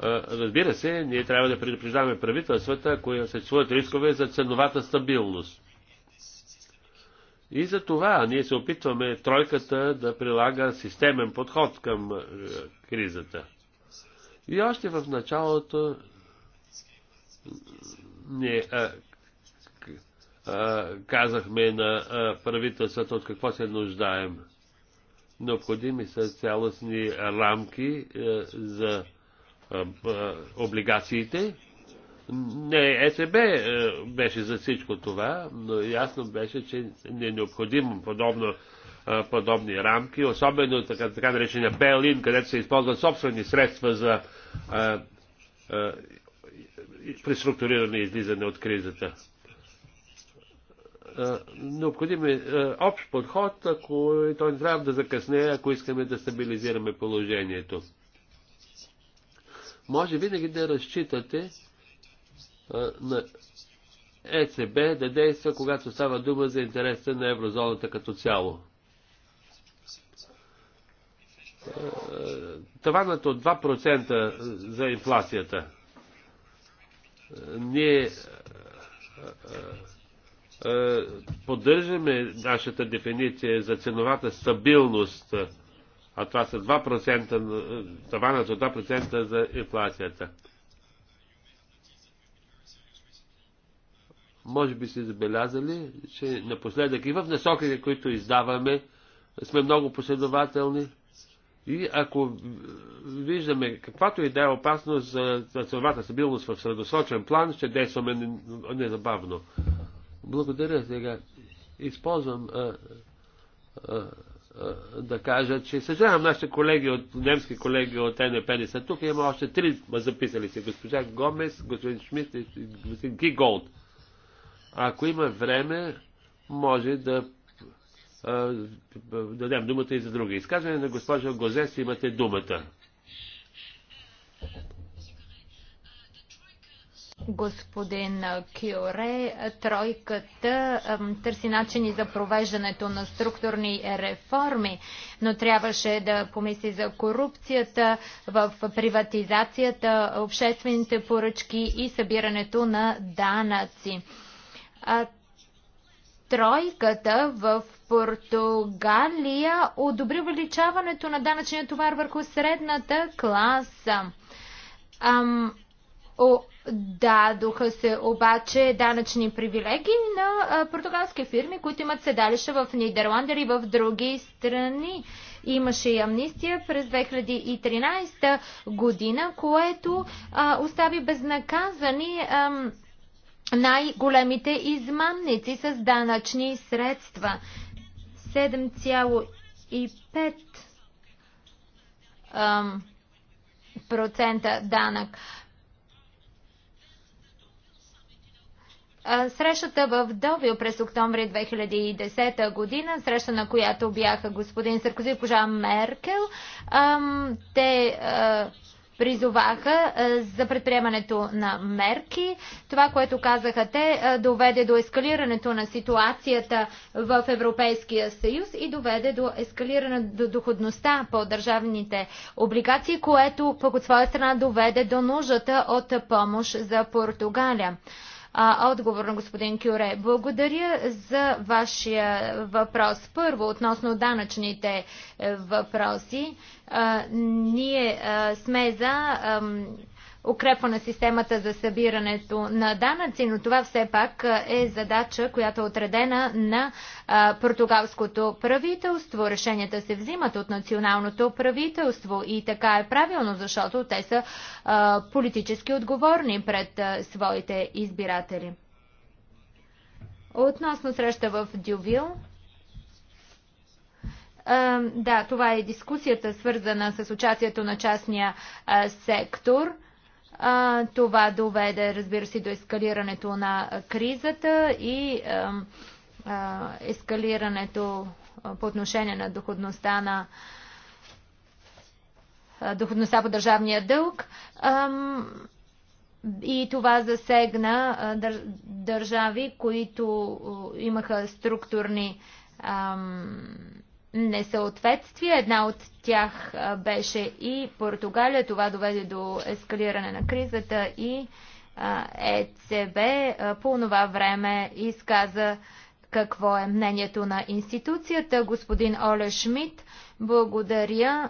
Разбира се, ние трябва да предупреждаваме правителствата, които съществуват рискове за ценовата стабилност. И за това ние се опитваме тройката да прилага системен подход към кризата. И още в началото ние а, а, казахме на правителствата правителството от какво се нуждаем. Необходими са цялостни рамки а, за облигациите. Не ЕЦБ беше за всичко това, но ясно беше, че не е необходимо подобно, подобни рамки, особено така, така наречения Белин, където се използват собствени средства за а, а, преструктуриране и излизане от кризата. Необходим е общ подход, ако той не трябва да закъсне, ако искаме да стабилизираме положението може винаги да разчитате а, на ЕЦБ да действа, когато става дума за интереса на еврозоната като цяло. Таванът от 2% за инфлацията. Ние поддържаме нашата дефиниция за ценовата стабилност а това са 2%, това за 2% за инфлацията. Може би сте забелязали, че напоследък и в насоките, които издаваме, сме много последователни. И ако виждаме каквато и да е опасност за ценовата стабилност в средосрочен план, ще действаме незабавно. Благодаря сега. Използвам а, а, е, да кажа, че съжалявам, нашите колеги от, немски колеги от НП не са тук. Има още три записали се. Госпожа Гомес, господин Шмидт и господин Гиголд. Ако има време, може да е, дадем думата и за други изказвания. На госпожа Гозес имате думата. господин Кюре. Тройката търси начини за провеждането на структурни реформи, но трябваше да помисли за корупцията в приватизацията, обществените поръчки и събирането на данъци. Тройката в Португалия одобри увеличаването на данъчния товар върху средната класа. Ам, Дадоха се обаче данъчни привилегии на португалски фирми, които имат седалища в Нидерландия и в други страни. Имаше и амнистия през 2013 година, което а, остави безнаказани най-големите измамници с данъчни средства. 7,5% данък. Срещата в Довил през октомври 2010 година, среща на която бяха господин Саркози и госпожа Меркел, те призоваха за предприемането на мерки. Това, което казаха те, доведе до ескалирането на ситуацията в Европейския съюз и доведе до ескалиране до доходността по държавните облигации, което пък от своя страна доведе до нуждата от помощ за Португалия а, отговор на господин Кюре. Благодаря за вашия въпрос. Първо, относно данъчните е, въпроси. А, ние а, сме за укрепва на системата за събирането на данъци, но това все пак е задача, която е отредена на португалското правителство. Решенията се взимат от националното правителство и така е правилно, защото те са политически отговорни пред своите избиратели. Относно среща в Дювил, да, това е дискусията, свързана с участието на частния сектор – а, това доведе, разбира се, до ескалирането на кризата и а, а, ескалирането по отношение на доходността на доходността по държавния дълг. И това засегна държави, които имаха структурни несъответствия. Една от тях беше и Португалия. Това доведе до ескалиране на кризата и ЕЦБ по това време изказа какво е мнението на институцията. Господин Оле Шмидт, благодаря.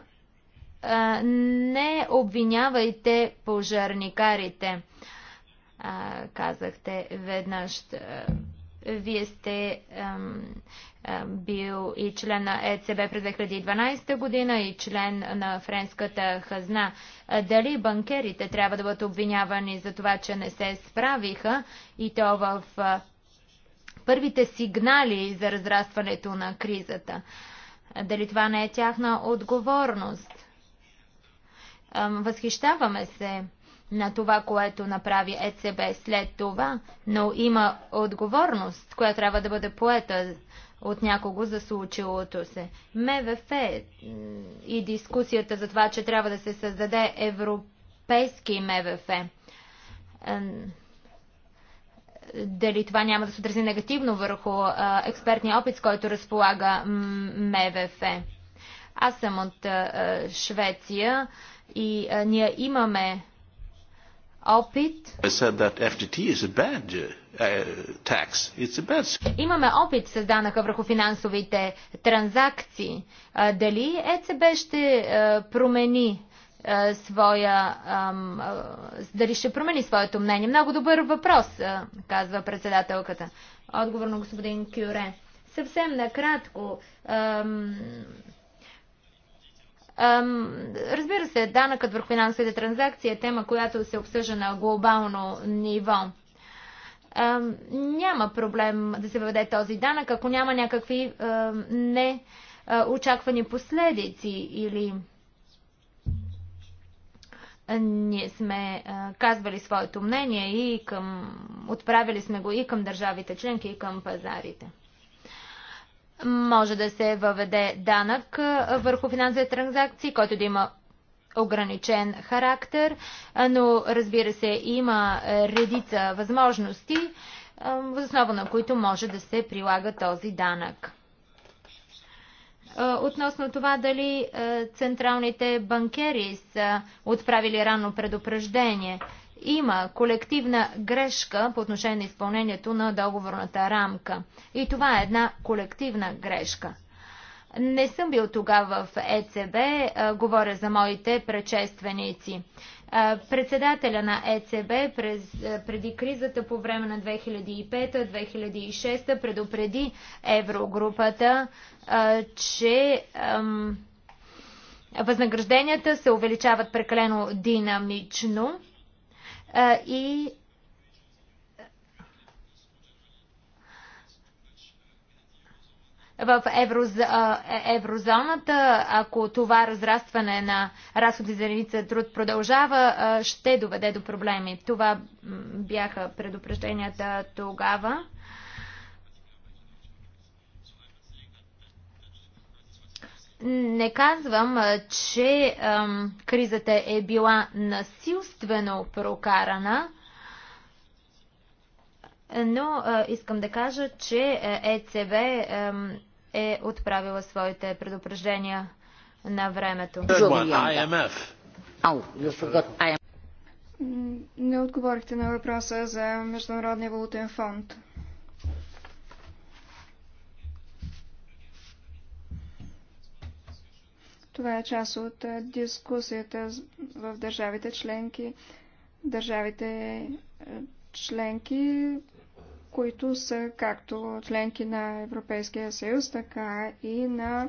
Не обвинявайте пожарникарите, казахте веднъж. Вие сте е, бил и член на ЕЦБ през 2012 година и член на френската хазна. Е, дали банкерите трябва да бъдат обвинявани за това, че не се справиха и то в е, първите сигнали за разрастването на кризата? Дали това не е тяхна отговорност? Възхищаваме се на това, което направи ЕЦБ след това, но има отговорност, която трябва да бъде поета от някого за случилото се. МВФ и дискусията за това, че трябва да се създаде европейски МВФ. Дали това няма да се отрази негативно върху експертния опит, с който разполага МВФ? Аз съм от Швеция и ние имаме опит. Uh, uh, Имаме опит с данъка върху финансовите транзакции. дали ЕЦБ ще е, промени е, своя... Е, дали ще промени своето мнение? Много добър въпрос, казва председателката. Отговор на господин Кюре. Съвсем накратко Разбира се, данъкът върху финансовите транзакции е тема, която се обсъжда на глобално ниво. Няма проблем да се въведе този данък, ако няма някакви неочаквани последици или ние сме казвали своето мнение и към, отправили сме го и към държавите членки, и към пазарите. Може да се въведе данък върху финансови транзакции, който да има ограничен характер, но разбира се, има редица възможности, в основа на които може да се прилага този данък. Относно това дали централните банкери са отправили рано предупреждение – има колективна грешка по отношение на изпълнението на договорната рамка. И това е една колективна грешка. Не съм бил тогава в ЕЦБ, говоря за моите предшественици. председателя на ЕЦБ през, преди кризата по време на 2005-2006 предупреди еврогрупата, че възнагражденията се увеличават прекалено динамично и в еврозоната, ако това разрастване на разходи за редица труд продължава, ще доведе до проблеми. Това бяха предупрежденията тогава. Не казвам, че ам, кризата е била насилствено прокарана, но а, искам да кажа, че ЕЦВ ам, е отправила своите предупреждения на времето. Не отговорихте на въпроса за Международния валутен фонд. Това е част от дискусията в държавите членки. Държавите членки, които са както членки на Европейския съюз, така и на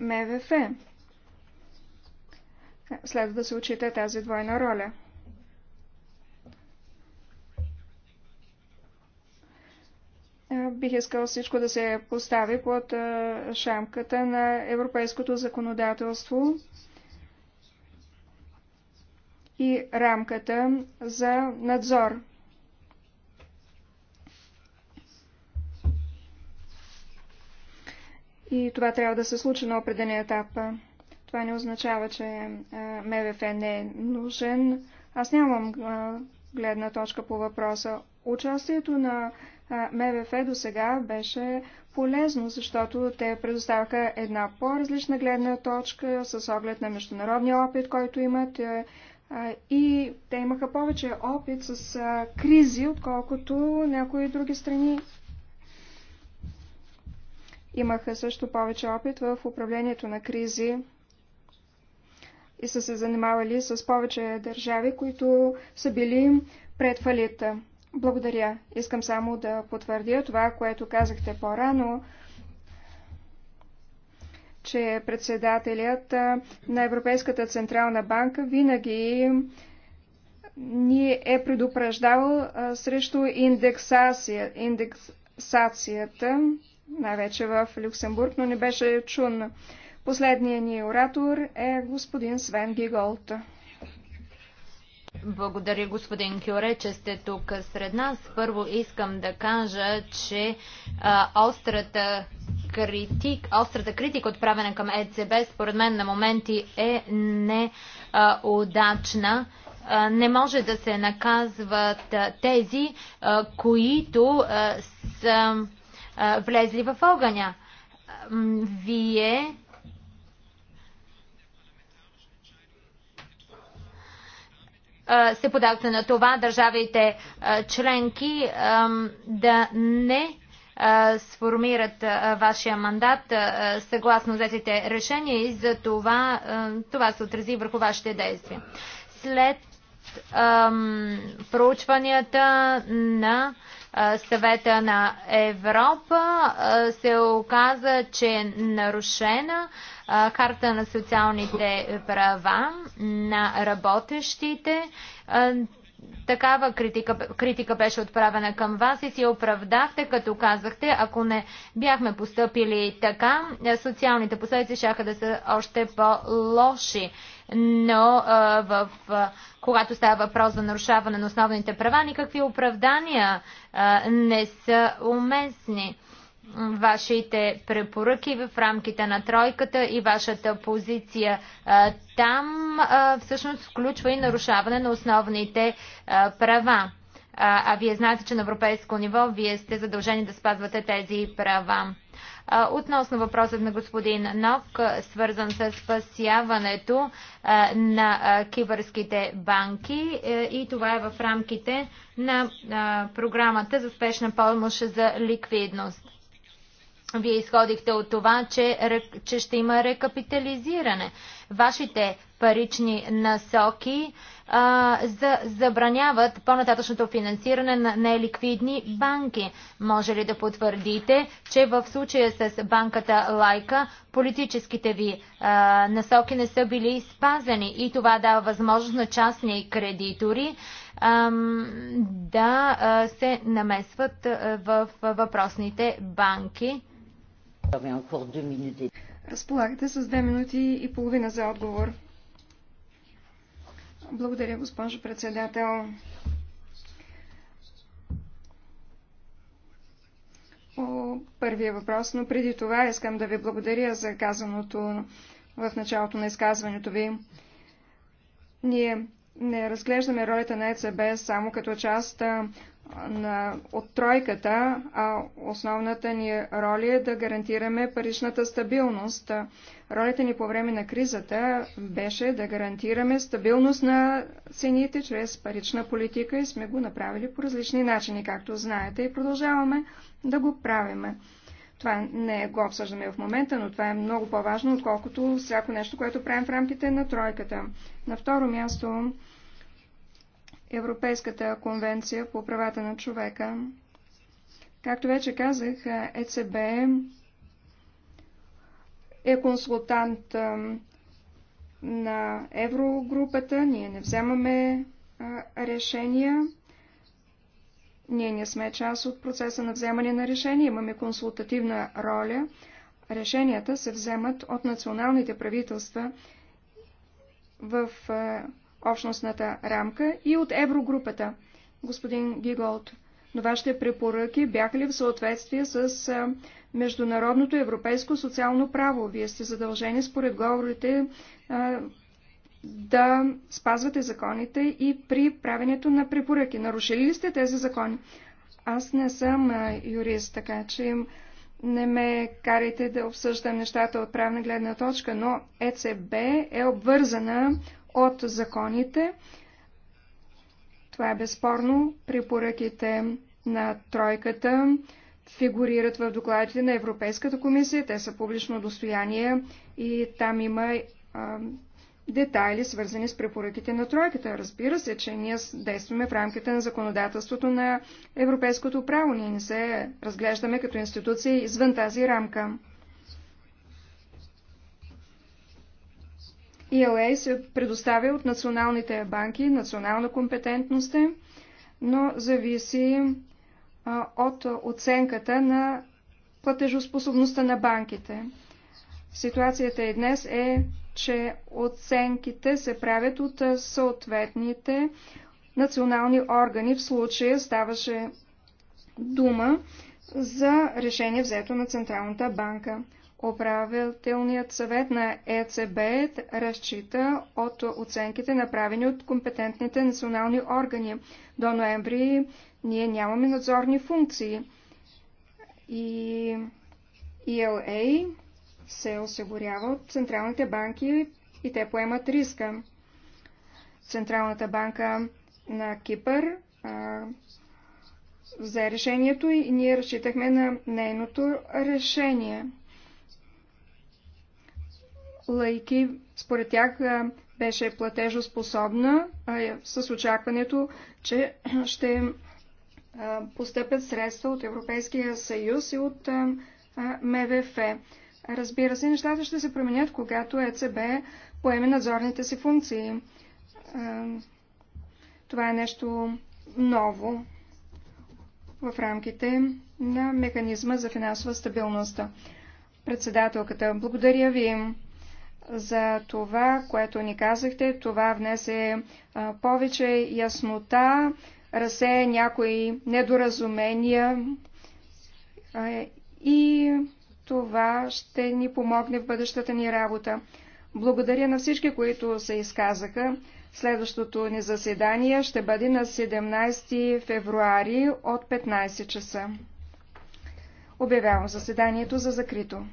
МВФ. Следва да се отчита тази двойна роля. Е, бих искал всичко да се постави под е, шамката на европейското законодателство и рамката за надзор. И това трябва да се случи на определен етап. Това не означава, че е, МВФ не е нужен. Аз нямам гледна точка по въпроса. Участието на МВФ до сега беше полезно, защото те предоставяха една по-различна гледна точка с оглед на международния опит, който имат е, и те имаха повече опит с кризи, отколкото някои други страни имаха също повече опит в управлението на кризи и са се занимавали с повече държави, които са били пред фалита. Благодаря. Искам само да потвърдя това, което казахте по-рано, че председателят на Европейската Централна банка винаги ни е предупреждавал срещу индексация, индексацията, най-вече в Люксембург, но не беше чун. Последният ни оратор е господин Свен Гиголта. Благодаря, господин Кюре, че сте тук сред нас. Първо искам да кажа, че а, острата, критик, острата критика, отправена към ЕЦБ, според мен на моменти е неудачна. Не може да се наказват тези, а, които а, са а, влезли в огъня. Вие се подават на това държавите членки да не сформират вашия мандат съгласно взетите решения и за това, това се отрази върху вашите действия. След проучванията на съвета на Европа се оказа, че е нарушена карта на социалните права на работещите. Такава критика, критика беше отправена към вас и си оправдахте, като казахте, ако не бяхме поступили така, социалните последици ще да са още по-лоши. Но в, когато става въпрос за нарушаване на основните права, никакви оправдания не са уместни вашите препоръки в рамките на тройката и вашата позиция там всъщност включва и нарушаване на основните права. А, вие знаете, че на европейско ниво вие сте задължени да спазвате тези права. Относно въпросът на господин Нок, свързан с спасяването на кибърските банки е, и това е в рамките на програмата за спешна помощ за ликвидност. Вие изходихте от това, че, че ще има рекапитализиране. Вашите парични насоки а, за, забраняват по-нататъчното финансиране на неликвидни банки. Може ли да потвърдите, че в случая с банката Лайка политическите ви а, насоки не са били спазени и това дава възможност на частни кредитори а, да се намесват в въпросните банки? Разполагате с две минути и половина за отговор. Благодаря, госпожо председател. По първия въпрос, но преди това искам да ви благодаря за казаното в началото на изказването ви. Ние не разглеждаме ролята на ЕЦБ само като част на, от тройката, а основната ни роля е да гарантираме паричната стабилност. Ролята ни по време на кризата беше да гарантираме стабилност на цените чрез парична политика и сме го направили по различни начини, както знаете, и продължаваме да го правиме. Това не го обсъждаме в момента, но това е много по-важно, отколкото всяко нещо, което правим в рамките на тройката. На второ място, Европейската конвенция по правата на човека. Както вече казах, ЕЦБ е консултант на еврогрупата. Ние не вземаме решения. Ние не сме част от процеса на вземане на решения. Имаме консултативна роля. Решенията се вземат от националните правителства в общностната рамка и от еврогрупата. Господин Гиголт, но вашите препоръки бяха ли в съответствие с международното европейско социално право? Вие сте задължени според говорите да спазвате законите и при правенето на препоръки. Нарушили ли сте тези закони? Аз не съм юрист, така че не ме карайте да обсъждам нещата от правна гледна точка, но ЕЦБ е обвързана от законите. Това е безспорно. Препоръките на тройката фигурират в докладите на Европейската комисия. Те са публично достояние и там има а, детайли, свързани с препоръките на тройката. Разбира се, че ние действаме в рамките на законодателството на европейското право. Ние не се разглеждаме като институция извън тази рамка. ELA се предоставя от националните банки, национална компетентност е, но зависи от оценката на платежоспособността на банките. Ситуацията и е днес е, че оценките се правят от съответните национални органи. В случая ставаше дума за решение взето на Централната банка. Управителният съвет на ЕЦБ разчита от оценките, направени от компетентните национални органи. До ноември ние нямаме надзорни функции. И ELA се осигурява от централните банки и те поемат риска. Централната банка на Кипър взе решението и ние разчитахме на нейното решение лайки, според тях, беше платежоспособна с очакването, че ще постъпят средства от Европейския съюз и от МВФ. Разбира се, нещата ще се променят, когато ЕЦБ поеме надзорните си функции. Това е нещо ново в рамките на механизма за финансова стабилност. Председателката, благодаря ви за това, което ни казахте. Това внесе повече яснота, разсе някои недоразумения и това ще ни помогне в бъдещата ни работа. Благодаря на всички, които се изказаха. Следващото ни заседание ще бъде на 17 февруари от 15 часа. Обявявам заседанието за закрито.